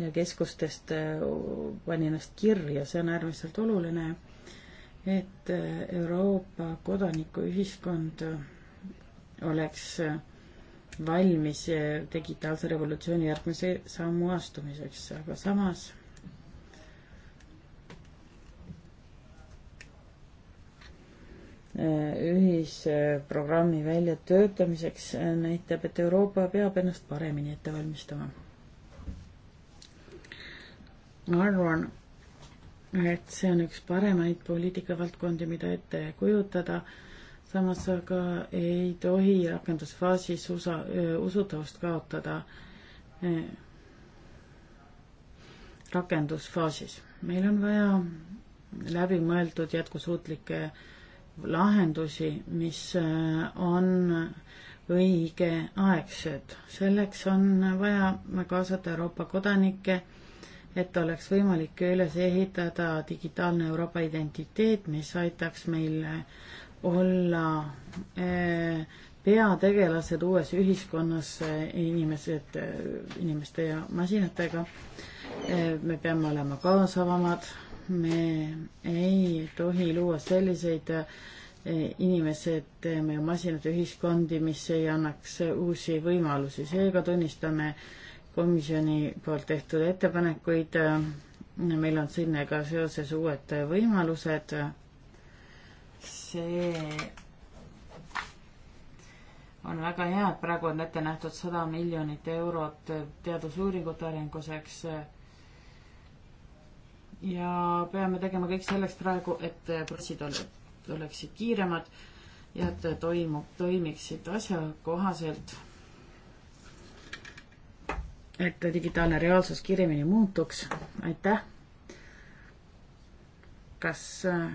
ja keskustest pani ennast kirja, see on äärmiselt oluline et eh, Euroopa kodanikuühiskond eh, oleks eh, valmis digitaalse revolutsiooni järgmise sammu astumiseks, aga samas ühisprogrammi väljatöötamiseks näitab, et Euroopa peab ennast paremini ette valmistama. ma arvan, et see on üks paremaid poliitikavaldkondi, mida ette kujutada. samas aga ei tohi rakendusfaasis usa, usutavust kaotada eh, rakendusfaasis. meil on vaja läbimõeldud jätkusuutlikke lahendusi, mis eh, on õigeaegsed. selleks on vaja kaasata Euroopa kodanikke et oleks võimalik üles ehitada digitaalne Euroopa identiteet, mis aitaks meil olla eh, peategelased uues ühiskonnas eh, inimesed, eh, inimeste ja masinatega. me peame olema kaasavamad, me ei tohi luua selliseid inimesed, meie masinate ühiskondi, mis ei annaks uusi võimalusi, seega tunnistame äh, komisjoni poolt tehtud ettepanekuid. meil on sellega seoses uued võimalused. see on väga hea, et praegu on ette nähtud sada miljonit eurot teadusuuringute arenguseks. ja peame tegema kõik selleks praegu, et protsid oleksid kiiremad ja et toimub, toimiksid asjakohaselt et digitaalne reaalsus kiiremini muutuks. aitäh. kas äh,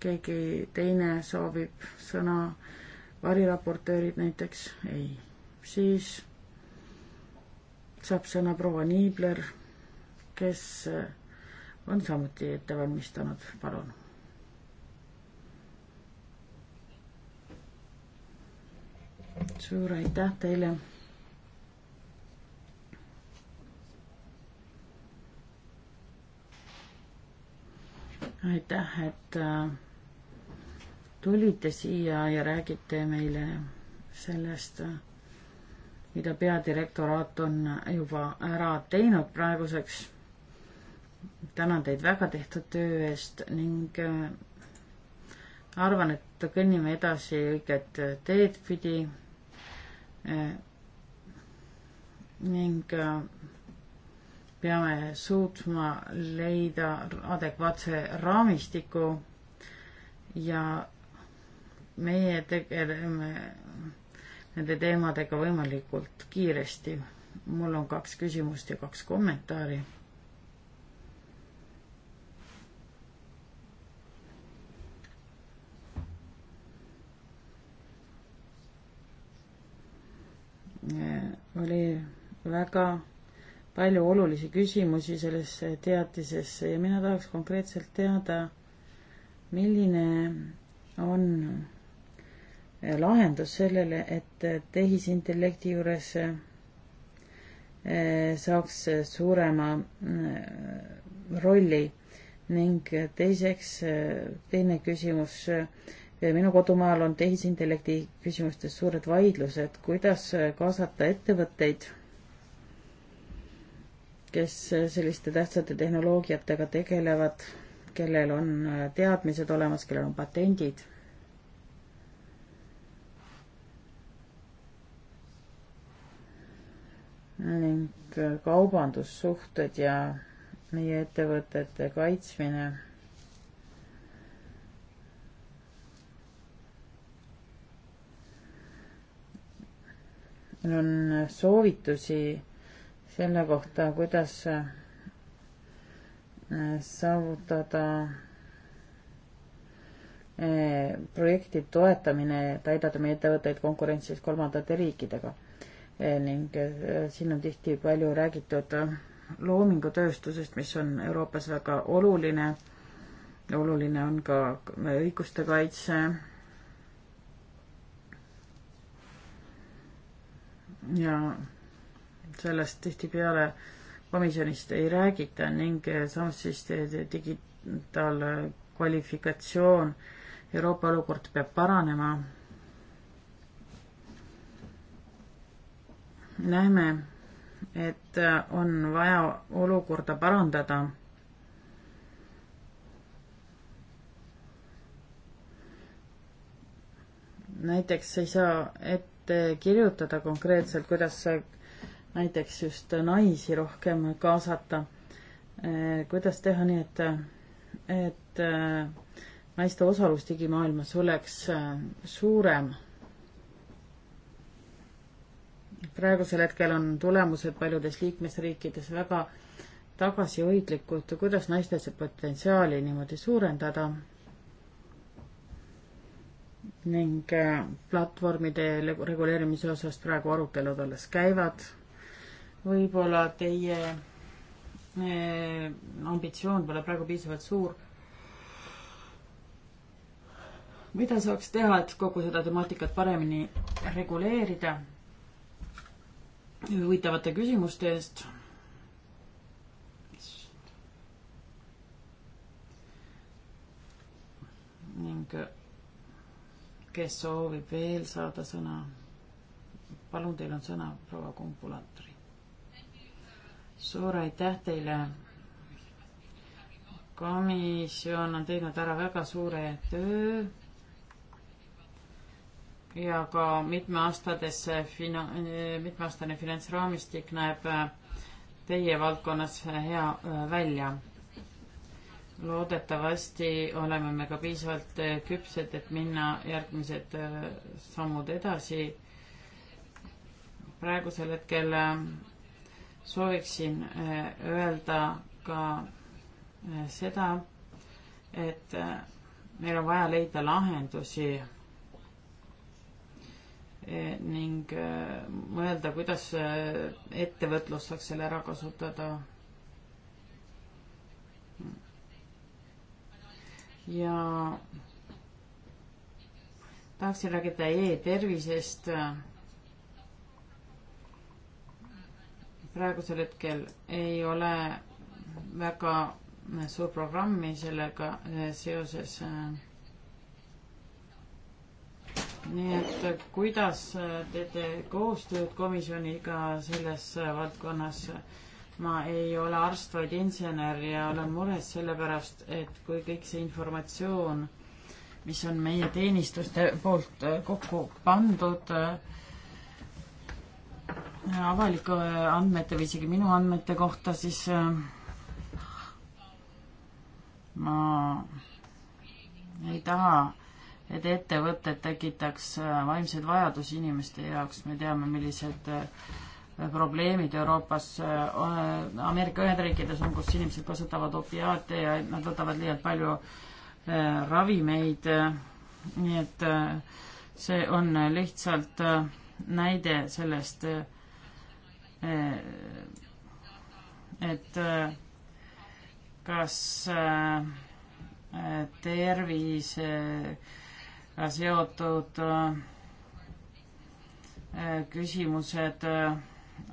keegi teine soovib sõna? variraportöörid näiteks? ei. siis saab sõna proua Niibler, kes äh, on samuti ette valmistanud, palun. suur aitäh teile aitäh, et äh, tulite siia ja räägite meile sellest, äh, mida peadirektoraat on juba ära teinud praeguseks. tänan teid väga tehtud töö eest ning äh, arvan, et kõnnime edasi õiget teed pidi. ning peame suutma leida adekvaatse raamistiku ja meie tegeleme nende teemadega võimalikult kiiresti. mul on kaks küsimust ja kaks kommentaari. oli väga palju olulisi küsimusi selles teatises ja mina tahaks konkreetselt teada, milline on lahendus sellele, et tehisintellekti juures eh, saaks suurema mm, rolli ning teiseks, eh, teine küsimus, eh, minu kodumaal on tehisintellekti küsimustes suured vaidlused, kuidas kaasata ettevõtteid kes selliste tähtsate tehnoloogiatega tegelevad, kellel on äh, teadmised olemas, kellel on patendid. ning äh, kaubandussuhted ja meie ettevõtete kaitsmine meil on äh, soovitusi selle kohta, kuidas äh, saavutada äh, projekti toetamine, et aidata meie ettevõtteid konkurentsis kolmandate riikidega. Äh, ning siin on tihti palju räägitud loomingutööstusest, mis on Euroopas väga oluline. oluline on ka õiguste kaitse. ja sellest tihtipeale komisjonist ei räägita ning samas siis digitaalkvalifikatsioon, Euroopa olukord peab paranema. näeme, et on vaja olukorda parandada. näiteks ei saa ette kirjutada konkreetselt, kuidas näiteks just naisi rohkem kaasata. Eh, kuidas teha nii, et, et eh, naiste osalus digimaailmas oleks eh, suurem? praegusel hetkel on tulemused paljudes liikmesriikides väga tagasihoidlikud, kuidas naiste see potentsiaali niimoodi suurendada? ning platvormide reguleerimise osas praegu arutelud alles käivad võib-olla teie eh, ambitsioon pole praegu piisavalt suur. mida saaks teha, et kogu seda temaatikat paremini reguleerida? huvitavate küsimuste eest. ning kes soovib veel saada sõna? palun, teil on sõna, proua Kumpulantri suur aitäh teile. komisjon on teinud ära väga suure töö ja ka mitmeaastadesse fina-, mitmeaastane finantsraamistik näeb äh, teie valdkonnas hea äh, välja. loodetavasti oleme me ka piisavalt äh, küpsed, et minna järgmised sammud edasi. praegusel hetkel sooviksin äh, öelda ka äh, seda, et äh, meil on vaja leida lahendusi ning mõelda, kuidas ettevõtlus saaks selle ära kasutada. ja tahaksin rääkida e-tervisest praegusel hetkel ei ole väga suur programmi sellega eh, seoses. Eh, nii et eh, kuidas teete koostööd komisjoniga selles valdkonnas? ma ei ole arst, vaid insener ja olen mures sellepärast, et kui kõik see informatsioon, mis on meie teenistuste poolt kokku pandud äh, avalike andmete või isegi minu andmete kohta, siis äh, ma ei taha, et ettevõtted tekitaks äh, vaimseid vajadusi inimeste jaoks, me teame, millised äh, probleemid Euroopas, Ameerika Ühendriikides on, kus inimesed kasutavad opiaate ja nad võtavad liialt palju ravimeid, nii et see on lihtsalt näide sellest, Eh, et eh, kas eh, tervisega seotud küsimused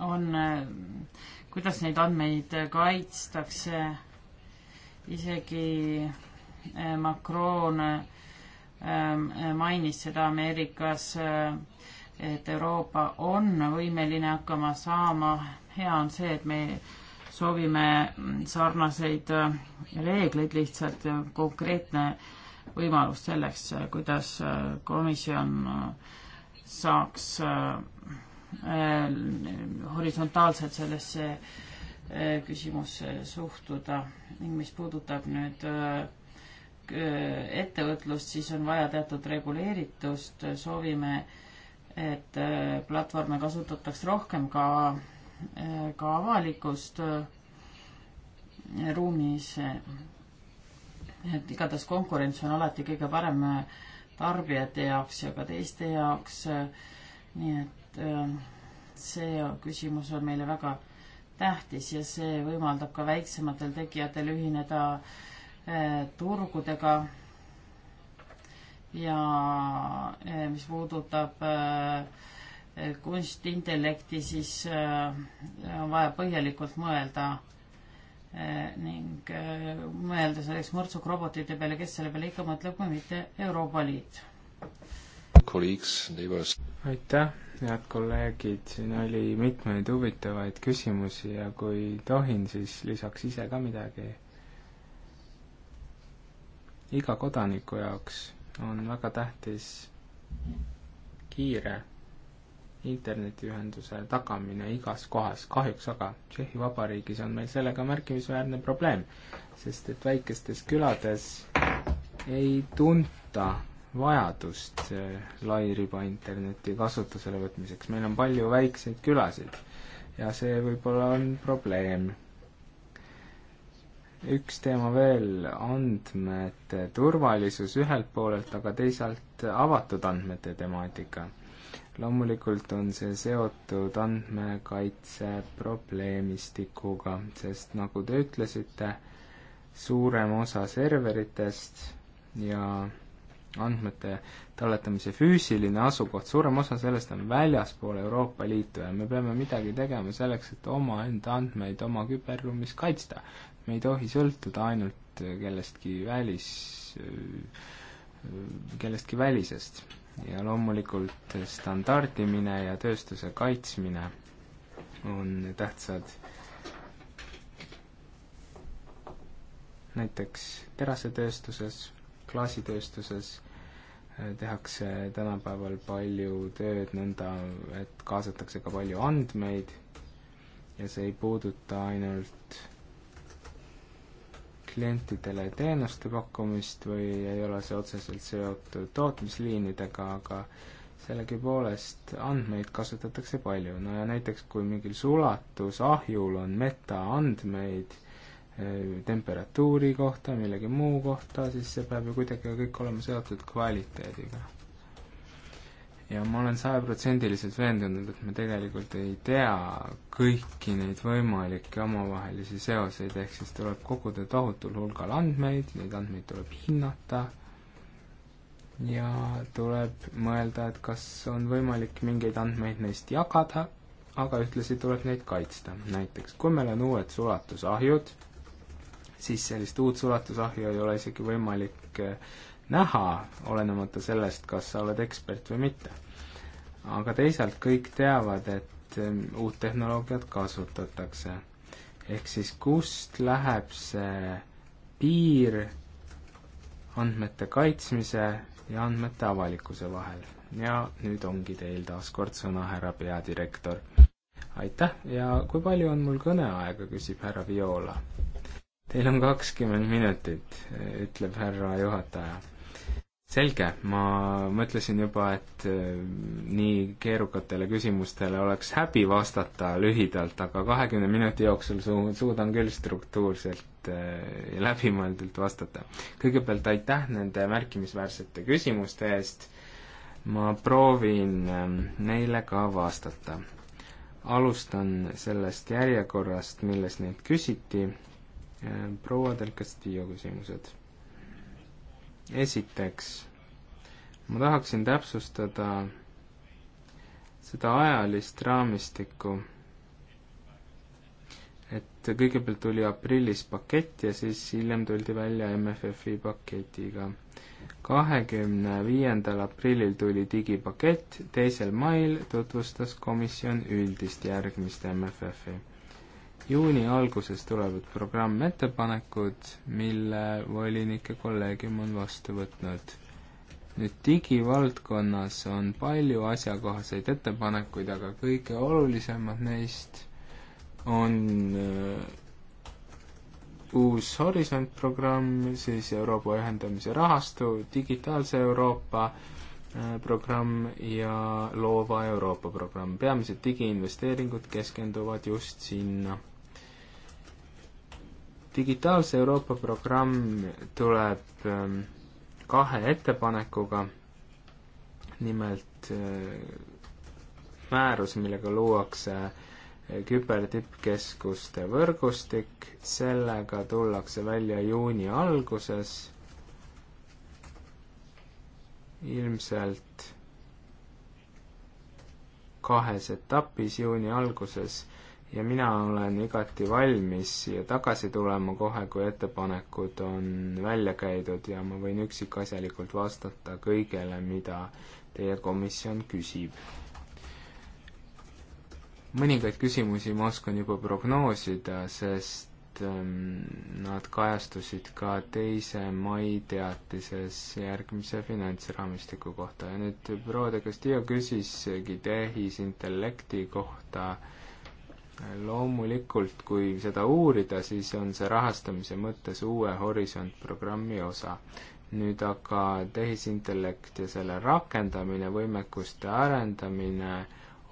on, kuidas neid andmeid kaitstakse, isegi Macron mainis seda Ameerikas äh, et Euroopa on võimeline hakkama saama. hea on see, et me soovime sarnaseid reegleid, lihtsalt konkreetne võimalus selleks, kuidas komisjon saaks äh, horisontaalselt sellesse äh, küsimusse suhtuda ning mis puudutab nüüd äh, ettevõtlust, siis on vaja teatud reguleeritust, soovime äh, et äh, platvorme kasutataks rohkem ka, äh, ka avalikust äh, ruumis. et igatahes konkurents on alati kõige parem tarbijate jaoks ja ka teiste jaoks. nii et see küsimus on meile väga tähtis ja see võimaldab ka väiksematel tegijatel ühineda turgudega ja eh, mis puudutab eh, eh, kunstintelekti, siis on vaja põhjalikult mõelda ning mõelda selleks mõrtsukrobotite peale, kes selle peale ikka mõtleb, kui mitte Euroopa Liit. aitäh, head kolleegid, siin oli mitmeid huvitavaid küsimusi ja kui tohin, siis lisaks ise ka midagi iga kodaniku jaoks on väga tähtis kiire internetiühenduse tagamine igas kohas, kahjuks aga Tšehhi Vabariigis on meil sellega märkimisväärne probleem, sest et väikestes külades ei tunta vajadust lairiba interneti kasutusele võtmiseks, meil on palju väikseid külasid ja see võib-olla on probleem üks teema veel, andmete turvalisus ühelt poolelt, aga teisalt avatud andmete temaatika. loomulikult on see seotud andmekaitse probleemistikuga, sest nagu te ütlesite, suurem osa serveritest ja andmete talletamise füüsiline asukoht, suurem osa sellest on väljaspool Euroopa Liitu ja me peame midagi tegema selleks, et omaenda andmeid oma küberruumis kaitsta me ei tohi sõltuda ainult kellestki välis, kellestki välisest. ja loomulikult standardimine ja tööstuse kaitsmine on tähtsad. näiteks terasetööstuses, klaasitööstuses eh, tehakse tänapäeval palju tööd nõnda, et kaasatakse ka palju andmeid ja see ei puuduta ainult klientidele teenuste pakkumist või ei ole see otseselt seotud tootmisliinidega, aga sellegipoolest andmeid kasutatakse palju, no ja näiteks kui mingil sulatusahjul on metaandmeid eh, temperatuuri kohta, millegi muu kohta, siis see peab ju kuidagi kõik olema seotud kvaliteediga ja ma olen sajaprotsendiliselt veendunud, et me tegelikult ei tea kõiki neid võimalikke omavahelisi seoseid, ehk siis tuleb koguda tohutul hulgal andmeid, neid andmeid tuleb hinnata ja tuleb mõelda, et kas on võimalik mingeid andmeid neist jagada, aga ühtlasi tuleb neid kaitsta. näiteks kui meil on uued sulatusahjud, siis sellist uut sulatusahju ei ole isegi võimalik äh, näha, olenemata sellest, kas sa oled ekspert või mitte. aga teisalt kõik teavad, et ähm, uut tehnoloogiat kasutatakse. ehk siis kust läheb see piir andmete kaitsmise ja andmete avalikkuse vahel? ja nüüd ongi teil taas kord sõna, härra peadirektor. aitäh ja kui palju on mul kõneaega, küsib härra Viola. Teil on kakskümmend minutit, ütleb härra juhataja selge, ma mõtlesin juba, et äh, nii keerukatele küsimustele oleks häbi vastata lühidalt, aga kahekümne minuti jooksul su-, suudan küll struktuurselt äh, ja läbimõeldult vastata. kõigepealt aitäh nende märkimisväärsete küsimuste eest, ma proovin ähm, neile ka vastata. alustan sellest järjekorrast, milles neid küsiti, äh, proua Del Castillo küsimused esiteks, ma tahaksin täpsustada seda ajalist raamistikku, et kõigepealt tuli aprillis pakett ja siis hiljem tuldi välja MFF-i paketiga. kahekümne viiendal aprillil tuli digipakett, teisel mail tutvustas komisjon üldist järgmist MFF-i juuni alguses tulevad programmettepanekud, mille volinike kolleegium on vastu võtnud. nüüd digivaldkonnas on palju asjakohaseid ettepanekuid, aga kõige olulisemad neist on äh, uus Horisont programm, siis Euroopa ühendamise rahastu, digitaalse Euroopa äh, programm ja Loova Euroopa programm. peamised digiinvesteeringud keskenduvad just sinna digitaalse Euroopa programm tuleb ähm, kahe ettepanekuga, nimelt äh, määrus, millega luuakse äh, kübertippkeskuste võrgustik, sellega tullakse välja juuni alguses, ilmselt kahes etapis juuni alguses ja mina olen igati valmis siia tagasi tulema kohe, kui ettepanekud on välja käidud ja ma võin üksikasjalikult vastata kõigele, mida teie komisjon küsib. mõningaid küsimusi ma oskan juba prognoosida, sest ähm, nad kajastusid ka teise mai teatises järgmise finantsraamistiku kohta ja nüüd proua de Castillo küsiski tehisintellekti kohta äh, loomulikult, kui seda uurida, siis on see rahastamise mõttes uue Horisont programmi osa. nüüd aga tehisintellekt ja selle rakendamine, võimekuste arendamine,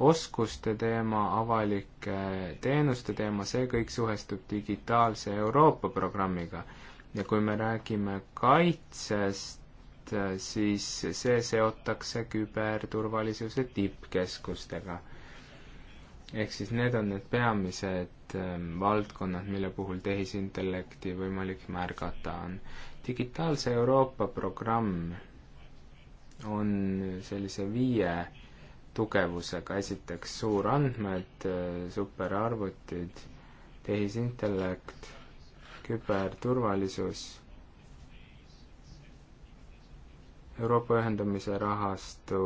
oskuste teema, avalike teenuste teema, see kõik suhestub digitaalse Euroopa programmiga. ja kui me räägime kaitsest, siis see seotakse küberturvalisuse tippkeskustega ehk siis need on need peamised ähm, valdkonnad, mille puhul tehisintellekti võimalik märgata on. digitaalse Euroopa programm on sellise viie tugevusega, esiteks suurandmed, äh, superarvutid, tehisintellekt, küberturvalisus, Euroopa ühendamise rahastu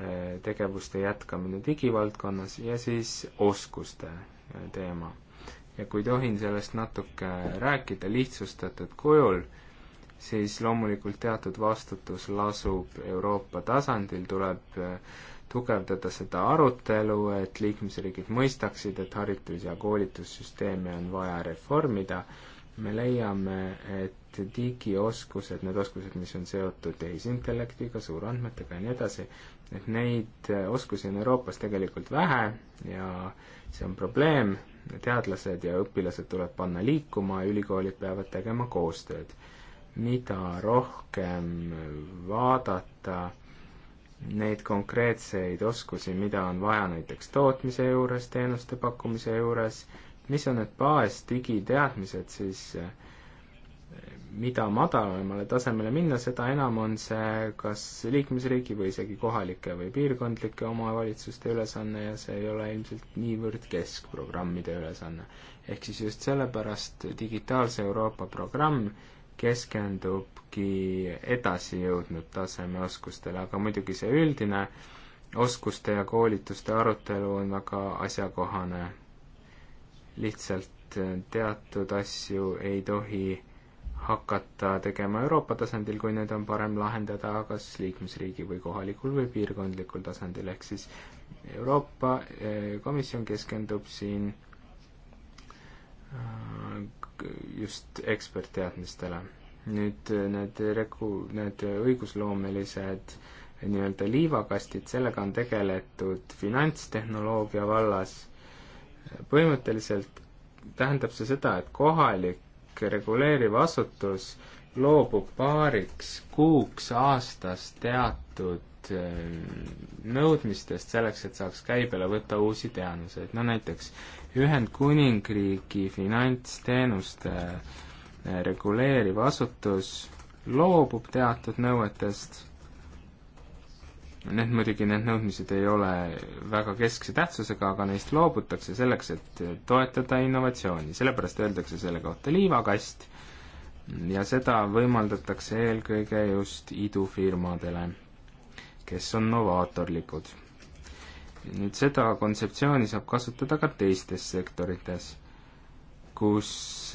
Eh, tegevuste jätkamine digivaldkonnas ja siis oskuste eh, teema. ja kui tohin sellest natuke rääkida lihtsustatud kujul, siis loomulikult teatud vastutus lasub Euroopa tasandil, tuleb eh, tugevdada seda arutelu, et liikmesriigid mõistaksid, et haridus- ja koolitussüsteemi on vaja reformida, me leiame, et et digioskused, need oskused, mis on seotud tehisintellektiga, suurandmetega ja nii edasi, et neid oskusi on Euroopas tegelikult vähe ja see on probleem, teadlased ja õpilased tuleb panna liikuma ja ülikoolid peavad tegema koostööd. mida rohkem vaadata neid konkreetseid oskusi, mida on vaja näiteks tootmise juures, teenuste pakkumise juures, mis on need baasdigiteadmised, siis äh, mida madalamale tasemele minna, seda enam on see kas liikmesriigi või isegi kohalike või piirkondlike omavalitsuste ülesanne ja see ei ole ilmselt niivõrd keskprogrammide ülesanne. ehk siis just sellepärast Digitaalse Euroopa programm keskendubki edasijõudnud taseme oskustele, aga muidugi see üldine oskuste ja koolituste arutelu on väga asjakohane. lihtsalt teatud asju ei tohi hakata tegema Euroopa tasandil, kui need on parem lahendada kas liikmesriigi või kohalikul või piirkondlikul tasandil, ehk siis Euroopa eh, Komisjon keskendub siin äh, just ekspertteadmistele. nüüd eh, need regu-, need õigusloomelised eh, nii-öelda liivakastid, sellega on tegeletud finantstehnoloogia vallas, põhimõtteliselt tähendab see seda, et kohalik reguleeriv asutus loobub paariks kuuks aastas teatud äh, nõudmistest selleks, et saaks käibele võtta uusi teenuseid, no näiteks Ühendkuningriigi finantsteenuste äh, reguleeriv asutus loobub teatud nõuetest Need muidugi, need nõudmised ei ole väga keskse tähtsusega, aga neist loobutakse selleks, et toetada innovatsiooni, sellepärast öeldakse selle kohta liivakast ja seda võimaldatakse eelkõige just idufirmadele, kes on novaatorlikud. nüüd seda kontseptsiooni saab kasutada ka teistes sektorites kus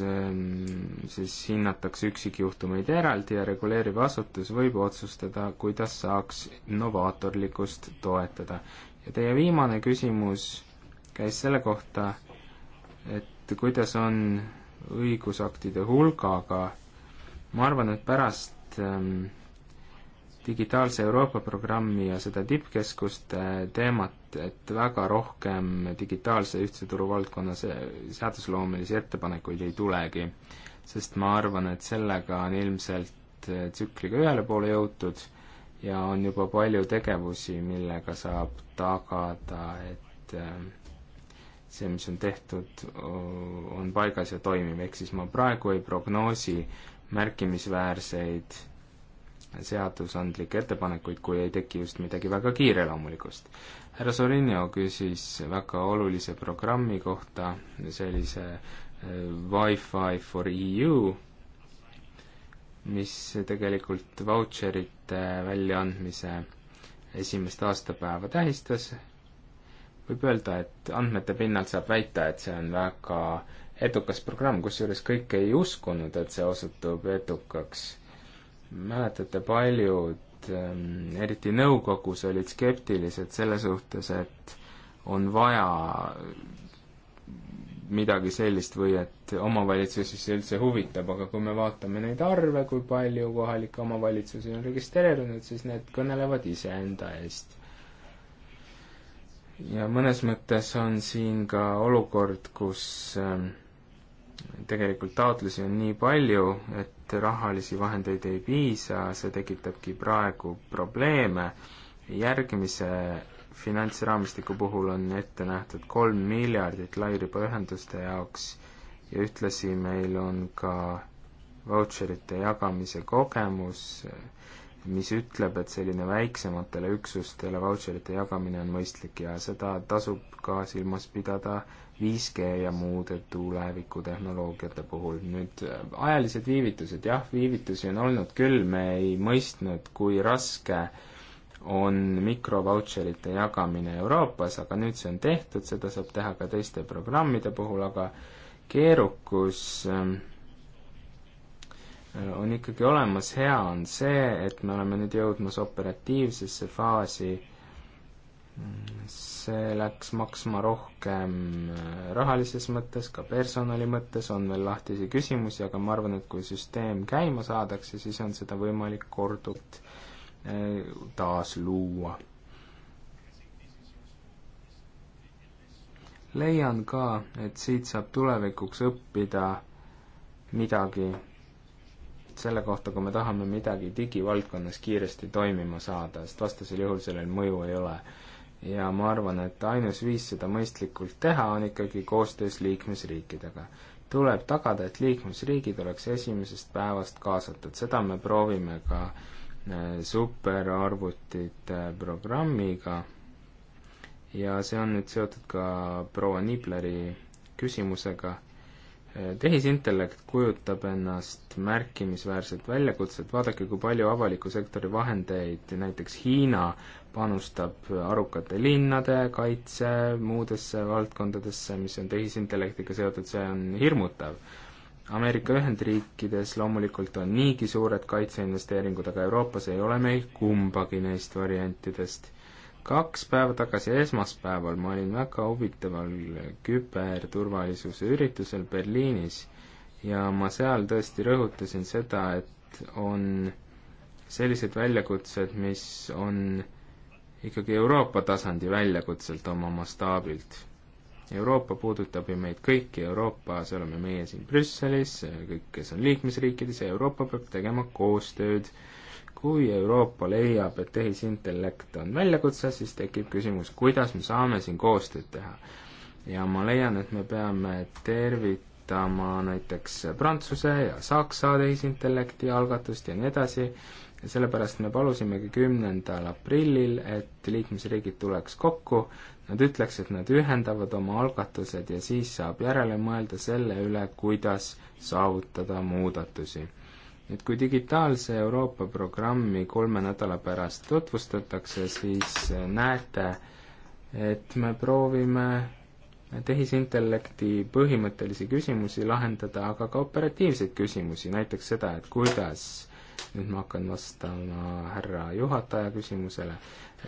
ähm, siis hinnatakse üksikjuhtumeid eraldi ja reguleeriv asutus võib otsustada, kuidas saaks novaatorlikkust toetada. ja teie viimane küsimus käis selle kohta, et kuidas on õigusaktide hulgaga, ma arvan, et pärast ähm, digitaalse Euroopa programmi ja seda tippkeskuste teemat, et väga rohkem digitaalse ühtse turu valdkonnas seadusloomelisi ettepanekuid ei tulegi. sest ma arvan, et sellega on ilmselt tsükliga ühele poole jõutud ja on juba palju tegevusi, millega saab tagada, et äh, see, mis on tehtud, on paigas ja toimib, ehk siis ma praegu ei prognoosi märkimisväärseid seadusandlikke ettepanekuid, kui ei teki just midagi väga kiireloomulikust. härra Sorinio küsis väga olulise programmi kohta, sellise äh, Wi-Fi for EU, mis tegelikult vautšerite väljaandmise esimest aastapäeva tähistas, võib öelda, et andmete pinnalt saab väita, et see on väga edukas programm, kusjuures kõik ei uskunud, et see osutub edukaks mäletate, paljud, ähm, eriti nõukogus, olid skeptilised selle suhtes, et on vaja midagi sellist või et omavalitsusi see üldse huvitab, aga kui me vaatame neid arve, kui palju kohalikke omavalitsusi on registreerunud, siis need kõnelevad iseenda eest. ja mõnes mõttes on siin ka olukord, kus ähm, tegelikult taotlusi on nii palju, et rahalisi vahendeid ei piisa, see tekitabki praegu probleeme. järgmise finantsraamistiku puhul on ette nähtud kolm miljardit lairibaühenduste jaoks ja ühtlasi meil on ka vautšerite jagamise kogemus, mis ütleb, et selline väiksematele üksustele vautšerite jagamine on mõistlik ja seda tasub ka silmas pidada 5G ja muude tulevikutehnoloogiate puhul. nüüd äh, ajalised viivitused, jah, viivitusi on olnud küll, me ei mõistnud, kui raske on mikrovautšerite jagamine Euroopas, aga nüüd see on tehtud, seda saab teha ka teiste programmide puhul, aga keerukus ähm, äh, on ikkagi olemas, hea on see, et me oleme nüüd jõudmas operatiivsesse faasi äh, see läks maksma rohkem äh, rahalises mõttes, ka personali mõttes on veel lahtisi küsimusi, aga ma arvan, et kui süsteem käima saadakse, siis on seda võimalik korduvalt äh, taas luua. leian ka, et siit saab tulevikuks õppida midagi selle kohta, kui me tahame midagi digivaldkonnas kiiresti toimima saada, sest vastasel juhul sellel mõju ei ole ja ma arvan, et ainus viis seda mõistlikult teha on ikkagi koostöös liikmesriikidega. tuleb tagada, et liikmesriigid oleks esimesest päevast kaasatud, seda me proovime ka äh, superarvutite programmiga ja see on nüüd seotud ka proua Nibleri küsimusega. Äh, tehisintellekt kujutab ennast märkimisväärselt väljakutset, vaadake, kui palju avaliku sektori vahendeid näiteks Hiina äh, panustab arukate linnade kaitse, muudesse valdkondadesse, mis on tehisintellektiga seotud, see on hirmutav. Ameerika Ühendriikides loomulikult on niigi suured kaitseinvesteeringud, aga Euroopas ei ole meil kumbagi neist variantidest. kaks päeva tagasi, esmaspäeval, ma olin väga huvitaval küberturvalisuse üritusel Berliinis ja ma seal tõesti rõhutasin seda, et on sellised väljakutsed, mis on äh, ikkagi Euroopa tasandi väljakutselt oma mastaabilt. Euroopa puudutab ju meid kõiki, Euroopas oleme meie siin Brüsselis, kõik, kes on liikmesriikides ja Euroopa peab tegema koostööd. kui Euroopa leiab, et tehisintellekt on väljakutse, siis tekib küsimus, kuidas me saame siin koostööd teha. ja ma leian, et me peame tervitama näiteks Prantsuse ja Saksa tehisintellekti algatust ja nii edasi, ja sellepärast me palusimegi kümnendal aprillil, et liikmesriigid tuleks kokku, nad ütleks, et nad ühendavad oma algatused ja siis saab järele mõelda selle üle, kuidas saavutada muudatusi. et kui digitaalse Euroopa programmi kolme nädala pärast tutvustatakse, siis näete, et me proovime tehisintellekti põhimõttelisi küsimusi lahendada, aga ka operatiivseid küsimusi, näiteks seda, et kuidas nüüd ma hakkan vastama härra juhataja küsimusele,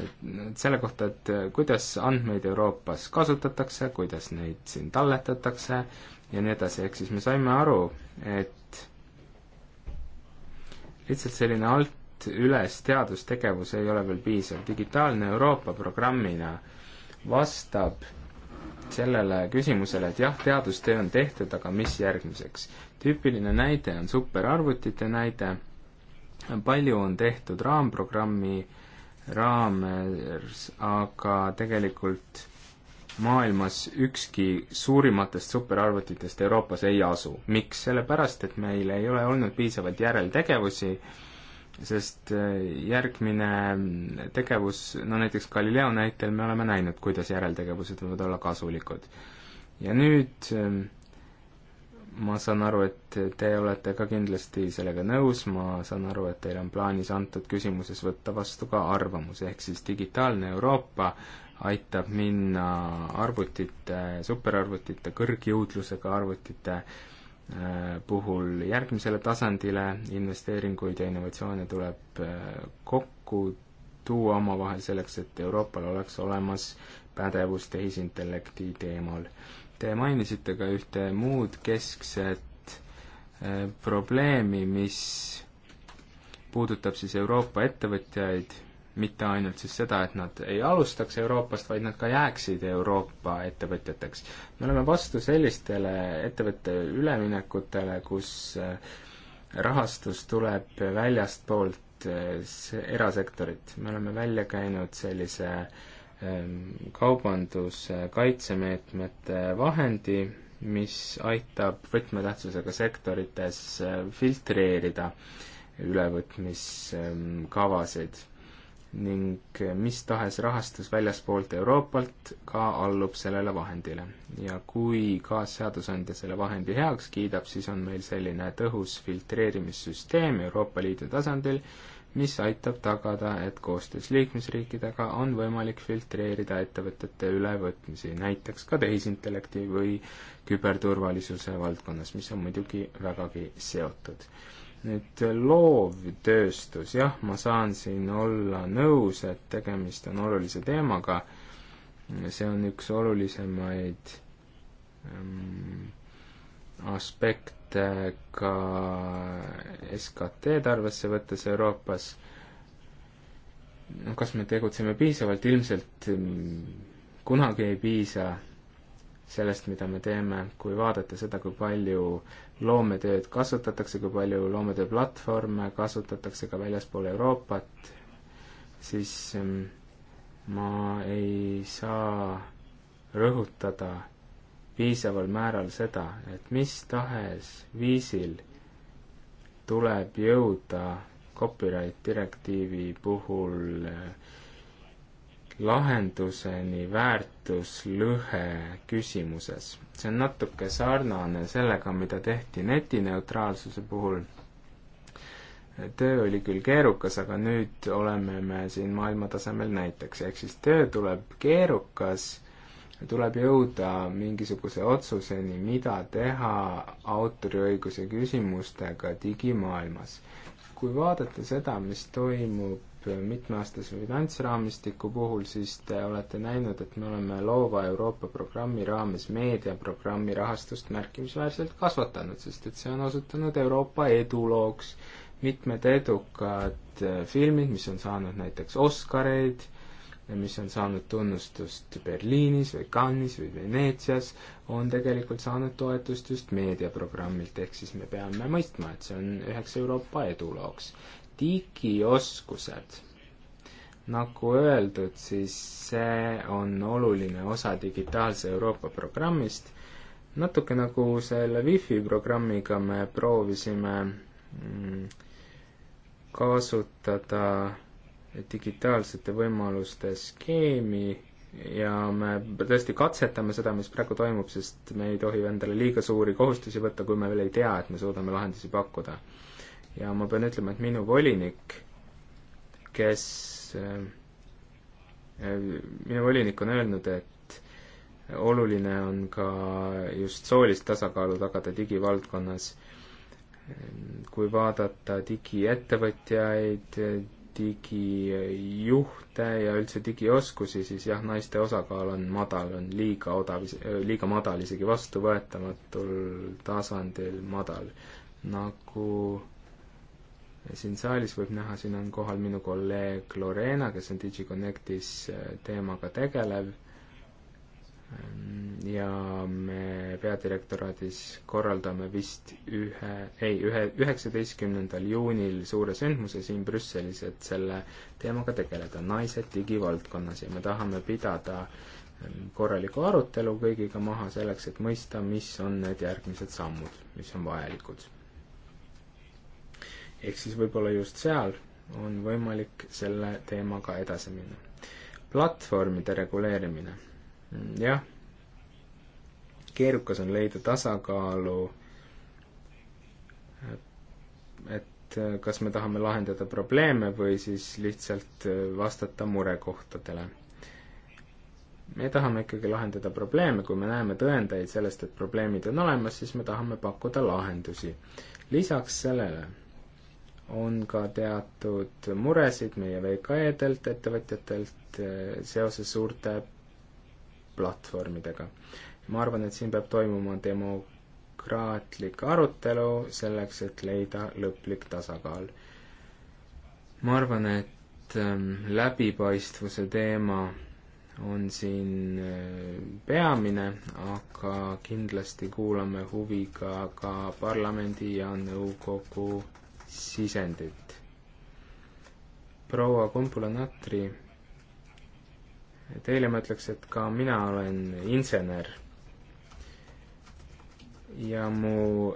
et selle kohta, et kuidas andmeid Euroopas kasutatakse, kuidas neid siin talletatakse ja nii edasi, ehk siis me saime aru, et lihtsalt selline alt üles teadustegevus ei ole veel piisav, Digitaalne Euroopa programmina vastab sellele küsimusele, et jah, teadustöö on tehtud, aga mis järgmiseks? tüüpiline näide on superarvutite näide palju on tehtud raamprogrammi raames, aga tegelikult maailmas ükski suurimatest superarvutitest Euroopas ei asu. miks? sellepärast, et meil ei ole olnud piisavalt järeltegevusi, sest äh, järgmine tegevus, no näiteks Galileo näitel me oleme näinud, kuidas järeltegevused võivad olla kasulikud. ja nüüd ähm, ma saan aru, et te olete ka kindlasti sellega nõus, ma saan aru, et teil on plaanis antud küsimuses võtta vastu ka arvamus, ehk siis digitaalne Euroopa aitab minna arvutite, superarvutite, kõrgjõudlusega arvutite äh, puhul järgmisele tasandile, investeeringuid ja innovatsioone tuleb äh, kokku tuua omavahel selleks, et Euroopal oleks olemas pädevus tehisintellekti teemal Te mainisite ka ühte muud keskset äh, probleemi, mis puudutab siis Euroopa ettevõtjaid, mitte ainult siis seda, et nad ei alustaks Euroopast, vaid nad ka jääksid Euroopa ettevõtjateks. me oleme vastu sellistele ettevõtte üleminekutele, kus äh, rahastus tuleb väljastpoolt äh, erasektorit. me oleme välja käinud sellise äh, Ähm, kaubanduskaitsemeetmete vahendi, mis aitab võtmetähtsusega sektorites äh, filtreerida ülevõtmiskavasid ning äh, mis tahes rahastus väljaspoolt Euroopalt ka allub sellele vahendile. ja kui kaasseadusandja selle vahendi heaks kiidab, siis on meil selline tõhus filtreerimissüsteem Euroopa Liidu tasandil, mis aitab tagada, et koostöös liikmesriikidega on võimalik filtreerida ettevõtete ülevõtmisi, näiteks ka tehisintellekti või küberturvalisuse valdkonnas, mis on muidugi vägagi seotud. nüüd loovtööstus, jah, ma saan siin olla nõus, et tegemist on olulise teemaga, see on üks olulisemaid ähm, aspekte, et äh, ka SKT-d arvesse võttes Euroopas, noh, kas me tegutseme piisavalt, ilmselt mm, kunagi ei piisa sellest, mida me teeme, kui vaadata seda, kui palju loometööd kasutatakse, kui palju loometööplatvorme kasutatakse ka väljaspool Euroopat, siis mm, ma ei saa rõhutada piisaval määral seda, et mis tahes viisil tuleb jõuda copyright direktiivi puhul eh, lahenduseni väärtuslõhe küsimuses. see on natuke sarnane sellega, mida tehti netineutraalsuse puhul. töö oli küll keerukas, aga nüüd oleme me siin maailma tasemel näiteks, ehk siis töö tuleb keerukas tuleb jõuda mingisuguse otsuseni, mida teha autoriõiguse küsimustega digimaailmas. kui vaadata seda, mis toimub mitmeaastase finantsraamistiku puhul, siis te olete näinud, et me oleme loova Euroopa programmi raames meediaprogrammi rahastust märkimisväärselt kasvatanud, sest et see on osutunud Euroopa edulooks. mitmed edukad filmid, mis on saanud näiteks Oscareid mis on saanud tunnustust Berliinis või Cannes'is või Veneetsias, on tegelikult saanud toetust just meediaprogrammilt, ehk siis me peame mõistma, et see on üheks Euroopa edulooks. digioskused, nagu öeldud, siis see on oluline osa digitaalse Euroopa programmist, natuke nagu selle Wi-Fi programmiga me proovisime mm, kasutada digitaalsete võimaluste skeemi ja me tõesti katsetame seda, mis praegu toimub, sest me ei tohi endale liiga suuri kohustusi võtta, kui me veel ei tea, et me suudame lahendusi pakkuda. ja ma pean ütlema, et minu volinik, kes, äh, minu volinik on öelnud, et oluline on ka just soolist tasakaalu tagada digivaldkonnas. kui vaadata digiettevõtjaid, digijuhte ja üldse digioskusi, siis jah, naiste osakaal on madal, on liiga odav, liiga madal, isegi vastuvõetamatul tasandil madal. nagu siin saalis võib näha, siin on kohal minu kolleeg Lorena, kes on DigiConnectis äh, teemaga tegelev ja me peadirektoraadis korraldame vist ühe, ei, ühe, üheksateistkümnendal juunil suure sündmuse siin Brüsselis, et selle teemaga tegeleda, naised digivaldkonnas ja me tahame pidada ähm, korraliku arutelu kõigiga maha selleks, et mõista, mis on need järgmised sammud, mis on vajalikud. ehk siis võib-olla just seal on võimalik selle teemaga edasi minna. platvormide reguleerimine Mm, jah, keerukas on leida tasakaalu, et kas me tahame lahendada probleeme või siis lihtsalt vastata murekohtadele. me tahame ikkagi lahendada probleeme, kui me näeme tõendeid sellest, et probleemid on olemas, siis me tahame pakkuda lahendusi. lisaks sellele on ka teatud muresid meie VKE-delt, ettevõtjatelt eh, seoses suurte platvormidega. ma arvan, et siin peab toimuma demokraatlik arutelu selleks, et leida lõplik tasakaal. ma arvan, et ähm, läbipaistvuse teema on siin äh, peamine, aga kindlasti kuulame huviga ka parlamendi ja nõukogu sisendit. proua Kumpula-Natri Teile ma ütleks, et ka mina olen insener. ja mu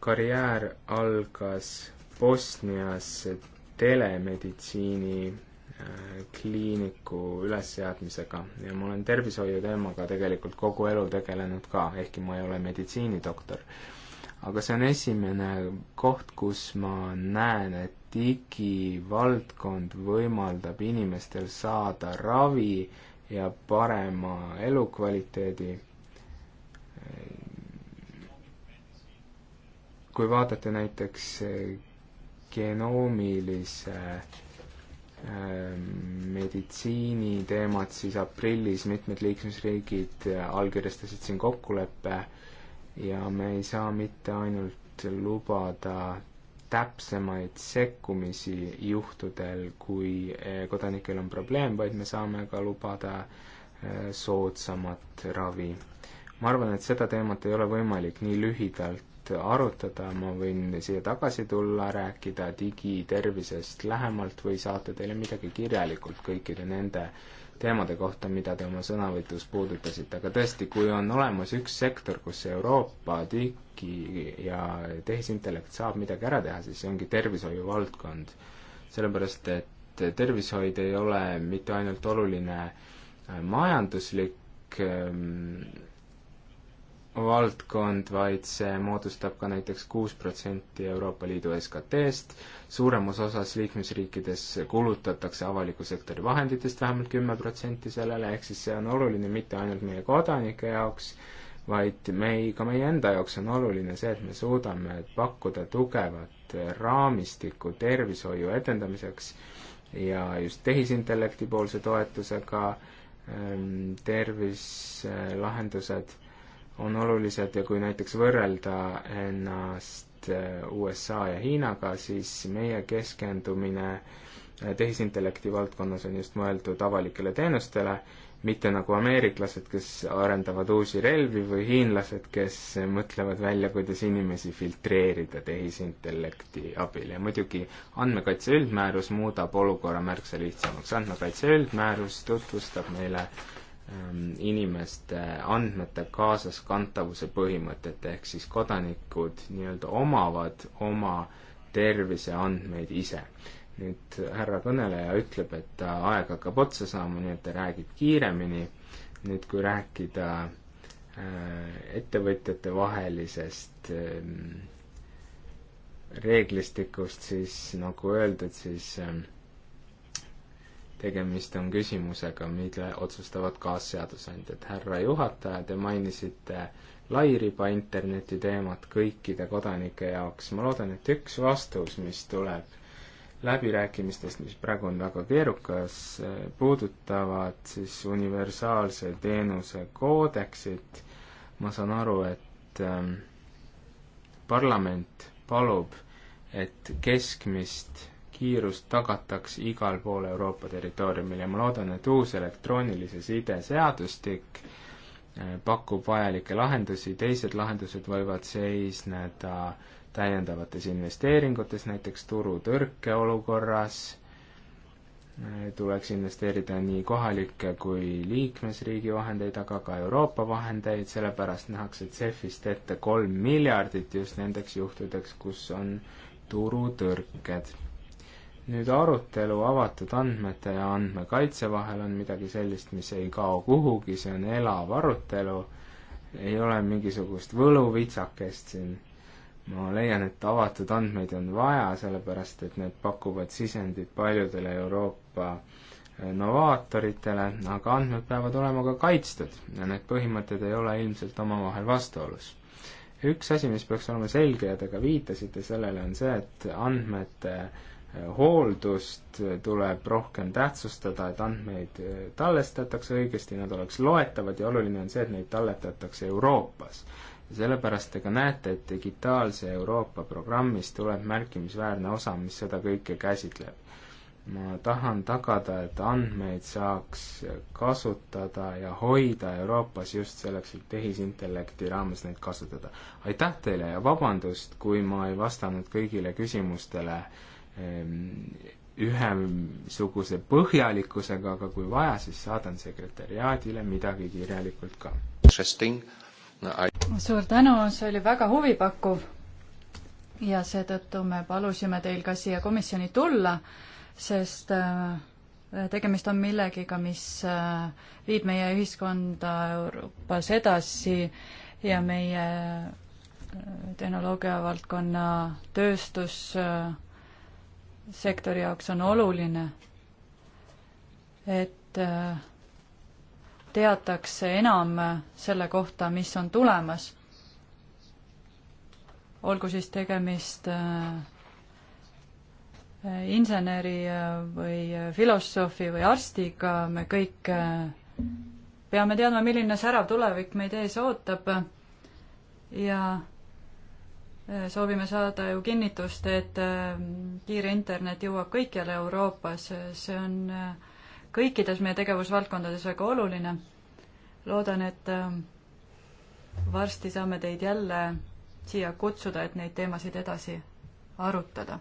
karjäär algas Bosnias telemeditsiini äh, kliiniku ülesseadmisega ja ma olen tervishoiu teemaga tegelikult kogu elu tegelenud ka, ehkki ma ei ole meditsiinidoktor. aga see on esimene koht, kus ma näen, et digivaldkond võimaldab inimestel saada ravi ja parema elukvaliteedi. kui vaatate näiteks genoomilise ähm, meditsiini teemat, siis aprillis mitmed liikmesriigid allkirjastasid siin kokkuleppe ja me ei saa mitte ainult lubada täpsemaid sekkumisi juhtudel, kui eh, kodanikel on probleem, vaid me saame ka lubada eh, soodsamat ravi. ma arvan, et seda teemat ei ole võimalik nii lühidalt arutada, ma võin siia tagasi tulla, rääkida digitervisest lähemalt või saata teile midagi kirjalikult kõikide nende äh, teemade kohta, mida te oma sõnavõtus puudutasite, aga tõesti, kui on olemas üks sektor, kus Euroopa digi- ja tehisintellekt saab midagi ära teha, siis see ongi tervishoiu valdkond. sellepärast, et tervishoid ei ole mitte ainult oluline majanduslik ähm, valdkond, vaid see moodustab ka näiteks kuus protsenti Euroopa Liidu SKT-st, suuremas osas liikmesriikides kulutatakse avaliku sektori vahenditest vähemalt kümme protsenti sellele, ehk siis see on oluline mitte ainult meie kodanike jaoks, vaid mei-, ka meie enda jaoks on oluline see, et me suudame pakkuda tugevat raamistikku tervishoiu edendamiseks ja just tehisintellekti poolse toetusega ähm, terviselahendused on olulised ja kui näiteks võrrelda ennast äh, USA ja Hiinaga, siis meie keskendumine äh, tehisintellekti valdkonnas on just mõeldud avalikele teenustele, mitte nagu ameeriklased, kes arendavad uusi relvi või hiinlased, kes mõtlevad välja, kuidas inimesi filtreerida tehisintellekti abil ja muidugi andmekaitse üldmäärus muudab olukorra märksa lihtsamaks. andmekaitse üldmäärus tutvustab meile äh, Ähm, inimeste andmete kaasaskantavuse põhimõtet, ehk siis kodanikud nii-öelda omavad oma terviseandmeid ise. nüüd härra kõneleja ütleb, et aeg hakkab otsa saama, nii et ta räägib kiiremini, nüüd kui rääkida äh, ettevõtjate vahelisest ähm, reeglistikust, siis nagu öeldud, siis äh, tegemist on küsimusega, mille otsustavad kaasseadusandjad. härra juhataja, te mainisite lairiba interneti teemat kõikide kodanike jaoks. ma loodan, et üks vastus, mis tuleb läbirääkimistest, mis praegu on väga keerukas, puudutavad siis universaalse teenuse koodeksit. ma saan aru, et ähm, parlament palub, et keskmist kiirus tagataks igal pool Euroopa territooriumil ja ma loodan, et uus elektroonilise side seadustik äh, pakub vajalikke lahendusi, teised lahendused võivad seisneda täiendavates investeeringutes, näiteks turutõrke olukorras, äh, tuleks investeerida nii kohalikke kui liikmesriigi vahendeid, aga ka Euroopa vahendeid, sellepärast nähakse CEF-ist ette kolm miljardit just nendeks juhtudeks, kus on turutõrked nüüd arutelu avatud andmete ja andmekaitse vahel on midagi sellist, mis ei kao kuhugi, see on elav arutelu, ei ole mingisugust võluvitsakest siin. ma leian, et avatud andmeid on vaja, sellepärast et need pakuvad sisendit paljudele Euroopa eh, novaatoritele, aga andmed peavad olema ka kaitstud ja need põhimõtted ei ole ilmselt omavahel vastuolus. üks asi, mis peaks olema selge ja te ka viitasite sellele, on see, et andmete äh, hooldust tuleb rohkem tähtsustada, et andmeid eh, tallestatakse õigesti, nad oleks loetavad ja oluline on see, et neid talletatakse Euroopas. ja sellepärast te ka näete, et Digitaalse Euroopa programmis tuleb märkimisväärne osa, mis seda kõike käsitleb. ma tahan tagada, et andmeid saaks kasutada ja hoida Euroopas just selleks, et tehisintellekti raames neid kasutada. aitäh teile ja vabandust, kui ma ei vastanud kõigile küsimustele Ähm, ühesuguse põhjalikkusega, aga kui vaja, siis saadan sekretäriaadile midagi kirjalikult ka. suur tänu, see oli väga huvipakkuv ja seetõttu me palusime teil ka siia komisjoni tulla, sest äh, tegemist on millegiga, mis äh, viib meie ühiskonda Euroopas edasi ja meie äh, tehnoloogia valdkonna tööstus äh, sektori jaoks on oluline, et äh, teatakse enam selle kohta, mis on tulemas. olgu siis tegemist äh, inseneri äh, või filosoofi või arstiga, me kõik peame teadma, milline särav tulevik meid ees ootab ja soovime saada ju kinnitust, et ähm, kiire internet jõuab kõikjale Euroopas, see on äh, kõikides meie tegevusvaldkondades väga oluline. loodan, et ähm, varsti saame teid jälle siia kutsuda, et neid teemasid edasi arutada.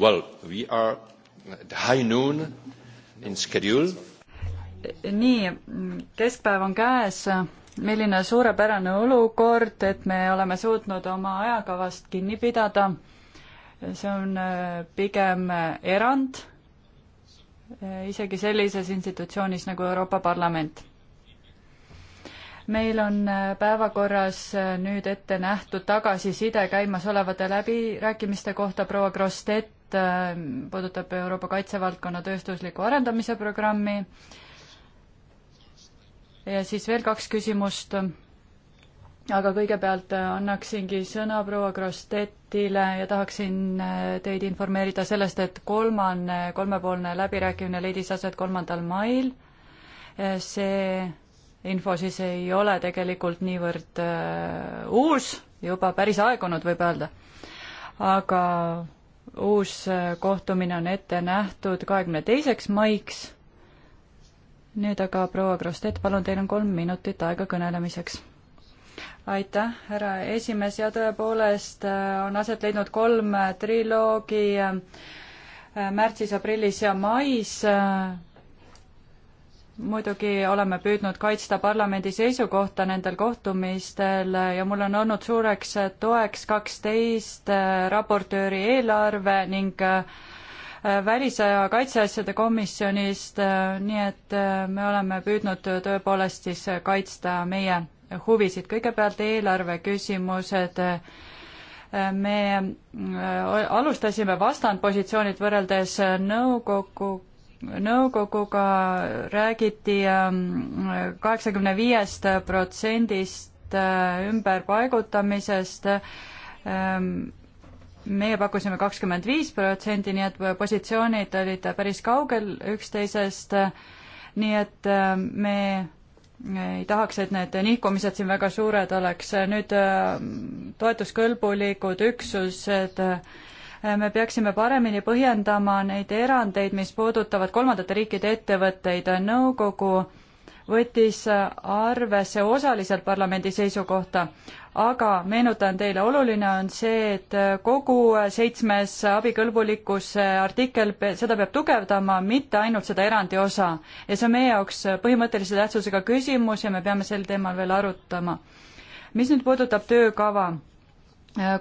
Well, we are at high noon in schedule. nii, keskpäev on käes, milline suurepärane olukord, et me oleme suutnud oma ajakavast kinni pidada. see on äh, pigem äh, erand, äh, isegi sellises institutsioonis nagu Euroopa Parlament meil on äh, päevakorras äh, nüüd ette nähtud tagasiside käimasolevate läbirääkimiste kohta proua Krossett äh, puudutab Euroopa kaitsevaldkonna tööstusliku arendamise programmi. ja siis veel kaks küsimust. aga kõigepealt annaksingi sõna proua Krosstetile ja tahaksin teid informeerida sellest, et kolmane, kolmepoolne läbirääkimine leidis aset kolmandal mail. see info siis ei ole tegelikult niivõrd äh, uus, juba päris aegunud, võib öelda. aga uus äh, kohtumine on ette nähtud kahekümne teiseks maiks. nüüd aga proua Krossett, palun, teil on kolm minutit aega kõnelemiseks aitäh, härra esimees ja tõepoolest äh, on aset leidnud kolm triloogi märtsis, aprillis ja mais muidugi oleme püüdnud kaitsta parlamendi seisukohta nendel kohtumistel ja mul on olnud suureks toeks kaksteist äh, raportööri eelarve ning äh, välis- ja kaitseasjade komisjonist, äh, nii et me oleme püüdnud tõepoolest siis kaitsta meie huvisid. kõigepealt eelarve küsimused me alustasime vastandpositsioonilt võrreldes nõukogu nõukoguga räägiti ähm, kaheksakümne viiest protsendist äh, ümberpaigutamisest. Ähm, meie pakkusime kakskümmend viis protsenti, nii et positsioonid olid päris kaugel üksteisest. nii et ähm, me ei tahaks, et need nihkumised siin väga suured oleks. nüüd toetuskõlbulikud üksused äh, Äh, me peaksime paremini põhjendama neid erandeid, mis puudutavad kolmandate riikide ettevõtteid. nõukogu võttis äh, arvesse osaliselt parlamendi seisukohta, aga meenutan teile, oluline on see, et äh, kogu seitsmes abikõlbulikkuse artikkel, seda peab tugevdama, mitte ainult seda erandi osa. ja see on meie jaoks põhimõttelise tähtsusega küsimus ja me peame sel teemal veel arutama. mis nüüd puudutab töökava,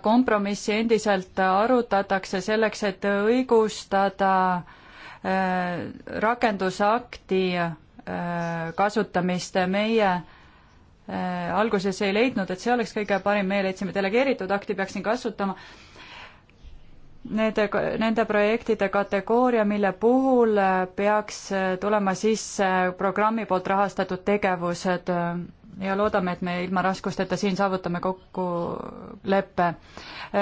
kompromissi endiselt arutatakse selleks, et õigustada äh, rakendusakti äh, kasutamist meie äh, alguses ei leidnud, et see oleks kõige parem, meie leidsime delegeeritud akti, peaksin kasutama. Nende, nende projektide kategooria, mille puhul peaks tulema sisse programmi poolt rahastatud tegevused ja loodame, et me ilma raskusteta siin saavutame kokkuleppe.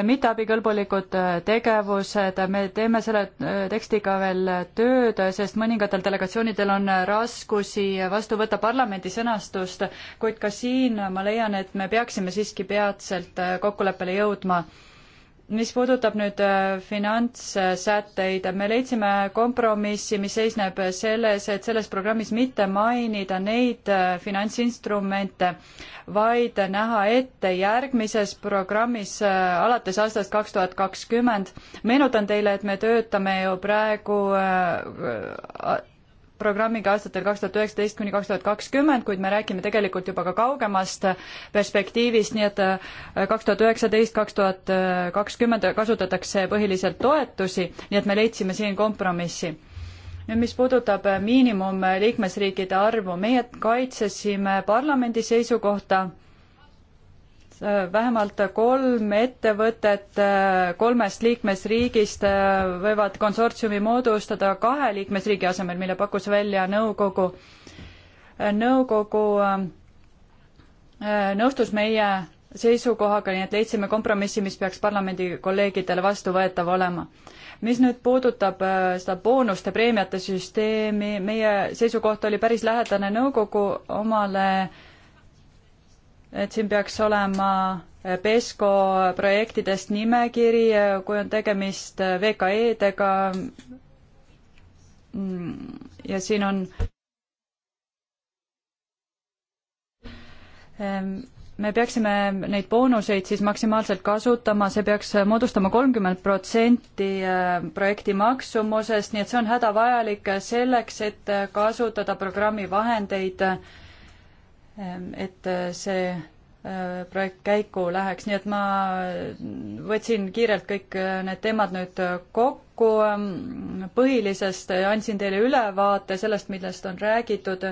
mitteabikõlbulikud äh, tegevused, me teeme selle äh, tekstiga veel tööd, sest mõningatel delegatsioonidel on raskusi vastu võtta parlamendi sõnastust, kuid ka siin ma leian, et me peaksime siiski peatselt äh, kokkuleppele jõudma mis puudutab nüüd äh, finantssätteid, me leidsime kompromissi, mis seisneb selles, et selles programmis mitte mainida neid äh, finantsinstrumente, vaid näha ette järgmises programmis äh, alates aastast kaks tuhat kakskümmend. meenutan teile, et me töötame ju praegu programmiga aastatel kaks tuhat üheksateist kuni kaks tuhat kakskümmend, kuid me räägime tegelikult juba ka kaugemast perspektiivist, nii et äh, kaks tuhat üheksateist, kaks tuhat kakskümmend kasutatakse põhiliselt toetusi, nii et me leidsime siin kompromissi. nüüd, mis puudutab äh, miinimum liikmesriikide arvu, meie kaitsesime parlamendi seisukohta vähemalt kolm ettevõtet äh, kolmest liikmesriigist äh, võivad konsortsiumi moodustada kahe liikmesriigi asemel, mille pakkus välja nõukogu. Äh, nõukogu nõustus meie seisukohaga, nii et leidsime kompromissi, mis peaks parlamendi kolleegidele vastuvõetav olema. mis nüüd puudutab seda boonuste preemiate süsteemi, meie seisukoht oli päris lähedane nõukogu omale et siin peaks olema eh, PESCO projektidest nimekiri, eh, kui on tegemist eh, VKE-dega. Mm, ja siin on ehm, me peaksime neid boonuseid siis maksimaalselt kasutama, see peaks moodustama kolmkümmend protsenti projekti maksumusest, nii et see on hädavajalik selleks, et kasutada programmi vahendeid äh, Ehm, et äh, see äh, projekt käiku läheks, nii et ma võtsin kiirelt kõik äh, need teemad nüüd kokku kokku ähm, põhilisest ja andsin teile ülevaate sellest, millest on räägitud.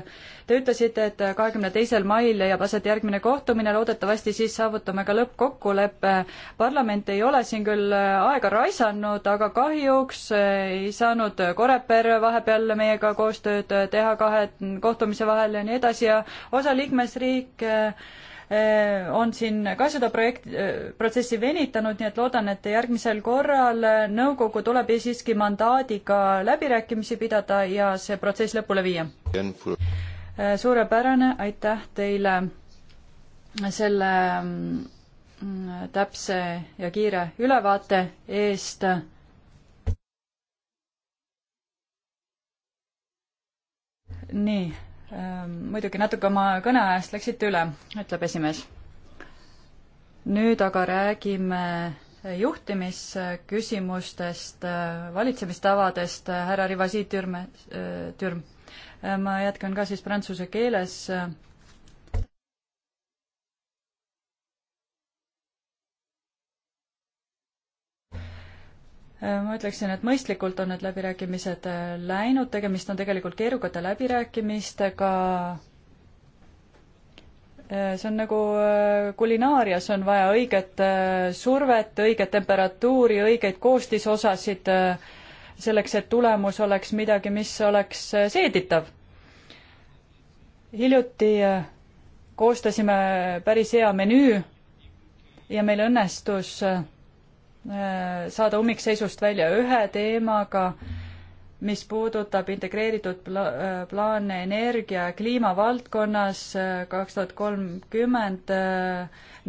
Te ütlesite, et kahekümne teisel mail leiab aset järgmine kohtumine, loodetavasti siis saavutame ka lõppkokkuleppe. parlament ei ole siin küll äh, aega raisanud, aga kahjuks äh, ei saanud Koreper vahepeal meiega koostööd äh, teha kahe kohtumise vahel ja nii edasi ja osa liikmesriike Äh, on siin ka seda projekti, äh, protsessi venitanud, nii et loodan, et järgmisel korral nõukogu tuleb siiski mandaadiga läbirääkimisi pidada ja see protsess lõpule viia. Äh, suurepärane, aitäh teile selle mm, täpse ja kiire ülevaate eest nii, Ehm, muidugi natuke oma kõne ajast läksite üle, ütleb esimees. nüüd aga räägime juhtimisküsimustest, valitsemistavadest, härra Rivasi Türme, Türm. Ehm, ma jätkan ka siis prantsuse keeles Äh, ma ütleksin, et mõistlikult on need läbirääkimised äh, läinud, tegemist on tegelikult keerukate läbirääkimistega. Äh, see on nagu kulinaarias on vaja õiget survet, õiget temperatuuri, õigeid koostisosasid selleks, et tulemus oleks midagi, mis oleks seeditav. hiljuti koostasime päris hea menüü ja meil õnnestus Äh, saada ummikseisust välja ühe teemaga, mis puudutab integreeritud pla-, äh, plaane energia ja kliima valdkonnas äh, kaks tuhat kolmkümmend.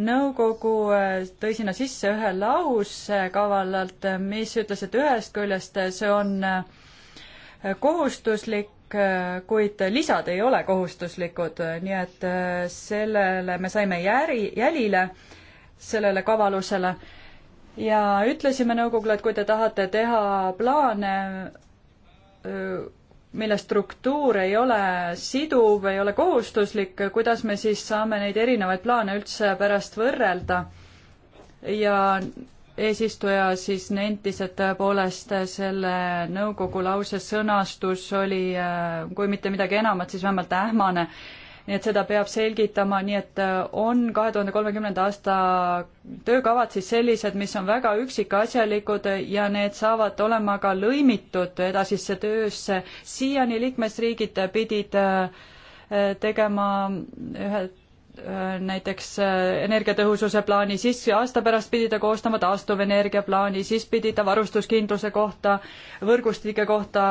nõukogu tõi sinna sisse ühe lause kavallalt, mis ütles, et ühest küljest see on kohustuslik, kuid lisad ei ole kohustuslikud, nii et sellele me saime järi, jälile, sellele kavalusele ja ütlesime nõukogule, et kui te tahate teha plaane, mille struktuur ei ole siduv, ei ole kohustuslik, kuidas me siis saame neid erinevaid plaane üldse pärast võrrelda? ja eesistuja siis nentis, et tõepoolest selle nõukogu lause sõnastus oli äh, kui mitte midagi enamat, siis vähemalt ähmane nii et seda peab selgitama, nii et äh, on kahe tuhande kolmekümnenda aasta töökavad siis sellised, mis on väga üksikasjalikud ja need saavad olema ka lõimitud edasisse töösse. siiani liikmesriigid pidid äh, äh, tegema ühe näiteks energiatõhususe plaani, siis aasta pärast pidi ta koostama taastuvenergia plaani, siis pidi ta varustuskindluse kohta, võrgustike kohta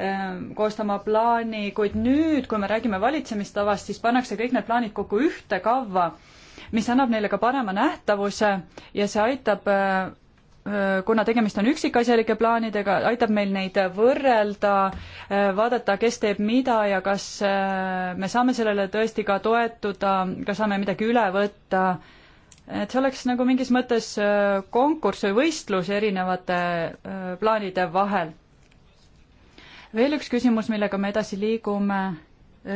Ähm, koostama plaani, kuid nüüd, kui me räägime valitsemistavast, siis pannakse kõik need plaanid kokku ühte kavva, mis annab neile ka parema nähtavuse ja see aitab äh, äh, kuna tegemist on üksikasjalike plaanidega, aitab meil neid võrrelda, äh, vaadata, kes teeb mida ja kas me saame sellele tõesti ka toetuda, kas saame midagi üle võtta. et see oleks nagu mingis mõttes konkurss või võistlus erinevate plaanide vahel veel üks küsimus, millega me edasi liigume,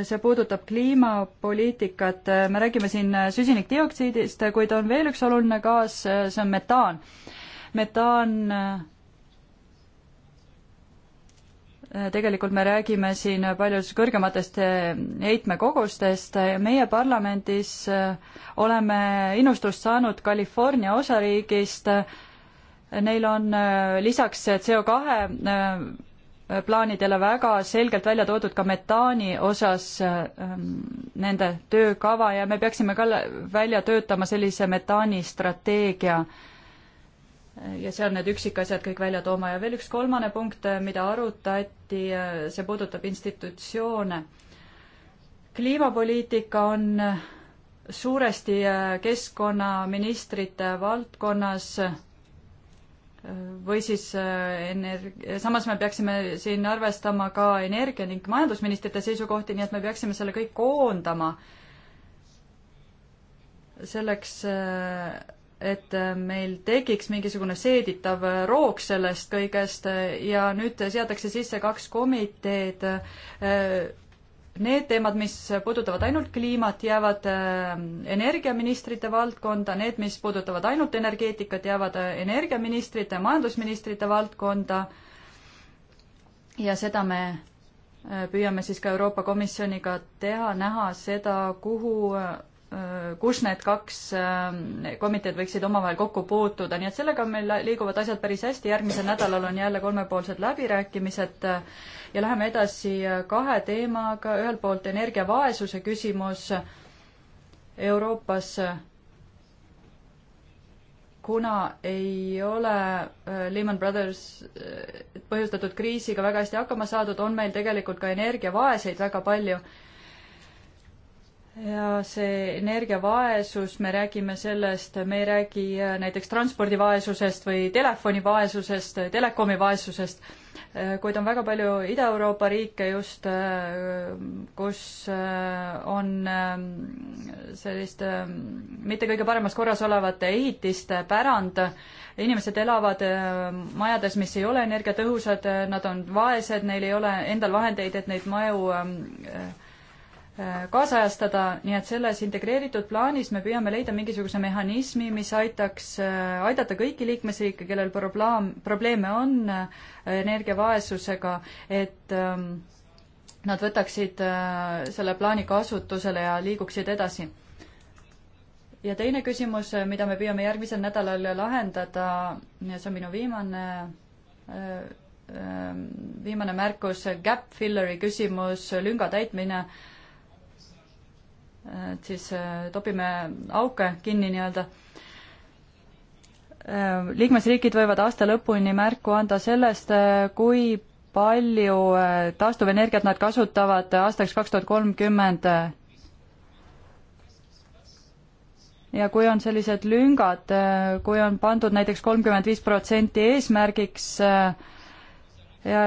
see puudutab kliimapoliitikat, me räägime siin süsinikdioksiidist, kuid on veel üks oluline gaas, see on metaan. metaan tegelikult me räägime siin palju kõrgematest heitmekogustest, meie parlamendis oleme innustust saanud California osariigist, neil on eh, lisaks CO kahe eh, plaanidele väga selgelt välja toodud ka metaani osas ähm, nende töökava ja me peaksime ka välja töötama sellise metaani strateegia. ja seal need üksikasjad kõik välja tooma ja veel üks kolmane punkt, äh, mida arutati, äh, see puudutab institutsioone. kliimapoliitika on äh, suuresti keskkonnaministrite valdkonnas või siis äh, energ-, samas me peaksime siin arvestama ka energia ning majandusministrite seisukohti, nii et me peaksime selle kõik koondama selleks, äh, et äh, meil tekiks mingisugune seeditav roog sellest kõigest ja nüüd seatakse sisse kaks komiteed Need teemad, mis puudutavad ainult kliimat, jäävad äh, energiaministrite valdkonda, need, mis puudutavad ainult energeetikat, jäävad äh, energiaministrite ja majandusministrite valdkonda. ja seda me äh, püüame siis ka Euroopa Komisjoniga teha, näha seda, kuhu kus need kaks äh, komiteed võiksid omavahel kokku puutuda, nii et sellega meil liiguvad asjad päris hästi, järgmisel nädalal on jälle kolmepoolsed läbirääkimised äh, ja läheme edasi äh, kahe teemaga, ühelt poolt energiavaesuse küsimus Euroopas, kuna ei ole Lehman Brothers põhjustatud kriisiga väga hästi hakkama saadud, on meil tegelikult ka energiavaeseid väga palju ja see energiavaesus, me räägime sellest, me ei räägi äh, näiteks transpordivaesusest või telefonivaesusest, äh, telekomi vaesusest, äh, kuid on väga palju Ida-Euroopa riike just, kus on ähm, sellist ähm, mitte kõige paremas korras olevate ehitiste pärand. inimesed elavad majades, mis ei ole energiatõhusad, nad on vaesed, neil ei ole endal vahendeid, et neid maju ähm, kaasajastada, nii et selles integreeritud plaanis me püüame leida mingisuguse mehhanismi, mis aitaks äh, aidata kõiki liikmesriike, kellel probleem, probleeme on äh, energiavaesusega, et ähm, nad võtaksid äh, selle plaani kasutusele ja liiguksid edasi. ja teine küsimus, mida me püüame järgmisel nädalal lahendada, see on minu viimane viimane märkus, gap filleri küsimus, lünga täitmine äh, et siis äh, topime auke kinni nii-öelda. Äh, liikmesriigid võivad aasta lõpuni märku anda sellest, äh, kui palju taastuvenergiat nad kasutavad aastaks kaks tuhat kolmkümmend. ja kui on sellised lüngad, kui on pandud näiteks kolmkümmend viis protsenti eesmärgiks ja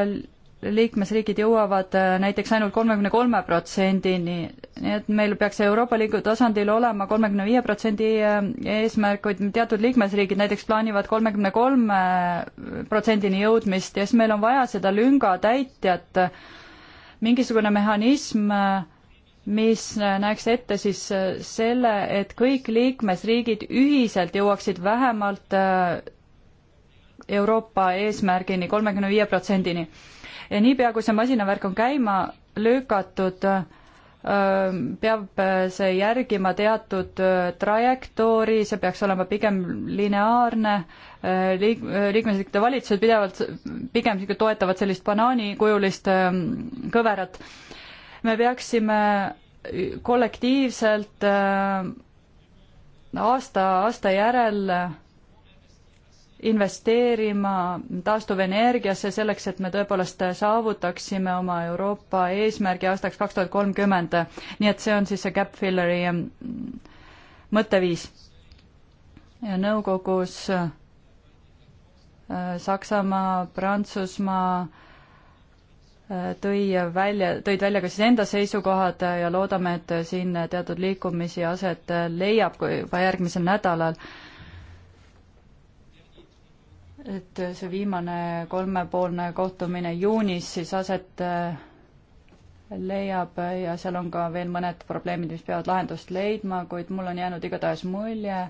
liikmesriigid jõuavad äh, näiteks ainult kolmekümne kolme protsendini, nii et meil peaks Euroopa Liidu tasandil olema kolmekümne viie protsendi äh, eesmärk, kuid teatud liikmesriigid näiteks plaanivad kolmekümne kolme protsendini jõudmist ja siis meil on vaja seda lünga täitjat, mingisugune mehhanism, äh, mis näeks ette siis selle, et kõik liikmesriigid ühiselt jõuaksid vähemalt Euroopa eesmärgini, kolmekümne viie protsendini ja niipea, kui see masinavärk on käima lükatud, peab see järgima teatud trajektoori, see peaks olema pigem lineaarne, liik-, liikmesriikide valitsused pidevalt pigem niisugune toetavad sellist banaanikujulist kõverat. me peaksime kollektiivselt aasta, aasta järel investeerima taastuvenergiasse selleks, et me tõepoolest saavutaksime oma Euroopa eesmärgi aastaks kaks tuhat kolmkümmend. nii et see on siis see gap filleri mm, mõtteviis. ja nõukogus äh, Saksamaa, Prantsusmaa äh, tõi välja, tõid välja ka siis enda seisukohad ja loodame, et siin teatud liikumisi aset leiab, kui juba järgmisel nädalal äh, et see viimane kolmepoolne kohtumine juunis siis aset äh, leiab ja seal on ka veel mõned probleemid, mis peavad lahendust leidma, kuid mul on jäänud igatahes mulje,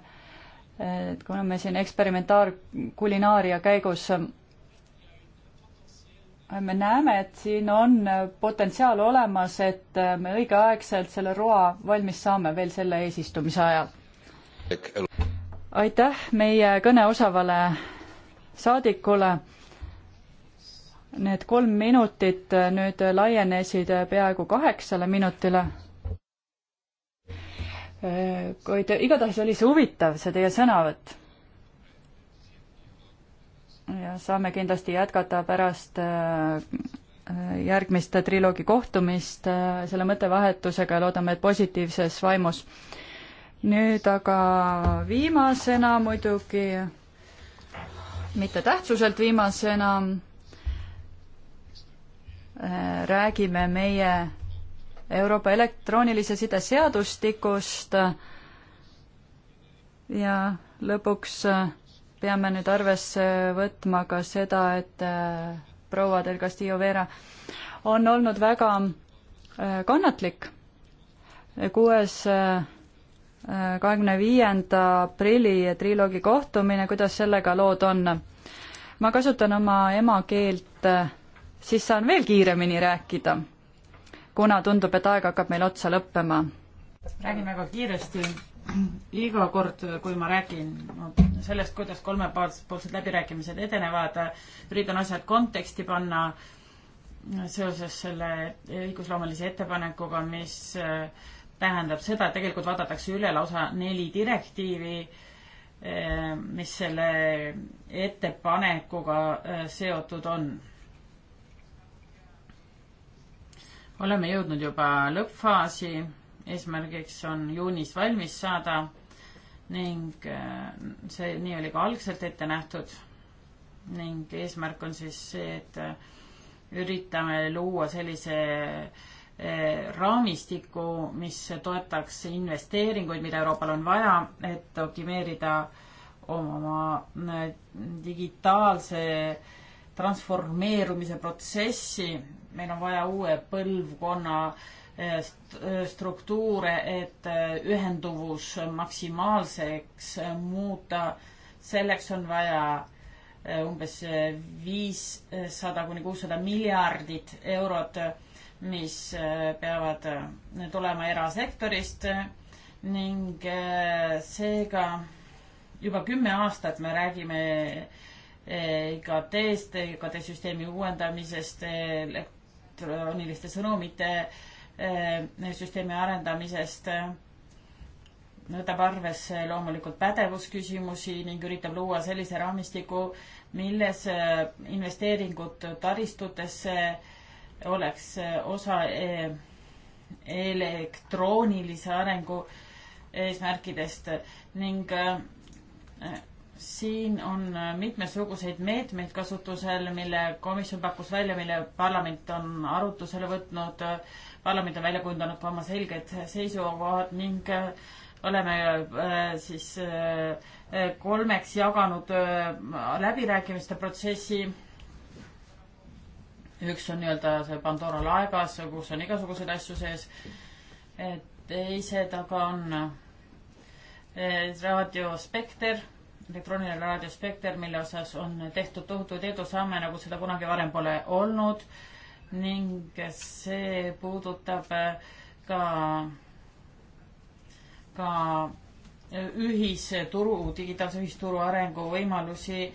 et kuna me siin eksperimentaarkulinaaria käigus äh, me näeme, et siin on potentsiaal olemas, et äh, me õigeaegselt selle roa valmis saame veel selle eesistumise ajal. aitäh meie kõneosavale saadikule. Need kolm minutit nüüd laienesid peaaegu kaheksale minutile. kuid igatahes oli see huvitav, see teie sõnavõtt. ja saame kindlasti jätkata pärast äh, järgmist triloogi kohtumist äh, selle mõttevahetusega ja loodame, et positiivses vaimus. nüüd aga viimasena muidugi mitte tähtsuselt viimasena äh, räägime meie Euroopa elektroonilise side seadustikust ja lõpuks äh, peame nüüd arvesse võtma ka seda, et äh, proua del Castillo Vera on olnud väga kannatlik. kuues kahekümne viienda aprilli triloogi kohtumine, kuidas sellega lood on? ma kasutan oma emakeelt, siis saan veel kiiremini rääkida, kuna tundub, et aeg hakkab meil otsa lõppema. räägin väga kiiresti. iga kord, kui ma räägin sellest, kuidas kolmepoolsed läbirääkimised edenevad, üritan asjad konteksti panna seoses selle õigusloomelise ettepanekuga, mis äh, tähendab seda, et tegelikult vaadatakse üle lausa neli direktiivi, eh, mis selle ettepanekuga eh, seotud on. oleme jõudnud juba lõppfaasi, eesmärgiks on juunis valmis saada ning eh, see, nii oli ka algselt ette nähtud ning eesmärk on siis see, et üritame luua sellise äh, raamistikku, mis toetaks investeeringuid, mida Euroopal on vaja, et optimeerida oma äh, digitaalse transformeerumise protsessi. meil on vaja uue põlvkonna äh, äh, struktuure, et ühenduvus maksimaalseks muuta. selleks on vaja umbes viissada kuni kuussada miljardit eurot mis äh, peavad äh, tulema erasektorist äh, ning seega juba kümme aastat me räägime IKT-st, IKT süsteemi uuendamisest, elektrooniliste sõnumite süsteemi arendamisest võtab arvesse loomulikult pädevusküsimusi ning üritab luua sellise raamistiku, milles investeeringud taristutesse oleks äh, osa äh, elektroonilise arengu eesmärkidest ning äh, siin on mitmesuguseid meetmeid kasutusel, mille komisjon pakkus välja, mille parlament on arutusele võtnud. parlament on välja kujundanud ka oma selged seisukohad ning oleme siis kolmeks jaganud läbirääkimiste protsessi üks on nii-öelda see Pandora laegas, kus on igasuguseid asju sees, teised aga on eh, raadiospekter, elektrooniline raadiospekter, mille osas on tehtud tohutuid edusamme, nagu seda kunagi varem pole olnud ning see puudutab eh, ka, ka eh, ühisturu, digitaalse ühisturu arengu võimalusi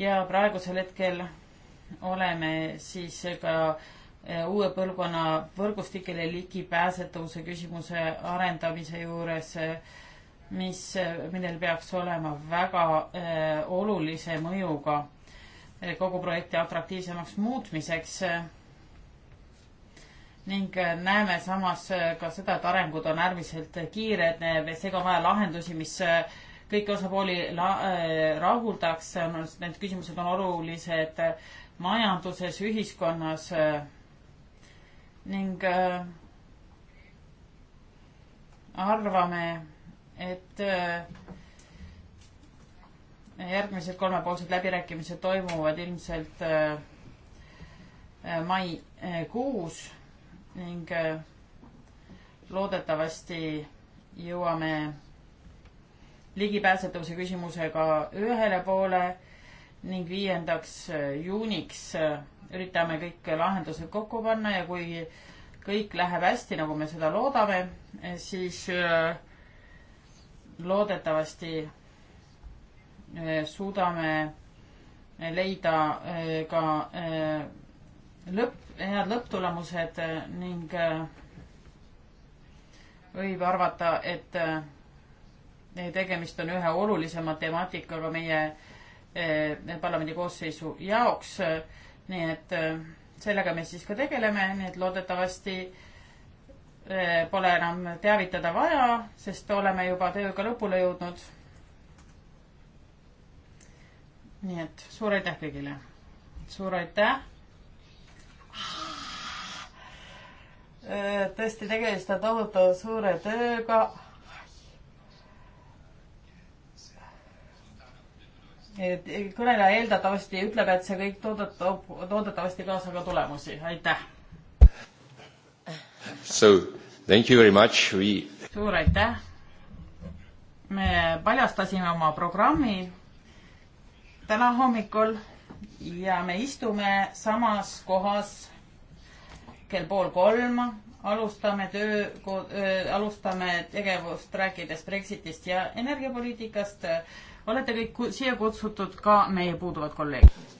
ja praegusel hetkel oleme siis ka eh, uue põlvkonna võrgustikele ligipääsetavuse küsimuse arendamise juures, eh, mis, eh, millel peaks olema väga äh, olulise mõjuga kogu projekti atraktiivsemaks muutmiseks. ning näeme samas ka seda, et arengud on äärmiselt kiired, seega on vaja lahendusi, mis kõiki osapooli la, äh, rahuldaks, need küsimused on olulised äh, majanduses, ühiskonnas äh, ning äh, arvame, et äh, järgmised kolmepoolsed läbirääkimised toimuvad ilmselt maikuus ning loodetavasti jõuame ligipääsetavuse küsimusega ühele poole ning viiendaks eh, juuniks eh, üritame kõik lahendused kokku panna ja kui kõik läheb hästi, nagu me seda loodame, eh, siis loodetavasti suudame leida ka lõpp, head lõpptulemused ning võib arvata, et tegemist on ühe olulisema temaatikaga meie Eh, parlamendi koosseisu jaoks. nii et eh, sellega me siis ka tegeleme, nii et loodetavasti eh, pole enam teavitada vaja, sest oleme juba tööga lõpule jõudnud. nii et suur aitäh kõigile. suur aitäh. tõesti, tegemist on tohutu suure tööga kõneleja eeldatavasti ütleb, et see kõik toodetab, toodetavasti kaasa ka tulemusi, aitäh. So thank you very much We.... suur aitäh. me paljastasime oma programmi täna hommikul ja me istume samas kohas kell pool kolm, alustame töö, alustame tegevust rääkides Brexitist ja energiapoliitikast olete kõik siia kutsutud, ka meie puuduvad kolleegid.